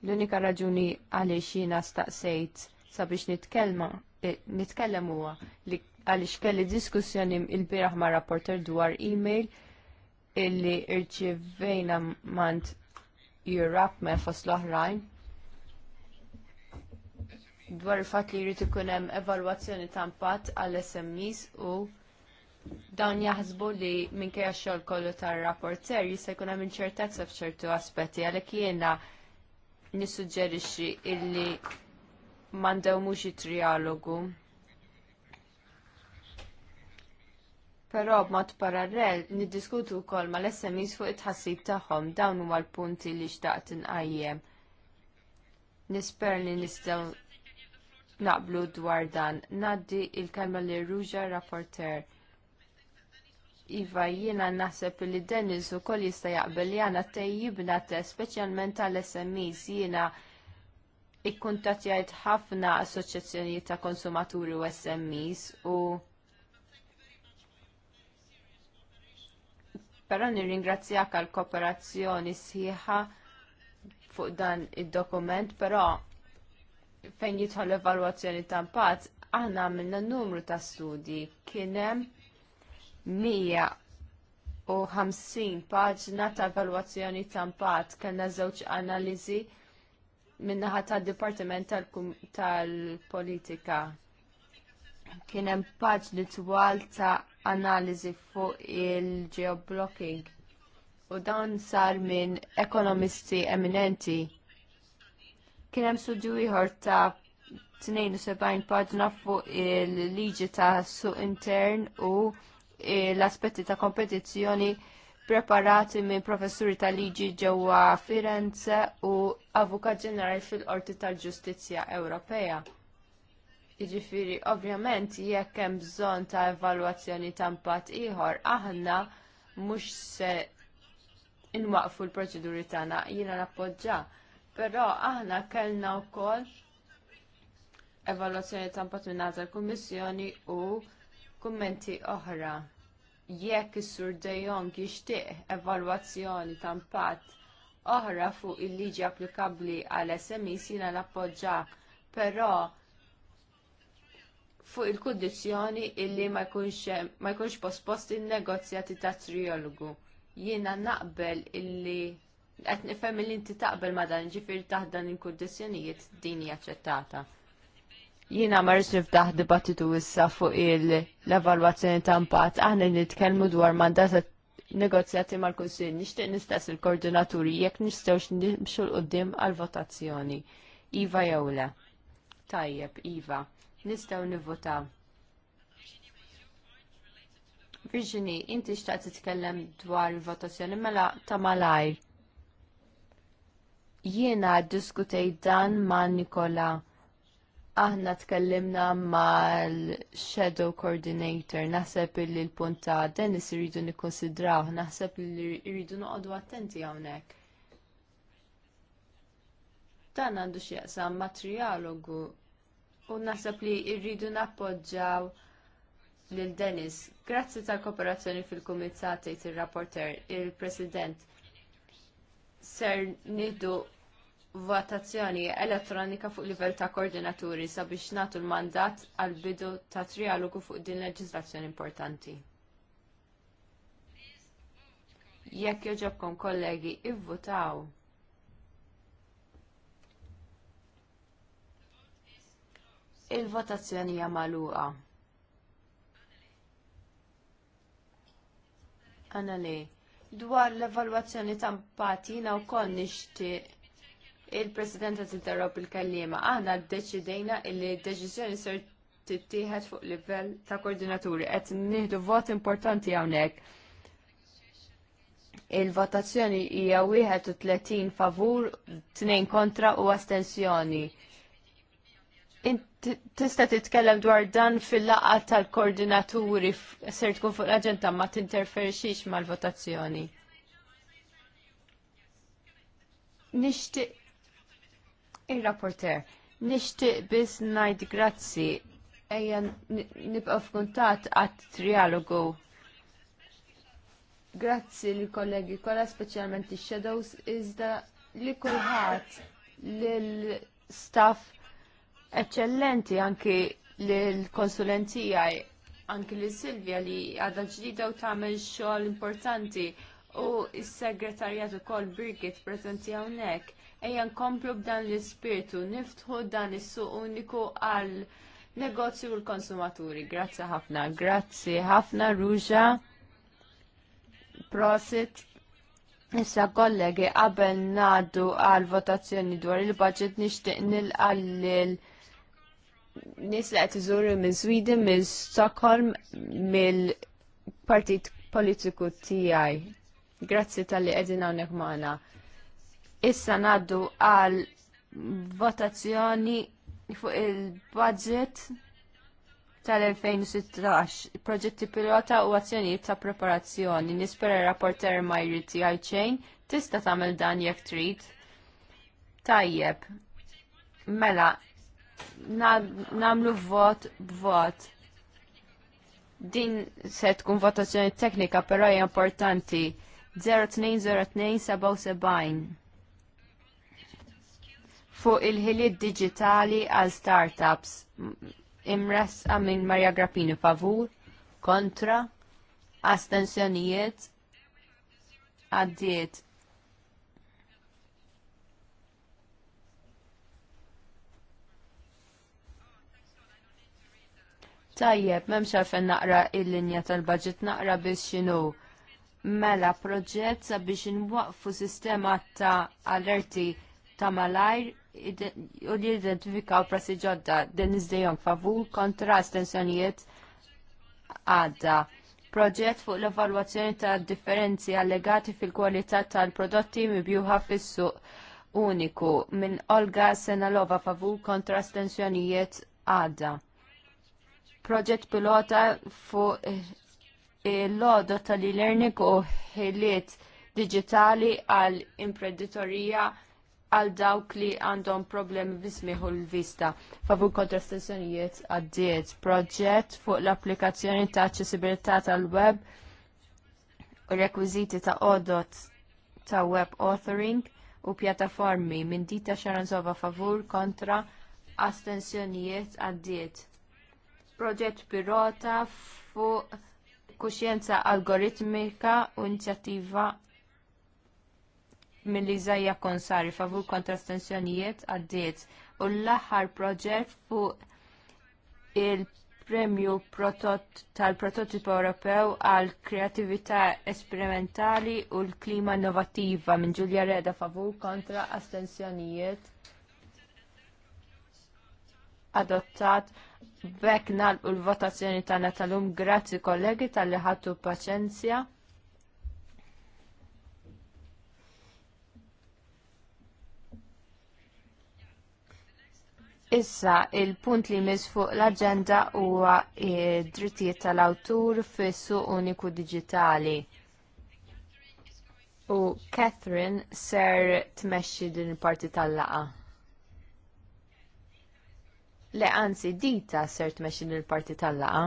L-unika raġuni għaliex jiena staqsejt sabiex nitkellma eh, nitkellem huwa li għaliex kelli diskussjoni il-biraħ ma' rapporter dwar e-mail, illi irċivejna mant Europe me fost l-oħrajn dwar il-fat li jrid ikun hemm evalwazzjoni ta' impatt għall SMEs u dawn jaħsbu li minkejja x-xogħol kollu tar-rapporter jista' jkun hemm inċertezza f'ċertu aspetti għalhekk jiena nissuġġerixxi illi mandew mhux trialogu. Però b'mod parallel niddiskutu wkoll mal-SMEs fuq it-ħassib tagħhom dawn huma l-punti li xtaqt inqajjem. Nisper li nistgħu naqblu dwar dan. Naddi il-kelma li Ruja rapporter. Iva, jiena naħseb li Dennis ukoll jista jaqbel li għana tejjibna te, speċjalment għal smes jiena ikkuntatjajt ħafna assoċjazzjonijiet ta' konsumaturi u SMEs u Però nirringrazzjak għal kooperazzjoni sħiħa fuq dan id-dokument, però fejn jidħol evalwazzjoni ta' impatt, aħna għamilna numru ta' studji kien hemm 150 paġna ta' evalwazzjoni ta' impatt kellna żewġ analiżi min-naħa tad Dipartiment tal-Politika. Kien hemm paġni twal ta' analiżi fuq il-geoblocking u dan sar minn ekonomisti eminenti. Kien hemm studju ieħor ta' 72 paġna fuq il-liġi ta' suq intern u l-aspetti ta' kompetizzjoni preparati minn professuri ta' liġi ġewwa Firenze u avukat ġenerali fil-Qorti tal-Ġustizzja Ewropea. Jiġifieri ovvjament jekk hemm bżonn ta' evalwazzjoni ta' impatt ieħor aħna mhux se inwaqfu l-proċeduri tagħna jiena nappoġġa. Però aħna kellna wkoll evalwazzjoni ta' impatt minn l-Kummissjoni u kummenti oħra jekk is-Sur De Jong jixtieq evalwazzjoni ta' impatt oħra fuq il-liġi applikabbli għal SMEs jiena nappoġġa, però fuq il-kundizzjoni illi ma jkunx pospost in-negozjati ta' triologu. Jiena naqbel illi qed nifhem li inti taqbel ma dan ġifier taħdan il-kundizzjonijiet din hija aċċettata. Jina marġ niftaħ dibattitu issa fuq il-evaluazzjoni ta' impatt, aħna nitkellmu dwar mandat negozjati mal-Kunsil, nixtieq nistess il-koordinaturi jekk nistgħux nimxu l-qudiem għal-votazzjoni. Iva jew le. Tajjeb, Iva, nistgħu nivvota. Virginie, inti xtaqt titkellem dwar il-votazzjoni mela ta' malajr. Jiena diskutej dan ma' Nikola Aħna tkellimna mal shadow coordinator, naħseb li l-punt ta' Dennis irridu nikkonsidraw, naħseb li irridu noqogħdu attenti hawnhekk. Dan għandu x'jaqsam ma' trialogu u naħseb li rridu nappoġġaw lil Dennis. Grazzi tal kooperazzjoni fil-kumitat tgħid ir-rapporter, il-President. Ser nidu votazzjoni elettronika fuq livell ta' koordinaturi sabiex nagħtu l-mandat għal bidu ta' trialogu fuq din leġiżlazzjoni importanti. Jekk joġobkom kollegi ivvutaw. Il-votazzjoni hija magħluqa. Anna li, dwar l-evalwazzjoni ta' mpatina u koll nixtieq il-President għat interrop il-kallima. Aħna d-deċidejna illi d-deċizjoni ser tittieħed fuq livell ta' koordinaturi. Qed nihdu vot importanti hawnhekk. Il-votazzjoni hija wieħed u tletin favur, 2 kontra u astensjoni. Tista' titkellem dwar dan fil-laqgħa tal-koordinaturi ser tkun fuq l-aġenda ma tinterferixix mal-votazzjoni. Nixtieq il rapporter nixtieq biss ngħid grazzi ejja nibqa' f'kuntat għat trialogu. Grazzi li kollegi kollha speċjalment i shadows iżda li kulħadd lil staff eccellenti anki l-konsulenti konsulentija anki li Silvia li għadha ġdida u tagħmel xogħol importanti u s-segretarjat ukoll Birgit preżenti hawnhekk Ejja nkomplu b'dan l-ispirtu, niftħu dan is-suq uniku għal negozju u l-konsumaturi. Grazzi ħafna, grazzi ħafna Ruġa. Prosit. Issa kollegi, qabel nadu għal votazzjoni dwar il-budget nixtieq nilqal nies li qed iżuru minn Sweden, minn Stockholm, mill-partit politiku tiegħi. Grazzi tal-li qegħdin hawnhekk magħna. Issa naddu għal votazzjoni fuq il-budget tal-2016, proġetti pilota u azzjoni ta' preparazzjoni. Nispera rapporter Majri TI Chain tista' tagħmel dan jekk trid. Tajjeb. Mela, namlu vot b'vot. Din se tkun votazzjoni teknika, però hija importanti. 02027 fuq il-ħiliet digitali għal startups. Imresqa minn Marja Grappini favur, kontra, astensjonijiet, għaddiet. Tajjeb, memx għalfen naqra il-linja tal-budget naqra biex xinu mela proġett sabiex nwaqfu sistema ta' alerti ta' malajr u li identifikaw prassi ġodda din iżdejjom favur kontra estensjonijiet għadda. Proġett fuq l-evalwazzjoni ta' differenzi allegati fil-kwalità tal-prodotti mibjuħa fis-suq uniku minn Olga Senalova favur kontra estensjonijiet għadda. Proġett pilota fuq il-lodo tal-e-learning u ħiliet digitali għal imprenditorija għal dawk li għandhom problemi bismiħu l-vista. Favur kontrastazzjonijiet għaddiet proġett fuq l-applikazzjoni ta' ċesibilità tal-web u rekwiziti ta' odot ta' web authoring u pjattaformi minn dita xaranzova favur kontra astensjonijiet għaddiet. Proġett pirota fuq kuxjenza algoritmika u inizjattiva milli Zajja Konsari favur kontra stensjonijiet għaddiet u l-aħħar proġett fuq il-premju tal-prototipo Ewropew għal kreatività esperimentali u l-klima innovattiva minn Ġulja Reda favur kontra astensjonijiet adottat bekna nalqu l-votazzjoni tagħna tal-lum grazzi kollegi tal-li ħadtu paċenzja. Issa il-punt li mis fuq l-agenda huwa drittijiet tal-awtur fis-suq uniku diġitali. U Catherine ser tmexxi din il-parti tal-laqa. Le anzi dita ser tmexxi din il-parti tal-laqa.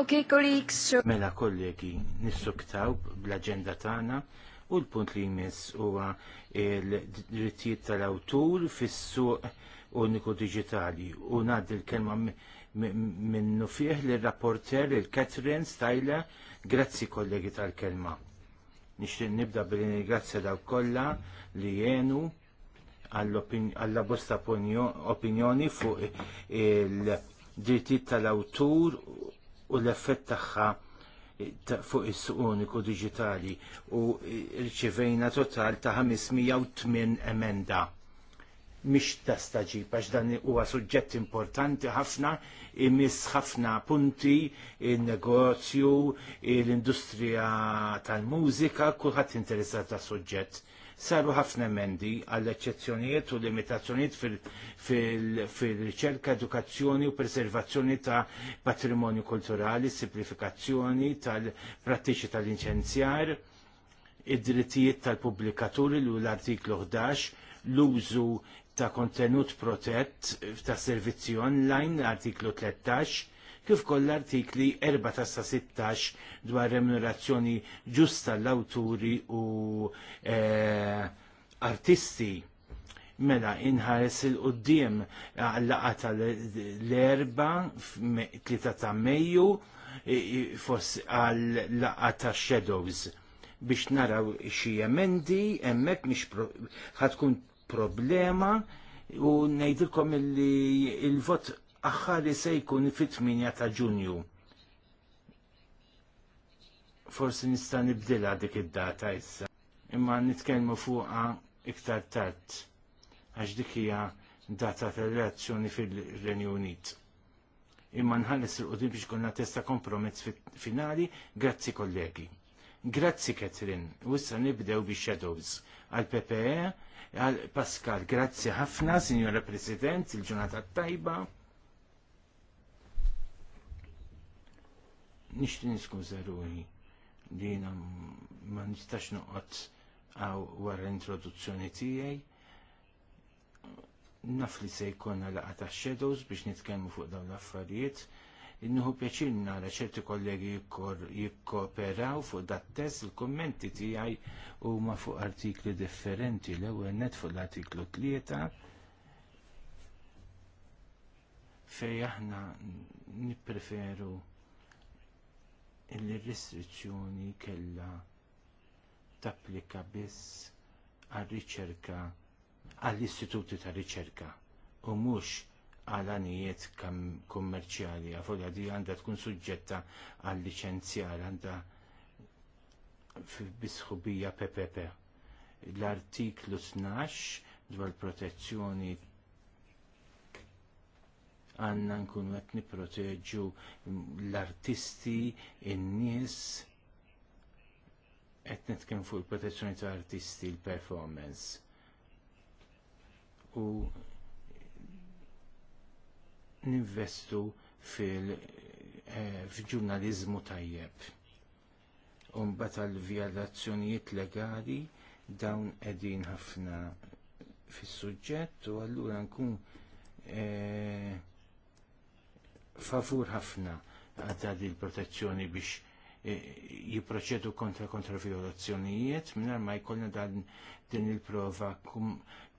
Ok, colleagues. So... Mela kollegi, nissuktaw bl-agenda tagħna u l-punt li jmiss huwa l-drittijiet tal-awtur fis-suq uniku diġitali u ngħaddi l-kelma minnu fih l-rapporter il-Catherine Stajla, grazzi kollegi tal-kelma. Nixtieq nibda billi ningrazzja daw kollha li jenu għall bosta opinjoni fuq il-drittijiet tal-awtur u l-effett tagħha fuq is-suq uniku diġitali u rċivejna total ta' 508 emenda. Mhix ta' staġib għax dan huwa suġġett importanti ħafna imis ħafna punti il-negozju, l-industrija tal-mużika, kulħadd interessat ta' suġġett Saru ħafna emendi għall eċċezzjonijiet u limitazzjonijiet fil-riċerka, edukazzjoni u preservazzjoni ta' patrimonju kulturali, simplifikazzjoni tal-prattiċi tal-inċenzjar, id-drittijiet tal-pubblikaturi l-artiklu 11, l-użu ta' kontenut protett ta' servizzi online, l-artiklu 13, kif koll l-artikli 4 16 dwar remunerazzjoni ġusta l-awturi u eh, artisti mela inħares il-qoddim għallaqata tal-erba 3 ta' Mejju fos għallaqa ta' Shadows biex naraw xi emendi hemmhekk mhix ħatkun problema u ngħidilkom il-vot aħħari se jkun fit-8 ta' ġunju. Forsi nista' nibdilha dik id-data issa. Imma nitkellmu fuqha iktar tard għax dik hija data tal-elezzjoni fil-Renju Unit. Imma nħalles il-qudiem biex konna testa kompromess finali, grazzi kollegi. Grazzi Katrin, u issa nibdew bi Shadows. Għal PPE, għal Pascal, grazzi ħafna, Signora President, il-ġurnata tajba nishti niskuża ruħi li jina ma nistax noqgħod għaw wara introduzzjoni tiegħi. Naf li se jkollna laqgħa ta' shadows biex nitkellmu fuq dawn l-affarijiet. Innuħu pjaċinna nara ċerti kollegi jikkooperaw fuq dat test il-kommenti tijaj u ma fuq artikli differenti l ewwel net fuq l-artiklu tlieta fej aħna nippreferu il-restrizzjoni kellha tapplika biss għal-riċerka għall-istituti ta' riċerka u mhux għal anijiet kummerċjali għafolja di għandha tkun suġġetta għal liċenzjar għandha bisħubija PPP. L-artiklu 12 dwar protezzjoni għanna nkunu qed nipproteġu l-artisti, il nies qed nitkellmu fuq il-protezzjoni ta' artisti l-performance. U ninvestu fil eh, ġurnaliżmu tajjeb. U mbagħad għall vjalazzjonijiet legali dawn qegħdin ħafna fis-suġġett u allura nkun eh, favur ħafna għadda li l-protezzjoni biex eh, jiproċedu kontra kontra violazzjonijiet minnar ma jkollna dan din il-prova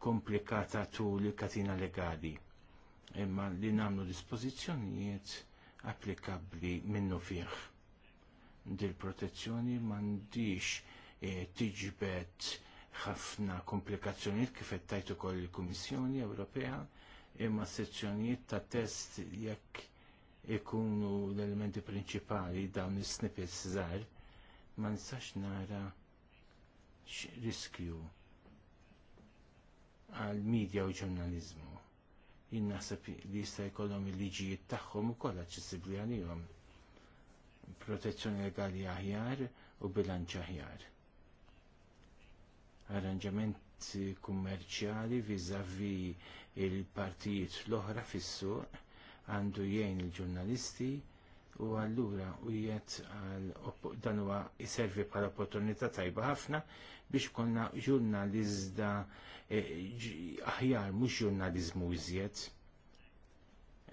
komplikata tul il-katina legali. Imma li namlu dispożizzjonijiet applikabli minnu fih. Dil-protezzjoni mandiċ eh, tiġbet ħafna komplikazzjonijiet kif qed tajtu il-Kummissjoni Ewropea imma sezzjonijiet ta' test jekk ikunu l-elementi prinċipali dawn is-snippets żgħar, ma nistax nara riskju għal medja u ġurnaliżmu. Jien naħseb li jista' jkollhom il-liġijiet tagħhom ukoll aċċessibbli għalihom. Protezzjoni legali aħjar u bilanċ aħjar. Arranġamenti kummerċjali viżavi il-partijiet l-oħra fis-suq għandu jgħin il-ġurnalisti u allura u jgħet dan huwa jservi bħala opportunità tajba ħafna biex konna ġurnalizda e, aħjar mhux ġurnaliżmu iżjed.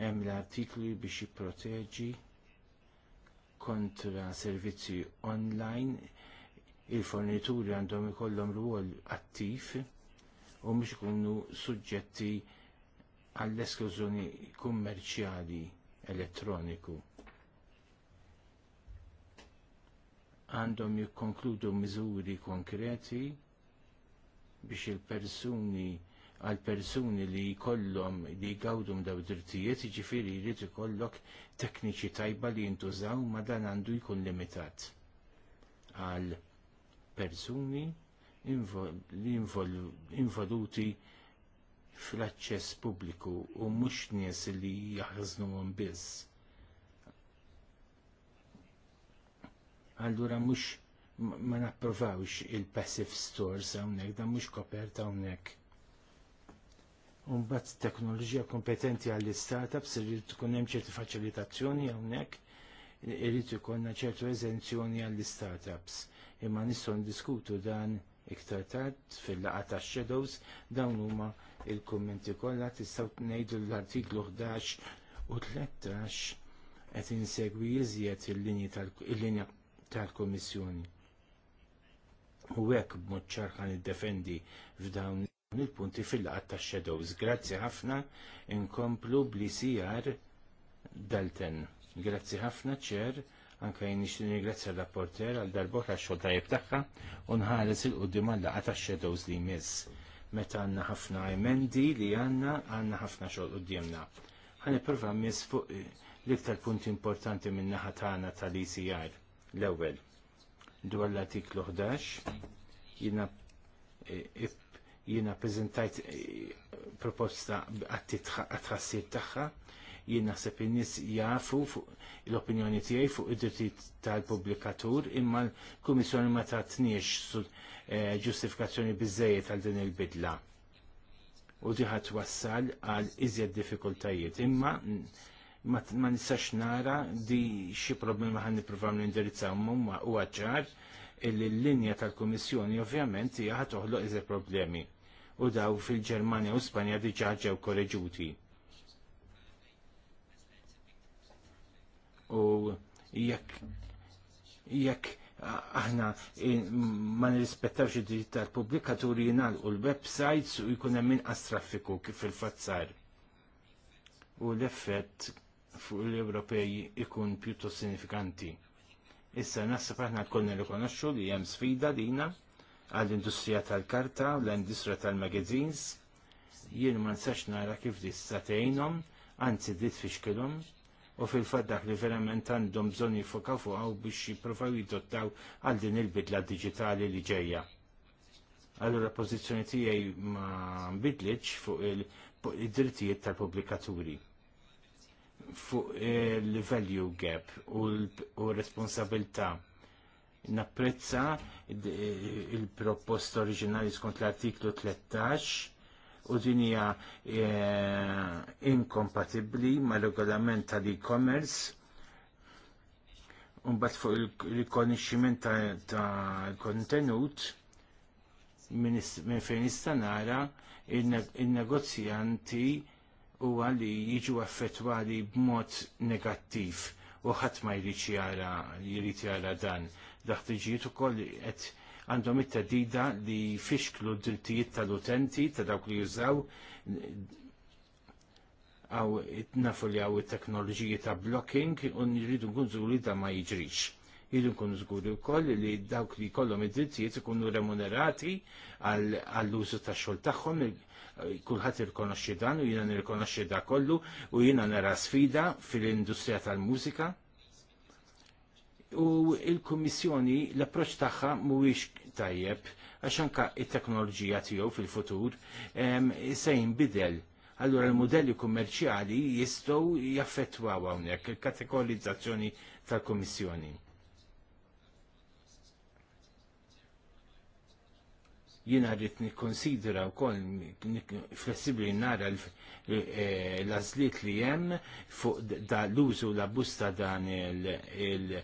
Hemm l-artikli biex jipproteġi kontra servizzi online il-fornituri għandhom ikollhom rwol attiv u mhux ikunu suġġetti għall-esklużjoni kummerċjali elettroniku. Għandhom jikkonkludu miżuri konkreti biex il-persuni għal persuni li jkollhom li jgawdum daw drittijiet jiġifieri jrid ikollok tekniċi tajba li jintużaw ma dan għandu jkun limitat għal persuni involuti fl-aċċess pubbliku u mhux nies li jaħżnuhom biss. Allura mhux ma napprovawx il-passive stores hawnhekk, dan mhux koperta hawnhekk. mbagħad teknoloġija kompetenti għall startups irrid tkun hemm ċerti faċilitazzjoni hawnhekk irrid ikollna ċertu eżenzjoni għall startups imma nistgħu ndiskutu dan iktar tard fil laqgħa tax shadows dawn huma l kummenti kollha tistgħu tnejdu l-artiklu 11 u 13 qed insegwi iżjed il-linja tal-Kummissjoni. U hekk b'mod ċarħan niddefendi f'dawn il-punti fil laqgħa tax shadows. Grazzi ħafna inkomplu bli sijar dalten. Grazzi ħafna ċer Anke nix nirgrazzja l-rapporter għal darbora xogħol tajjeb tagħha u nħares il-qudiem għal-laqgħa ta' shadows li jmiss. Meta għandna ħafna emendi li għandna għandna ħafna xogħol qudiemna. Ħa prova miss fuq l-iktar punti importanti minn naħa tagħna tal-ECR. L-ewwel dwar l-artiklu 11 jiena e, jiena prezentajt e, proposta għattit għattħassiet taħħa jien naħseb in-nies jafu fuq l-opinjoni tiegħi fuq id-drittijiet tal-pubblikatur imma l-Kummissjoni ma tatniex eh, ġustifikazzjoni biżejjed għal din il-bidla. U di ħadd wassal għal iżjed diffikultajiet. Imma ma nistax nara di xi problema ħan nippruvaw nindirizzaw mumma u ċar illi l-linja tal-Kummissjoni ovvjament hija ħad toħloq iżjed problemi u daw fil-Ġermanja u Spanja diġa ġew korreġuti. u jekk jekk aħna ma nirrispettawx id-dritt tal-pubblikaturi jingħalqu l-websites u jkun hemm inqas traffiku kif il-fazzar. U l-effett fuq l-Ewropej ikun pjuttost sinifikanti. Issa naħseb aħna kollna rikonoxxu li hemm sfida lina għall-industrija tal-karta, u l-industrija tal-magazines, jien ma nsax nara kif di statejnom, anzi dit fixkilhom u fil-fatt li verament għandhom bżonn jifoka fuqha u biex jippruvaw jidottaw għal din il-bidla diġitali li ġejja. Allura pożizzjoni tiegħi ma nbidlitx fuq il-drittijiet tal-pubblikaturi fuq il-value gap u l-responsabilità napprezza il-proposta oriġinali skont l-artiklu 13 u din hija eh, inkompatibbli mal-regolament tal-e-commerce mbagħad fuq il-rikonixximent ta' kontenut minn fejn nista' nara in negozjanti huwa li jiġu affettwali b'mod negattiv u ħadd ma jrid jara jrid jara dan. Daħtiġiet ukoll qed għandhom it tadida li fixklu d-drittijiet tal-utenti ta' dawk li jużaw għaw nafu li għaw teknoloġiji ta' blocking u jridu nkun zguri da ma jiġrix. Jridu nkun zguri wkoll li dawk li kollom id-drittijiet ikunu remunerati għall-użu ta' xogħol tagħhom kulħadd irkonoxxi dan u jiena nirkonoxxi da kollu u jiena nara sfida fil-industrija tal-mużika u il-Kummissjoni l-approċ tagħha mhuwiex tajjeb għax anke t teknoloġija tiegħu fil-futur se jinbidel. Allura l-modelli kummerċjali jistgħu jaffettwaw hawnhekk il-kategorizzazzjoni tal-Kummissjoni. jina rrit nikkonsidra wkoll flessibbli nara l eh, azliet li hemm fuq da l-użu l busta ta' dan eh,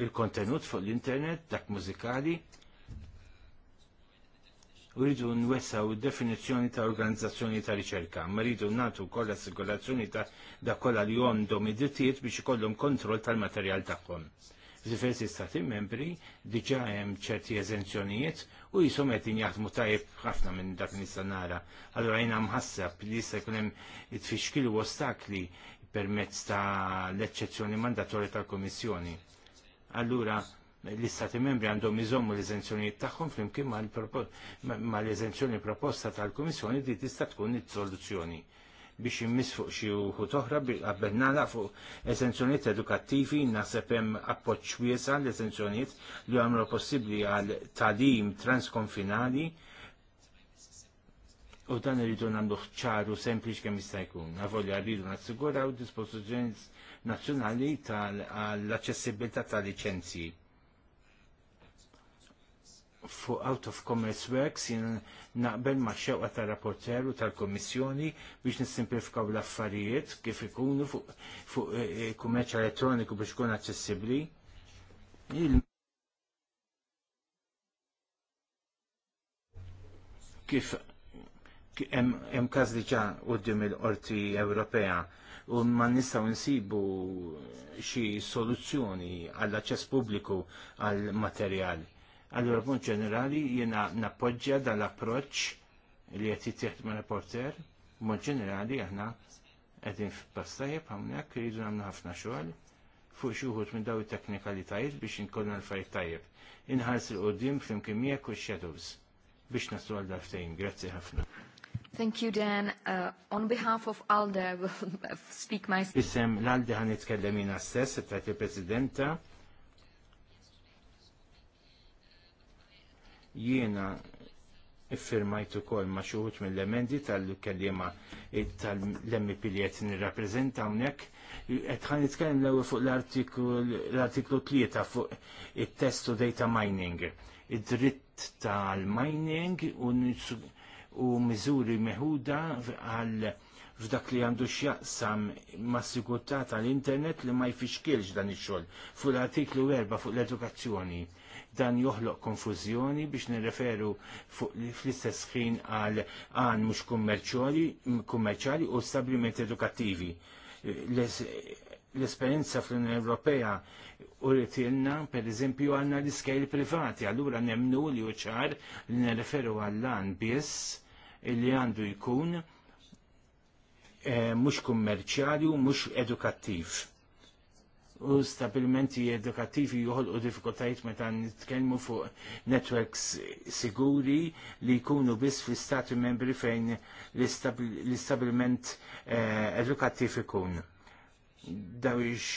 il-kontenut fuq l-internet dak mużikali. Uridu nwessaw id-definizzjoni ta' organizzazzjoni ta' riċerka, ma rridu natu koll assigurazzjoni ta' da kollha li għandhom id biex ikollhom kontroll tal-materjal tagħhom. Diversi stati membri diġa hemm ċerti eżenzjonijiet u jisom qed jaħdmu tajjeb ħafna minn dak li nista' nara. Allura jiena mħassab li jista' jkun hemm tfixkil u ostakli permezz ta' l-eċċezzjoni mandatorja tal-Komissjoni. Allura l-istati membri għandhom iżommu l-eżenzjonijiet tagħhom flimkien mal-eżenzjoni proposta tal-Komissjoni li tista' tkun it-soluzzjoni biex jimmis fuq xi wħud oħra qabel nagħlaq fuq eżenzjonijiet edukattivi naħseb hemm appoġġ wiesa l-eżenzjonijiet li għamlu possibbli għal talim transkonfinali u dan irridu nagħmlu ċaru sempliċ kemm jista' jkun. Avolja rridu nassiguraw dispożizzjoni nazzjonali tal-aċċessibilità tal-liċenzji fuq Out of Commerce Works jien naqbel ma' xewqa tar rapporteru tal-Kommissjoni biex nissimplifikaw l-affarijiet kif ikunu fuq fu, eh, eh, kummerċ elettroniku biex ikun aċċessibbli. Kif hemm każ ġa quddiem il-Qorti Ewropea u ma nistgħu nsibu xi soluzzjoni għall-aċċess pubbliku għall materjali Allura punt ġenerali jiena nappoġġja dal-approċċ li qed jittieħed ma' reporter, mod ġenerali aħna qegħdin f'pastajjeb hawnhekk iridu nagħmlu ħafna xogħol fuq xi wħud minn daw it-teknikalitajiet biex inkollna l-fajt tajjeb. Inħarsu l-qudiem flimkien miegħek u x-shadows biex naslu għal darftejn. Grazzi ħafna. Thank you, Dan. Uh, on behalf of ALDE, I will speak myself. Isem l-ALDE għan itkellem jina stess, ta' presidenta Jiena iffirmajt ukoll ma' xuħut mill-emendi tal-kellima eh, tal-MP li qed nirrappreżenta hawnhekk. Qed ħan nitkellem l-ewwel fuq l-artiklu tlieta fuq it-test u data mining. Id-dritt tal-mining u miżuri meħuda għal f'dak li għandu x'jaqsam mas sigurtà tal-internet li ma jfixkilx dan ix-xogħol fuq l-artiklu 4 fuq l-edukazzjoni dan joħloq konfużjoni biex nirreferu fl-istess ħin għal għan mhux kummerċali u stabilimenti edukattivi. L-esperjenza fl-Unjoni Ewropea u rritilna, per eżempju, għanna l iskajl privati, allura nemnu li uċar li nirreferu għall-għan biss li għandu jkun eh, mhux kummerċali u mhux edukattiv u stabilmenti edukattivi joħolqu diffikultajiet meta nitkellmu fuq networks siguri li jkunu biss fi stati membri fejn l-istabilment eh, edukattiv ikun dawix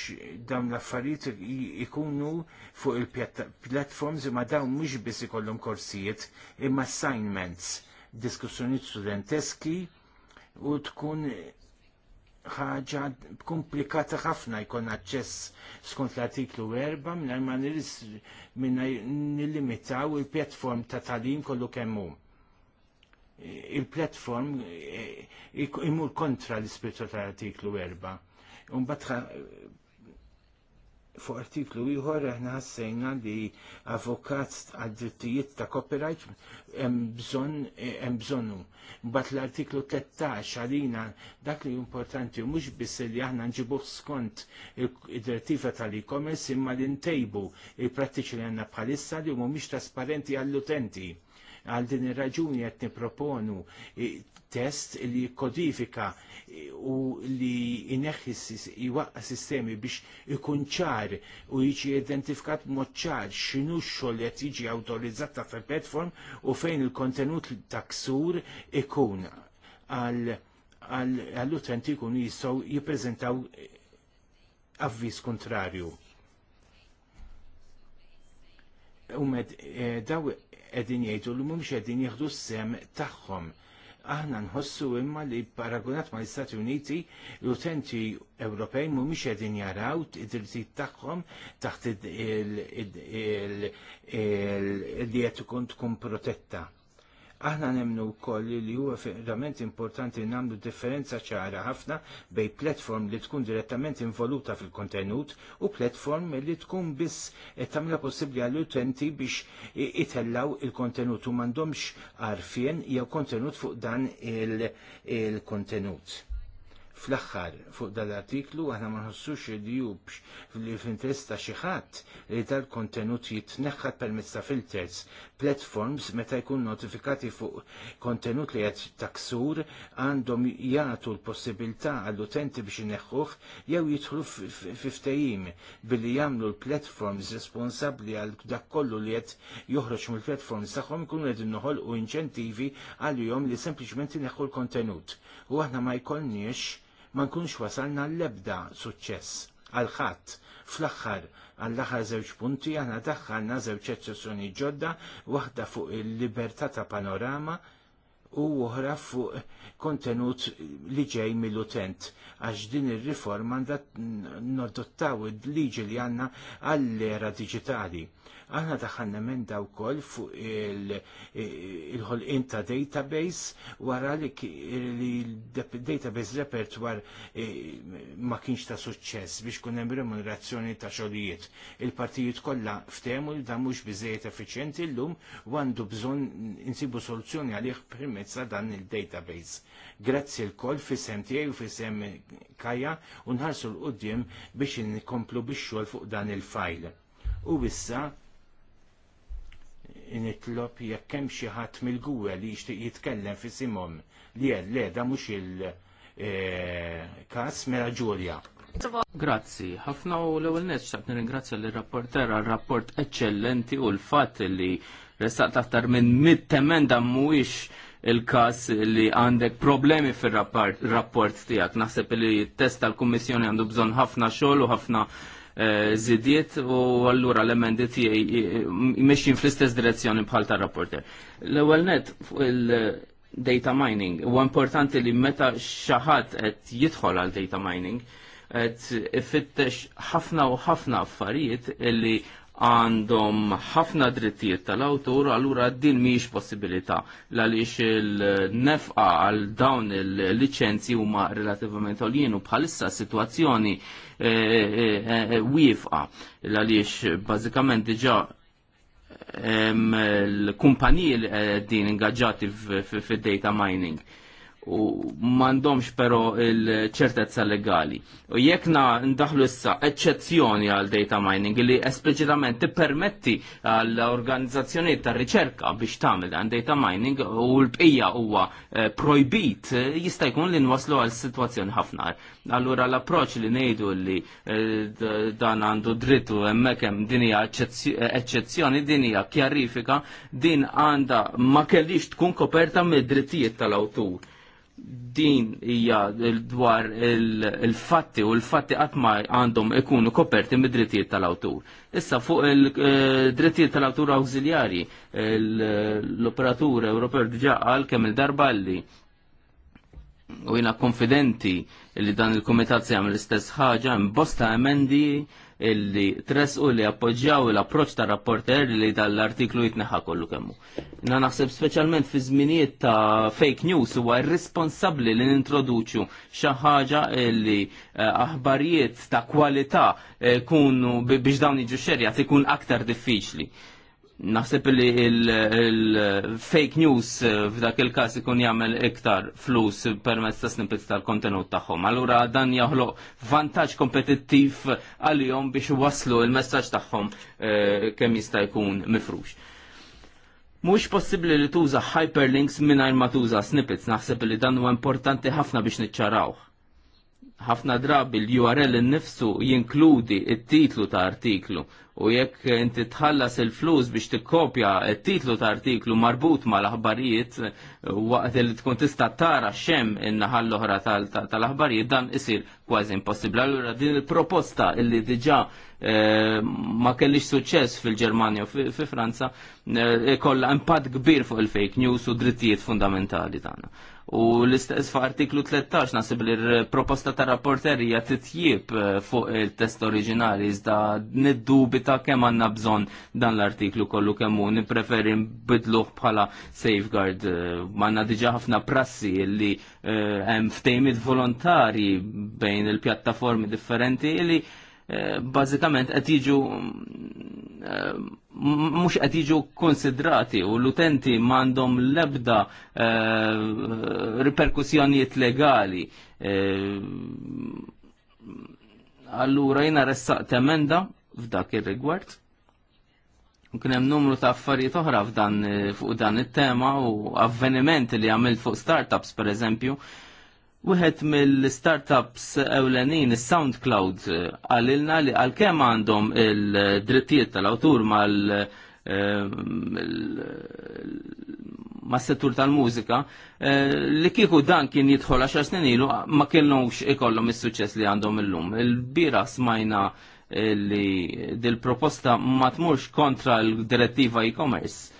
dawn l-affarijiet ikunu fuq il-platforms imma dawn mhux biss ikollhom korsijiet imma assignments, diskussjonijiet studenteski u tkun ħaġa komplikata ħafna jkun aċċess skont l-artiklu 4 minn ma minna nillimitaw il platform ta' talim kollu kemm hu. il platform eh, imur kontra l-ispirtu tal-artiklu 4. Unbat fuq artiklu ieħor aħna ħassejna li avukat għad-drittijiet ta' copyright hemm bżonn hemm Mbagħad l-artiklu 13 għalina dak li importanti mhux biss li aħna nġibuh skont id-direttiva tal-e-commerce imma li ntejbu il-prattiċi li għandna bħalissa li mhumiex trasparenti għall-utenti għal din ir-raġuni qed nipproponu test li kodifika u li ineħħi jwaqqa sistemi biex ikun ċar u jiġi identifikat mod ċar x'inhu x-xogħol qed jiġi awtorizzat ta' fil-platform u fejn il-kontenut ta' ksur ikun għall-utenti jkunu jistgħu jippreżentaw avviż kontrarju. Umed eh, daw qegħdin jgħidu li mhumiex qegħdin jieħdu s-sem tagħhom Aħna nħossu imma li paragunat ma' l-Istati Uniti l-utenti Ewropej mhumiex qegħdin jaraw id-drittijiet tagħhom taħt il ikun tkun protetta Aħna nemnu wkoll li huwa verament importanti nagħmlu differenza ċara ħafna bej platform li tkun direttament involuta fil-kontenut u platform li tkun biss tagħmilha possibbli għall-utenti biex itellaw il-kontenut u m'għandhomx għarfien jew kontenut fuq dan il-kontenut. il kontenut Fl-axħar fuq dal-artiklu aħna ma nħossux il-jubx li fl-interess ta' xi ħadd li tal-kontenut jitneħħad permezz ta' filters, platforms meta jkun notifikati fuq kontenut li qed taksur għandhom jagħtu l-possibilità għall-utenti biex ineħħuh jew jidħlu fiftejim billi jagħmlu l-platforms responsabbli għal dak kollu li qed joħroġ mill-platforms tagħhom ikunu qegħdin u inċentivi għalihom li sempliċement ineħħu l-kontenut. U aħna ma jkollniex ma nkunx wasalna l-ebda suċċess għal ħadd fl-aħħar għall-aħħar żewġ punti għana daħħalna żewġ eċċezzjoni ġodda waħda fuq il-libertà ta' panorama u oħra fuq kontenut li ġej mill-utent. Għax din ir-riforma għandha nadottaw id-liġi li għandna għall-era digitali. Aħna daħħalna daw wkoll fuq il-ħolqien ta' database wara li database repertwar ma kienx ta' suċċess biex kunem hemm remunerazzjoni ta' xolijiet. Il-partijiet kollha ftemu li da mhux biżejjed effiċjenti llum u għandu bżonn insibu soluzzjoni għalih permezz dan il-database. Grazzi l-koll fi sem tiegħi u fi sem kajja u nħarsu l-qudiem biex inkomplu biex xogħol fuq dan il-fajl. U issa initlob jekk hemm xi ħadd mill-gwe li jixtieq jitkellem fi simhom li le da mhux il-każ eh, mela Ġulja. Grazzi, ħafna u l-ewwel nies xaqt nirringrazzja lir-rapporter għal rapport eċċellenti u l-fatt li restaq taħtar minn mit-temenda mhuwiex il-kas li għandek problemi fil-rapport tijak. Naħseb li test tal-Kommissjoni għandu bżon ħafna xogħol u ħafna eh, zidiet u allura l-emendi tiegħi mexjin fl-istess direzzjoni bħal tar-rapporter. L-ewwel net fuq il-data mining huwa importanti li meta xaħat ħadd qed jidħol għal data mining qed ifittex ħafna u ħafna affarijiet illi għandhom ħafna drittijiet tal-awtur, allura din miex possibilità għaliex il-nefqa għal dawn il-licenzi huma relativament għoljien u bħalissa situazzjoni e, wifqa għaliex bażikament diġa l-kumpaniji li din ingaġġati fid-data mining u mandomx pero il-ċertezza legali. U jekk na ndaħlu issa eċċezzjoni għal data mining li esplicitament tippermetti għall organizzazzjoni ta' riċerka biex tagħmel għan data mining u l-bqija huwa eh, projbit eh, jista' jkun li nwaslu għal sitwazzjoni ħafna. Allura l-approċ li ngħidu li eh, dan għandu drittu hemmhekk hemm din hija eċċezzjoni, din hija kjarifika, din għandha ma kellix tkun koperta mid-drittijiet tal-awtur din hija dwar il-fatti u l-fatti qatt ma għandhom ikunu koperti mid-drittijiet tal-awtur. Issa fuq il-drittijiet eh, tal-awtur awżiljarji, l-operatur Ewropew diġà għal kemm il-darba li u jina konfidenti li dan il-komitat se jagħmel l-istess ħaġa imbosta emendi illi u li appoġġjaw l-approċ ta' rapporter li l artiklu jitneħa kollu kemmu. Na naħseb speċjalment fi żminijiet ta' fake news huwa irresponsabbli li nintroduċu xi ħaġa illi eh, aħbarijiet ta' kwalità eh, kunu biex dawn jiġu xerja ikun aktar diffiċli. Naħseb li il-fake news eh, f'dak il-kas ikun jagħmel iktar flus permezz ta' snippets tal-kontenut tagħhom. Allura dan jaħloq vantaġġ kompetittiv għalihom biex waslu il-messaġġ tagħhom eh, kemm jista' jkun mifrux. Mhux possibbli li tuża hyperlinks mingħajr ma tuża snippets, naħseb li dan huwa importanti ħafna biex niċċarawh ħafna drabi l-URL innifsu jinkludi il titlu ta' artiklu u jekk inti tħallas il-flus biex tikkopja il titlu ta' artiklu marbut ma' l-aħbarijiet waqt li tkun tista' tara xem in-naħa l-oħra tal-aħbarijiet dan isir kważi impossibbli. Allura din il-proposta illi diġa' eh, ma kellix suċċess fil-Ġermanja u fi Franza eh, kollha impatt kbir fuq il-fake news u drittijiet fundamentali tagħna. U l-istess fa' artiklu 13 nasib li proposta ta' rapporterija titjib eh, fuq il-test oriġinali iżda niddubita kemm għandna bżonn dan l-artiklu kollu kemm hu nippreferi nbidluh bħala safeguard. Manna eh, diġa ħafna prassi li eh, hemm ftejmit volontari bejn il-pjattaformi differenti li Eh, bażikament qed jiġu eh, mhux qed jiġu konsidrati u l-utenti m'għandhom l-ebda eh, riperkussjonijiet legali. Allura jiena ressaqt emenda f'dak ir-rigward. Kien hemm numru ta' affarijiet oħra f'dan fuq dan it-tema u avvenimenti li għamilt fuq startups pereżempju Wieħed mill-startups ewlenin, SoundCloud, għalilna li għalkemm għandhom il-drittijiet tal-awtur mal ehm, ma' settur tal-mużika, eh, li kieku dan kien jidħol 10 snin ilu ma kellux ikollhom is-suċċess li għandhom illum. Il-bira smajna eh, li dil-proposta ma tmurx kontra l-direttiva e-commerce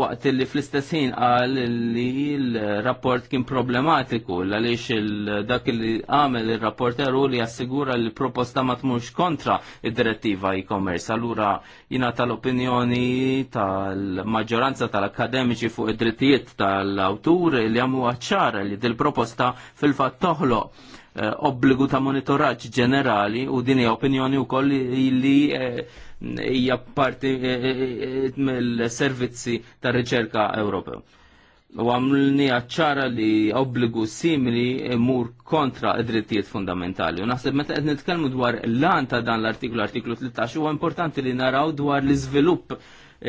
waqt li fl-istess ħin qal li l-rapport kien problematiku għaliex dak li għamel ir-rapporteru li assigura li proposta ma tmux kontra id-direttiva e-commerce. Allura jina tal-opinjoni tal-maġġoranza tal-akademiċi fuq id-drittijiet tal-awtur li għamu għacċar li dil-proposta fil-fat toħloq Eh, obbligu ta' monitoraġġ ġenerali u din hija opinjoni wkoll li eh, hija parti eh, mill-servizzi ta' riċerka Ewropew. U għamlni ċara li obbligu simili mur kontra id-drittijiet fundamentali. U naħseb meta qed nitkellmu dwar l-an ta' dan l-artiklu, artiklu 13, huwa importanti li naraw dwar l-iżvilupp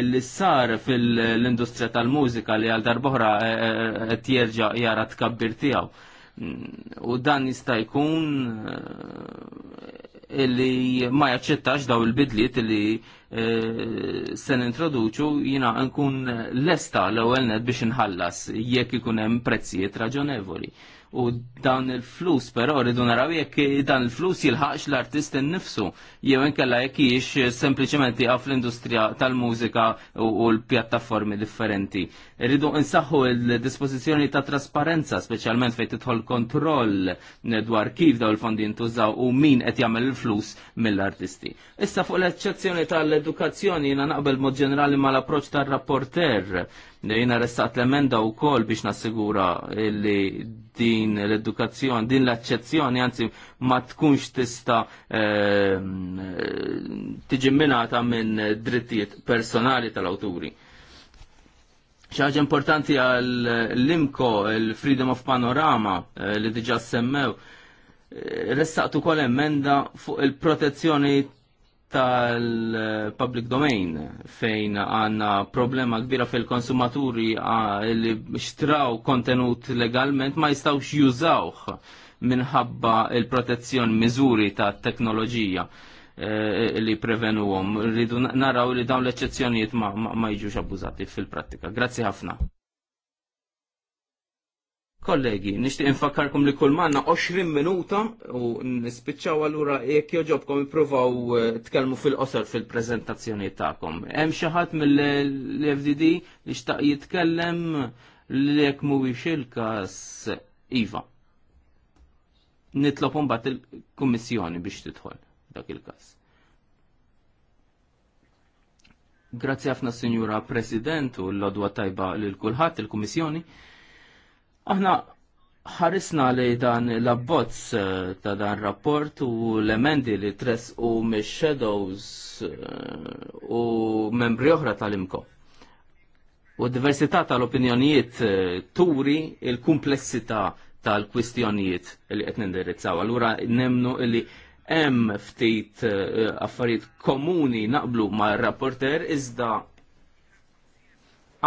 li sar fil-industrija tal-mużika li għal darbohra qed jerġa' jara tkabbir tiegħu u dan jista' jkun eh, illi ma jaċċettax daw il-bidliet illi eh, se nintroduċu jina nkun lesta l-ewwel net biex inħallas jekk ikun hemm prezzijiet raġonevoli. U dan il-flus, però rridu naraw jekk dan il-flus jilħaqx l-artist innifsu. Jew inkella jekk jiex sempliċement jaqaf l-industrija tal-mużika u l-pjattaformi differenti. Rridu nsaħħu l-dispożizzjoni ta' trasparenza, speċjalment fejn tidħol kontroll dwar kif daw il-fondi jintużaw u min qed jagħmel il-flus mill-artisti. Issa fuq l-eċċezzjoni tal-edukazzjoni jiena naqbel mod ġenerali mal-approċċ tar-rapporter jiena ressaqt l-emenda wkoll biex nassigura li din l-edukazzjoni, din l-accezzjoni, anzi ma tkunx tista ehm, tiġi minata minn drittijiet personali tal-awturi. ċaġa importanti għal l-imko, il-Freedom of Panorama eh, li diġa semmew, eh, ressaqtu kol emenda fuq il-protezzjoni tal-public domain fejn għanna problema kbira fil-konsumaturi li xtraw kontenut legalment ma jistawx jużawh minħabba il-protezzjon miżuri ta' teknoloġija e, li prevenuhom. Rridu naraw li dawn l-eċċezzjonijiet ma, jiġux abbużati fil-prattika. Grazzi ħafna. Kollegi, nixtieq infakkarkom li kull manna 20 minuta u nispiċċaw allura jekk joġobkom ippruvaw eh, tkellmu fil-qosor fil-preżentazzjoni tagħkom. Hemm xi ħadd mill-FDD li xtaq jitkellem li jekk mhuwiex il-każ iva. Nitlob mbagħad il-kummissjoni biex tidħol dak il-każ. Grazzi ħafna Sinjura u l-odwa tajba lil kulħadd il-Kummissjoni. il kummissjoni Aħna ħarisna li dan l-abbozz eh, ta' dan rapport u l-emendi li tres u shadows eh, u membri oħra tal-imko. U diversità tal-opinjonijiet eh, turi il kumplessità tal-kwistjonijiet li qed nindirizzaw. Allura nemnu li hemm ftit affarijiet komuni naqblu ma' rapporter iżda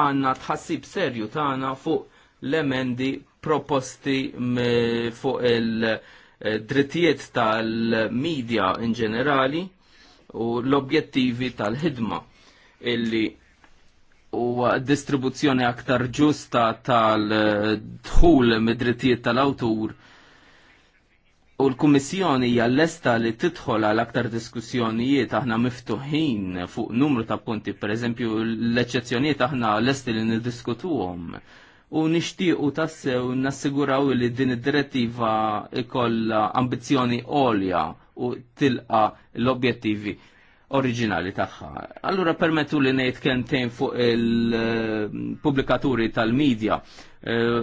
għandna tħassib serju tagħna fuq l-emendi proposti fuq il-drittijiet tal-medja in ġenerali u l-objettivi tal-ħidma illi u distribuzzjoni aktar ġusta tal-dħul mid-drittijiet tal-awtur u l-Kummissjoni hija lesta li tidħol għal aktar diskussjonijiet aħna miftuħin fuq numru ta' punti, pereżempju l-eċċezzjonijiet aħna lesti li niddiskutuhom u nixtiequ tassew nassiguraw li din id-direttiva ikolla ambizzjoni għolja u tilqa l-objettivi oriġinali tagħha. Allura permettu li ngħid kemm fuq il-pubblikaturi tal-medja. Eh,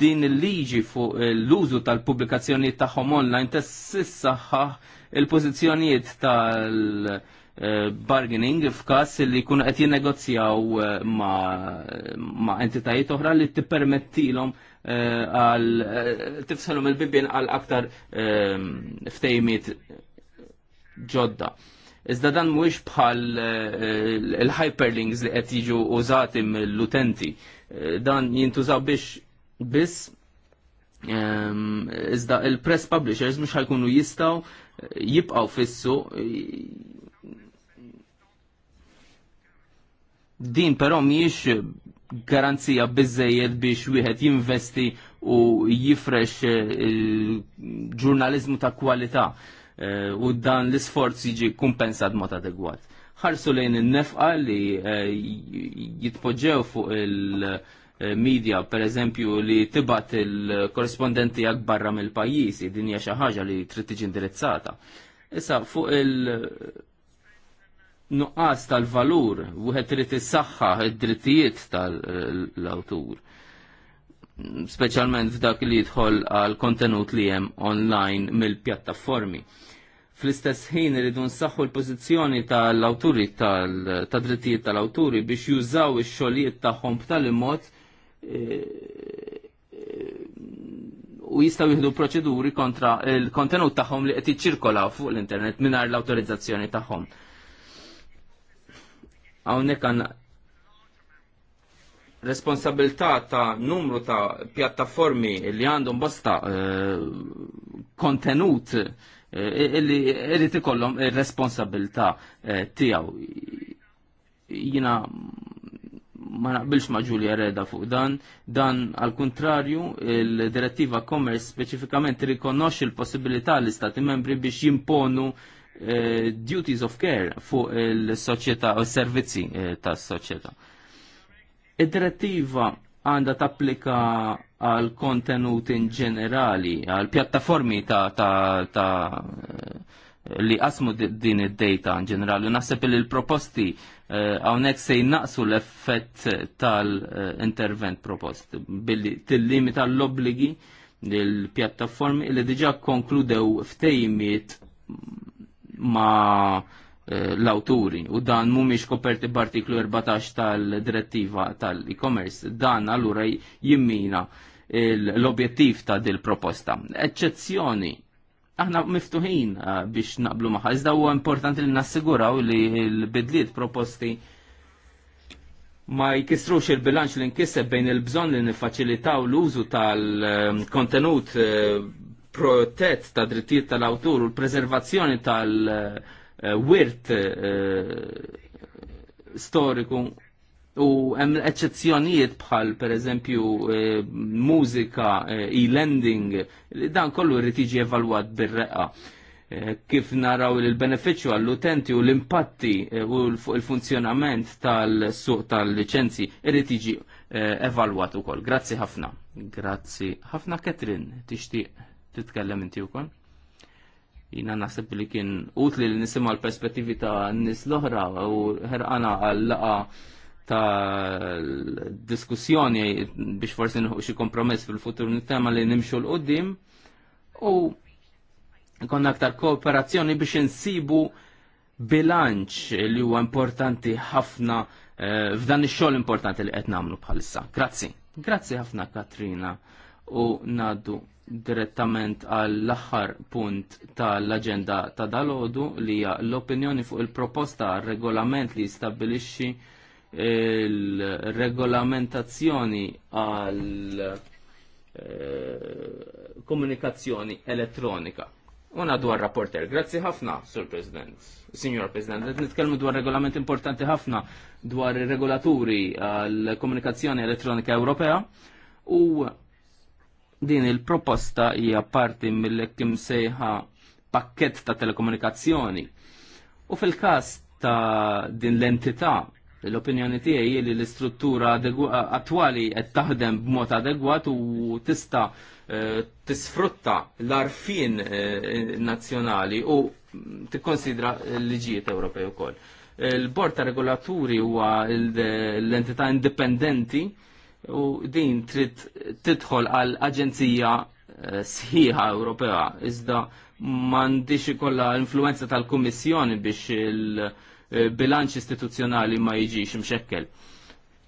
din il-liġi fuq l-użu tal-pubblikazzjonijiet tagħhom online tississaħħa il-pożizzjonijiet tal-, -tal bargaining f'każ li jkunu qed jinnegozjaw eh, ma', ma entitajiet oħra li tippermettilhom eh, għal eh, tifsalhom il-bibien għal aktar ftejmiet ġodda. Iżda dan mhuwiex bħal il-hyperlinks li qed jiġu użati mill-utenti. Dan jintużaw biex biss iżda il-press publishers mhux ħajkunu jistgħu jibqgħu fissu Din però mhijiex garanzija biżejjed biex wieħed jinvesti u jifrex eh, il-ġurnalizmu ta' kwalità eh, u dan l-isforz jiġi kumpensat mod adegwat. Ħarsu lejn in-nefqa li eh, jitpoġġew fuq il-medja, per eżempju, li tibat il-korrespondenti għak barra mill-pajjiż, din hija xi ħaġa li trid tiġi indirizzata. Issa fuq il- nuqqas tal-valur, wieħed trid is-saħħa id-drittijiet tal-awtur. Speċjalment f'dak li jidħol għal kontenut li hemm online mill-pjattaformi. Fl-istess ħin iridu nsaħħu l-pożizzjoni tal-awturi tal drittijiet tal-awturi biex jużaw ix-xogħlijiet tagħhom b'tali mod eh, eh, u jistaw jihdu proċeduri kontra il-kontenut tagħhom li qed jiċċirkolaw fuq l-internet mingħajr l-awtorizzazzjoni tagħhom. Hawnhekk għanna responsabilità ta' numru ta' pjattaformi li għandhom bosta eh, kontenut illi eh, e-, irrid ikollhom ir-responsabilità eh, tiegħu. Jina ma naqbilx ma' Julia Reda fuq dan, dan al kontrarju il-direttiva Commerce speċifikament rikonoxxi l-possibilità l istati membri biex jimponu Eh, duties of care fuq il-soċjetà u s-servizzi eh, tas-soċjetà. Id-direttiva għandha tapplika għal kontenut in ġenerali, għal pjattaformi ta', ta, ta eh, li qasmu din id-data in ġenerali. Naħseb li l-proposti għawnek se jnaqsu l-effett tal-intervent propost billi tillimita l-obligi l-pjattaformi li diġa konkludew ftejmiet ma' eh, l-awturi u dan mumiex koperti b'artiklu 14 tal-direttiva tal-e-commerce, dan allura jimmina l-objettiv ta' dil proposta. Eċċezzjoni, aħna miftuħin eh, biex naqblu maħħa, iżda huwa importanti li nassiguraw li l-bidliet proposti ma jkissrux il-bilanċ li nkisseb bejn il-bżon li nifaċilitaw l-użu tal-kontenut eh, protett ta' drittijiet tal-awtur u l-preservazzjoni tal-wirt eh, eh, storiku u hemm eċċezzjonijiet bħal pereżempju eh, mużika, e-lending, li dan kollu jrid jiġi evalwat bir-reqqa kif naraw il-beneficju għall-utenti u l-impatti u l-funzjonament tal-suq tal-licenzi irrid jiġi evalwat ukoll. Grazzi ħafna. Grazzi ħafna Katrin, tixtieq titkellem inti wkoll. Jina naħseb li kien utli li nisimgħu l-perspettivi ta' nies l-oħra u ħerqana għall laqa ta' diskussjoni biex forsi nħu xi kompromess fil-futur nittema li nimxu l-qoddim u konna aktar kooperazzjoni biex insibu bilanċ li huwa importanti ħafna eh, f'dan ix-xogħol importanti li qed nagħmlu bħalissa. Grazzi. Grazzi ħafna Katrina u Nadu direttament għall aħħar punt tal-aġenda ta' dalodu li hija l-opinjoni fuq il-proposta regolament li jistabbilixxi il-regolamentazzjoni għal eh, komunikazzjoni elettronika. Una dwar rapporter. Grazzi ħafna, Sur President. Signor President, qed dwar regolament importanti ħafna dwar ir-regolaturi għall komunikazzjoni elettronika Ewropea u Din il-proposta hija parti mill-kim sejħa pakket ta' telekomunikazzjoni. U fil-każ ta' din l-entità l-opinjoni tiegħi li l-istruttura attwali qed taħdem b'mod adegwat u tista' eh, tisfrutta l-arfin eh, nazzjonali u tikkonsidra l-liġijiet Ewropej ukoll. Il-Bord ta' Regolaturi huwa l-entità indipendenti u din trid tidħol għal aġenzija eh, sħiħa Ewropea iżda m'għandix ikollha influenza tal-Kummissjoni biex il-bilanċ eh, istituzzjonali ma jiġix mxekkel.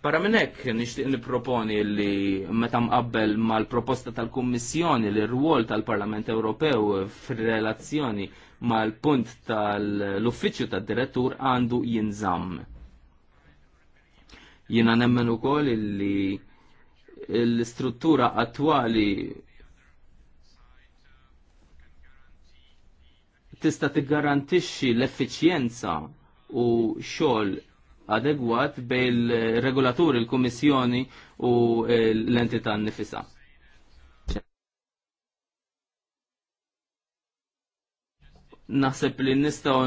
Para minn hekk nixtieq nipproponi li meta mqabbel mal-proposta tal-Kummissjoni li r-rwol tal-Parlament Ewropew fir-relazzjoni mal-punt tal-uffiċċju tad-direttur għandu jinżamm Jiena nemmen ukoll illi l-struttura attwali tista' t-garantixi l-effiċjenza u xogħol adegwat bejn il il-Kummissjoni u l-entità nifisa. naħseb li nistaw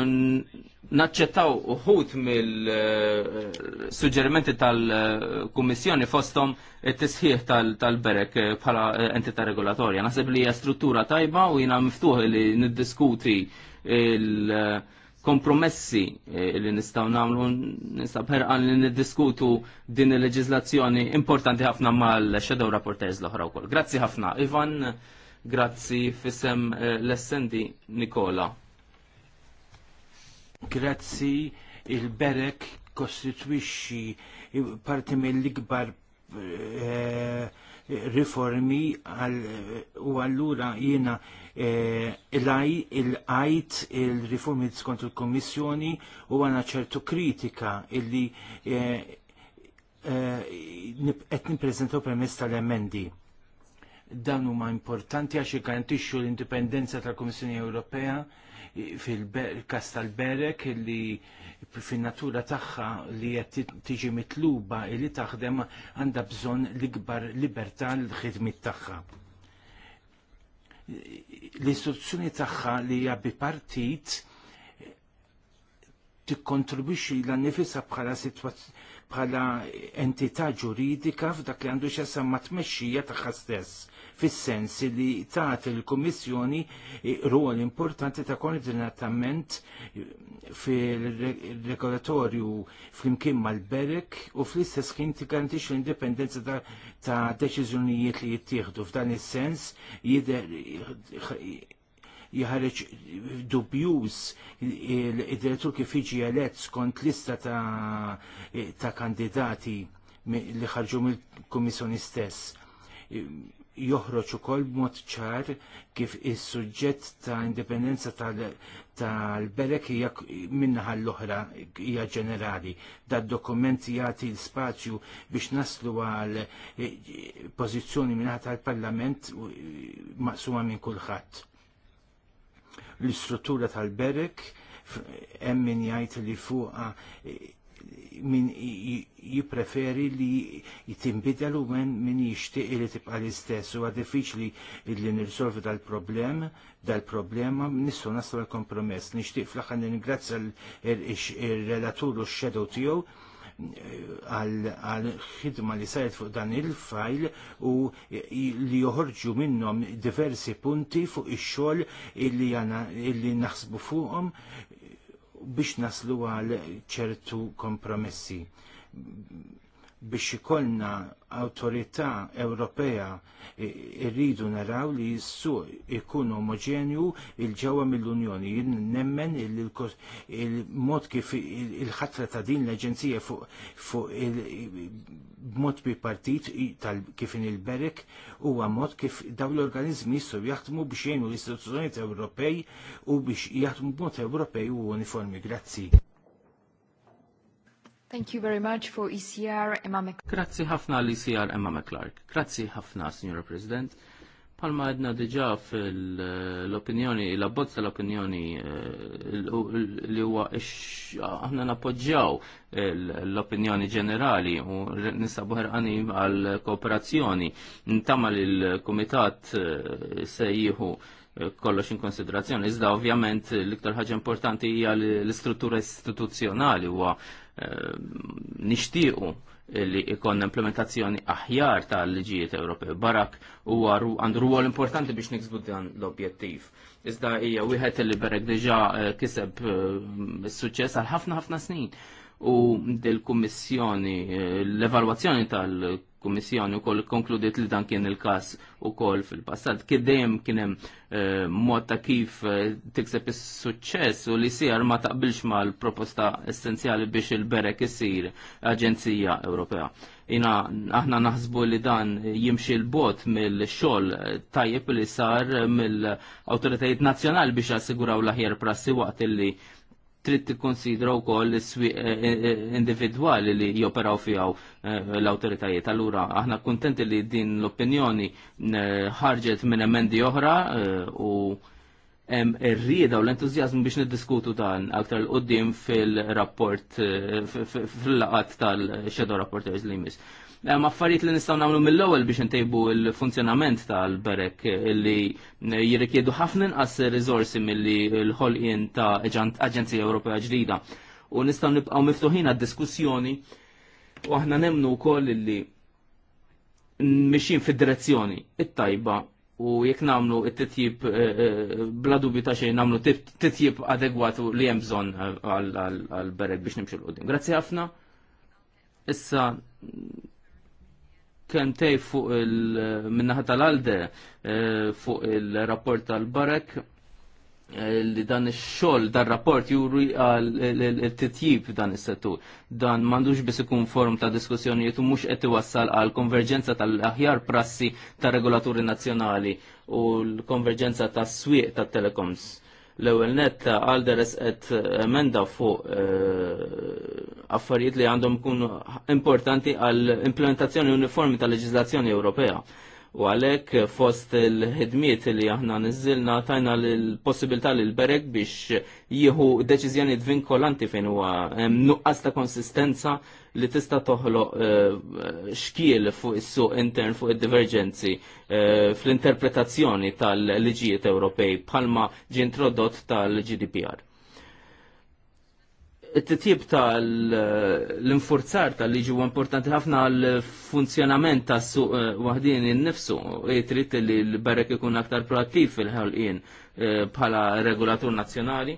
naċċettaw uħut mill-suġġerimenti eh, tal-Kummissjoni fostom it-tisħiħ tal-berek eh, bħala eh, entità regolatorja. Naħseb li hija struttura tajba u jiena miftuħ li niddiskuti il-kompromessi li nistaw namlu nistaw ħerqan li niddiskutu din il-leġizlazzjoni importanti ħafna mal-Shadow Rapporters l-oħra wkoll. Grazzi ħafna. Ivan, grazzi fissem l-essendi Nikola. Grazzi il-berek kostitwixxi parti mill-ikbar eh, riformi u allura jiena eh, il-għajt il-riformi skont il-Kommissjoni u għana ċertu kritika illi eh, qed nippreżentaw permezz tal-emendi. Dan huma importanti għax garantixxu l-indipendenza tal-Kummissjoni Ewropea fil-kas tal-berek li fin-natura tagħha li qed tiġi mitluba li taħdem għandha bżonn l-ikbar libertà l-ħidmit tagħha. L-istituzzjoni tagħha li hija partit tikkontribwixxi l nifisa bħala bħala entità ġuridika f'dak li għandu x'jasam ma' tmexxija tagħha stess fis-sens li tat il-Kummissjoni rol importanti ta' koordinatament fil-regolatorju fl-imkien mal-berek u fl-istess kien tigarantix l-indipendenza ta', deċiżjonijiet li jittieħdu f'dan is-sens jider jħarġ dubjus id-direttur kif jiġi elett skont lista ta', ta kandidati li ħarġu mill-Kummissjoni stess joħroġ ukoll b'mod ċar kif is-suġġett ta' indipendenza tal-berek hija minnaħa l-oħra hija ġenerali. Dad dokument jagħti l-spazju biex naslu għal eh, pożizzjoni minnaħa tal-Parlament eh, maqsuma minn kulħadd. L-istruttura tal-berek hemm min jgħid li fuqha eh, min jipreferi li jitimbidel u men min jishtiq li tibqa l-istess u għadifiċli li nirsolvi dal-problem dal-problema nissu naslu l-kompromess nishtiq fl-axan ningrazzja il-relatur u x-shadow tiegħu eh, għal ħidma li sajt fuq dan il-fajl u li joħorġu minnom diversi punti fuq ix-xogħol illi naħsbu fuqhom biex naslu għal ċertu kompromessi biex ikollna awtorità Ewropea irridu naraw li jissu ikun omogenju il-ġewwa mill-Unjoni. Jien nemmen il-mod kif il-ħatra ta' din l-Aġenzija fuq il-mod bipartit kif in il-berek huwa mod kif daw l-organizmi jistgħu jaħdmu biex jgħinu l-istituzzjonijiet Ewropej u biex jaħdmu b'mod Ewropej u uniformi. Grazzi. Thank you very much for ECR Emma McClark. Grazzi ħafna l ECR Emma McClark. Grazzi ħafna, Signora President. Palma għedna diġa fil-opinjoni, l-abbozza l-opinjoni eh, li huwa aħna napoġġaw l-opinjoni ġenerali u nistabu ħerqani għal kooperazzjoni. Ntama li l-komitat eh, sejjiħu eh, kollox in konsiderazzjoni. Iżda ovvjament l-iktar ħaġa importanti hija l-istruttura istituzzjonali huwa Eh, nixtiequ li ikon implementazzjoni aħjar tal-liġijiet Ewropew. Barak huwa għandu ruol importanti biex niksbu dan l-objettiv. Iżda hija wieħed li berek diġà eh, kiseb eh, suċċess għal ħafna ħafna snin u del-Kummissjoni, l-evalwazzjoni tal-Kummissjoni wkoll konkludiet li dan kien il-każ ukoll fil-passat. Kien dejjem kien hemm eh, mod ta' kif eh, tikseb is-suċċess u li sijar ma taqbilx mal-proposta essenzjali biex il-berek isir Aġenzija Ewropea Ina, aħna naħsbu li dan jimxi l-bot mill-xol tajjeb li sar mill-autoritajiet nazjonali biex assiguraw laħjar prassi waqt li trid tikkonsidra wkoll is-swieq eh, eh, eh, individwali li joperaw fihaw l-awtoritajiet. Allura aħna kuntenti li din l-opinjoni ħarġet minn emendi oħra u hemm ir-rieda u l-entużjażmu biex niddiskutu dan aktar l qudiem fil-rapport fil-laqat tal-Shadow Rapporters li jmiss. Hemm eh, affarijiet li nistgħu nagħmlu mill-ewwel biex intejbu l-funzjonament tal-berek eh, li eh, jirrikjedu ħafna inqas mill milli l-ħolqien ta' Aġenzija Ewropea ġdida. U nistgħu nibqgħu miftuħin għad-diskussjoni u aħna nemnu wkoll li mixin fid-direzzjoni it-tajba u jekk namlu t-titjib bla dubju ta' xejn namlu titjib adegwat li hemm bżonn għal berek biex nimxu l-qudiem. Grazzi ħafna. Issa tej fuq il-minnaħa tal-alde eh, fuq il-rapport tal-barek eh, li dan ix-xogħol dar rapport juri għal il-titjib dan is-settur. Dan m'għandux biss ikun forum ta' diskussjonijiet u mhux qed iwassal għal konverġenza tal-aħjar prassi ta' regolaturi nazzjonali u l-konverġenza tas swieq tat-telecoms L-ewwel netta għal deres qed eh, emenda fuq eh, affarijiet li għandhom kunu importanti għall implementazzjoni uniformi tal-leġiżlazzjoni Ewropea. U għalek fost il-ħidmiet li aħna nizzilna tajna l-possibilità li l-berek biex jieħu deċizjoni vinkolanti fejn huwa nuqqas ta' konsistenza li tista' toħloq eh, xkiel fuq is-suq intern fuq id-divergenzi eh, fl-interpretazzjoni tal-liġijiet Ewropej bħalma ġi introdott tal-GDPR it-titjib tal-infurzar eh, tal-liġi huwa importanti ħafna l funzjonament ta' suq eh, waħdin innifsu, eh, trid li l berek ikun aktar proattiv fil-ħolqien bħala regolatur nazzjonali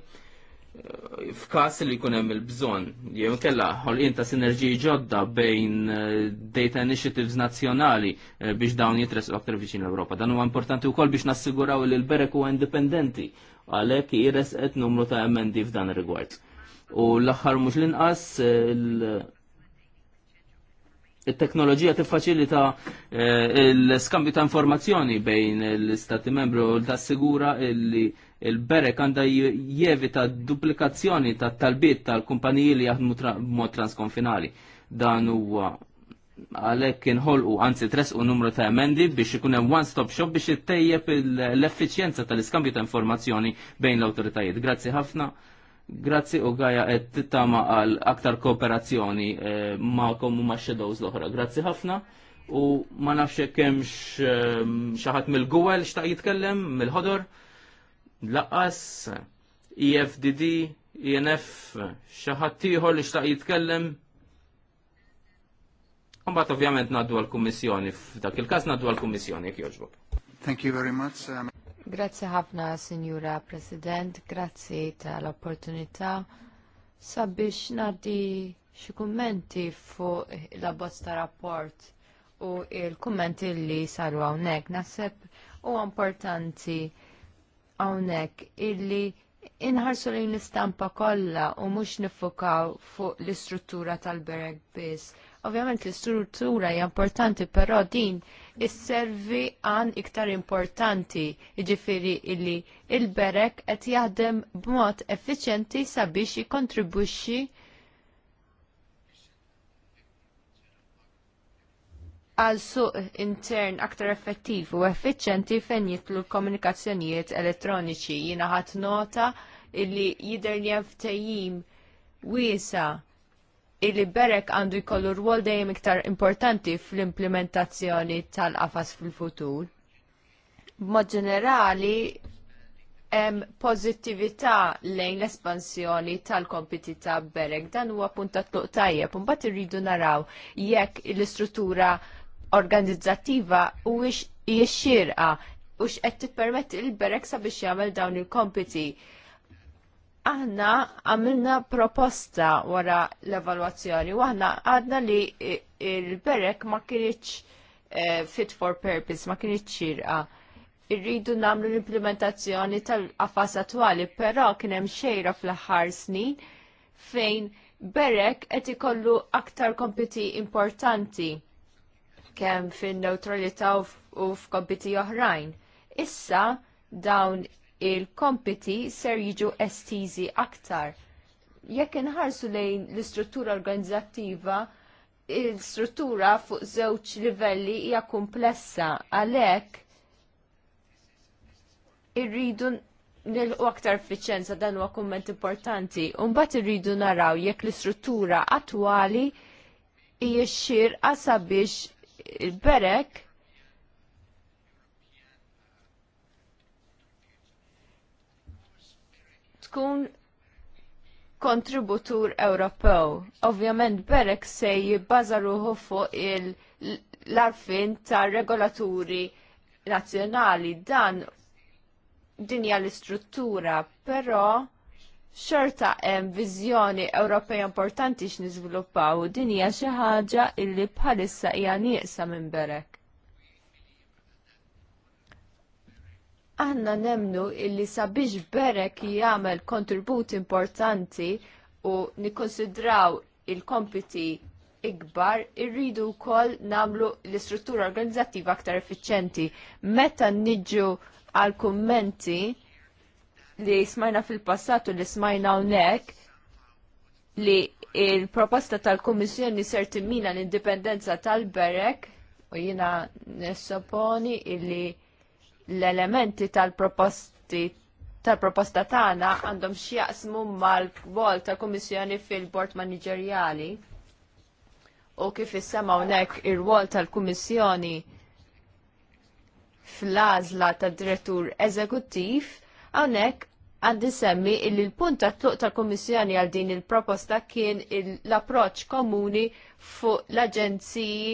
f'każ li jkun hemm il-bżonn jew kella ħolqien ta' sinerġiji ġodda bejn data initiatives nazzjonali biex dawn jitresu aktar viċin l-Ewropa. Dan huwa importanti wkoll biex nassiguraw li l-berek huwa indipendenti għalhekk jires qed numru ta' emendi f'dan ir-rigward. U l-aħħar mhux l-inqas il-teknoloġija tiffaċilita eh, l-skambju ta' informazzjoni bejn l-istati membru u tassigura li il-berek għanda jevita duplikazzjoni ta' talbiet tal-kumpaniji li jaħdmu mod transkonfinali. Dan huwa għalhekk inħolqu anzi tresqu numru ta' emendi biex ikun hemm one-stop shop biex ittejjeb l-effiċjenza tal-iskambju ta' informazzjoni bejn l-awtoritajiet. Grazzi ħafna Grazzi u Gaja qed tama għal aktar kooperazzjoni eh, ma' u ma' shadows l-oħra. Grazzi ħafna u ma nafx hekk xaħat ehm, xi ħadd mill-Gwel xtaq jitkellem mill-ħodor. Laqqas EFDD, INF, e xi ħadd ieħor li xtaq jitkellem. Mbagħad ovvjament naddu għal kummissjoni f'dak il-każ naddu għal kummissjoni jekk joġbok. Thank you very much. Um... Grazzi ħafna, Sinjura President, grazzi tal-opportunità sabiex nadi xi kummenti fuq l-abbozz ta' rapport u il-kummenti li saru hawnhekk. Naħseb huwa importanti hawnhekk illi inħarsu lejn l-istampa kollha u mhux nifukaw fuq l-istruttura tal bereg biss Ovvjament l-istruttura hija importanti, però din s-servi għan iktar importanti, jiġifieri illi il-berek qed jaħdem b'mod effiċjenti sabiex jikkontribwixxi għal suq intern aktar effettiv u effiċjenti fejn jitlu l-komunikazzjonijiet elettroniċi. Jiena ħadd nota illi jidher li hemm ftehim wiesa' illi berek għandu jkollu rwol dejjem iktar importanti fl-implementazzjoni tal-qafas fil-futur. B'mod ġenerali, hemm pożittività lejn l-espansjoni tal-kompiti ta' berek dan huwa punta tluq tajjeb u mbagħad irridu naraw jekk l-istruttura organizzattiva huwiex jixxirqa u x'qed tippermetti l-berek sabiex jagħmel dawn il-kompiti. il il kompiti aħna għamilna proposta wara l-evalwazzjoni u aħna għadna li il-berek ma kienieċ fit for purpose, ma kienieċ xirqa. Irridu namlu l-implementazzjoni tal-qafas attwali, però kien hemm xejra fl-aħħar snin fejn berek qed ikollu aktar kompiti importanti kemm fin-neutralità u f'kompiti oħrajn. Issa dawn il-kompiti ser jiġu estiżi aktar. Jekk inħarsu lejn l-istruttura organizzattiva, il-struttura fuq żewġ livelli hija komplessa għalhekk irridu nilqu aktar effiċenza dan huwa kumment importanti. u mbagħad irridu naraw jekk l-istruttura attwali hija xirqa sabiex berek tkun kontributur Ewropew. Ovvjament Berek se jibbaża ruħu fuq l-arfin ta' regolaturi nazzjonali dan dinja l-istruttura, però xorta hemm viżjoni Ewropej importanti x'niżviluppaw din hija xi ħaġa illi bħalissa hija nieqsa minn Berek. Aħna nemnu illi sabiex berek jagħmel kontribut importanti u nikkonsidraw il-kompiti ikbar irridu wkoll namlu l-istruttura organizzattiva aktar effiċjenti. Meta nidġu għal kommenti li smajna fil-passat u li smajna hawnhekk li il-proposta tal-Kummissjoni ser timmina l-indipendenza tal-Berek u jina nessoponi illi l-elementi tal-proposti tal-proposta tagħna għandhom x'jaqsmu mal-vol ta' kummissjoni fil-Bord Maniġerjali u kif issema hawnhekk ir wol tal-Kummissjoni fl-għażla tad-Direttur Eżekuttiv hawnhekk għandi semmi illi l-punt ta' tluq tal kummissjoni għal din il-proposta kien l-approċ komuni fuq l-aġenziji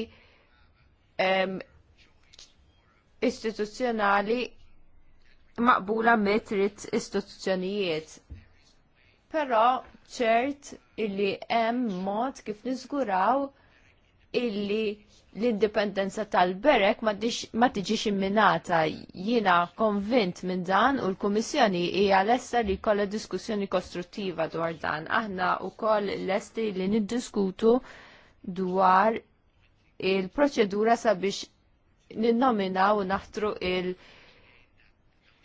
istituzzjonali maqbula mitrit istituzzjonijiet. Però ċert illi hemm mod kif niżguraw illi l-indipendenza tal-berek ma tiġix imminata. Jiena konvint minn dan u l-Kummissjoni hija lesta li kolla diskussjoni kostruttiva dwar dan. Aħna wkoll lesti li niddiskutu dwar il-proċedura sabiex ninnominaw u naħtru il-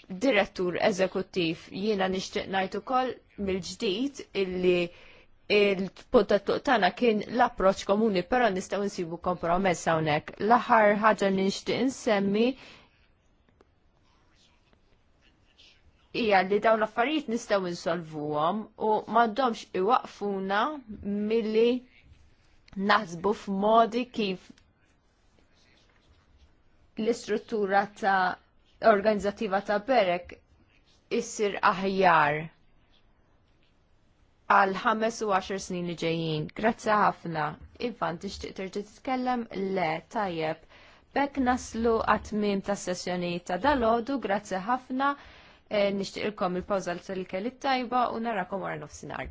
direttur eżekuttiv jiena nixtieq ngħid ukoll mill-ġdid illi il-puntatluq tagħna kien l-approċċ komuni, però nistgħu nsibu kompromess hawnhekk. L-aħħar ħaġa li nixtieq insemmi hija li dawn l-affarijiet nistgħu insolvuhom u m'għandhomx iwaqfuna milli naħsbu f'modi kif l-istruttura ta' organizzativa ta' Berek issir aħjar għal 5 u snin li ġejjin. Grazzi ħafna. Ivan, tixtieq terġa' titkellem? Le, tajjeb. Bekk naslu għatmim ta' sessjoni ta' dalodu, grazzi ħafna. Eh, ilkom il-pawża tal-kelli tajba u narakom wara nofsinhar.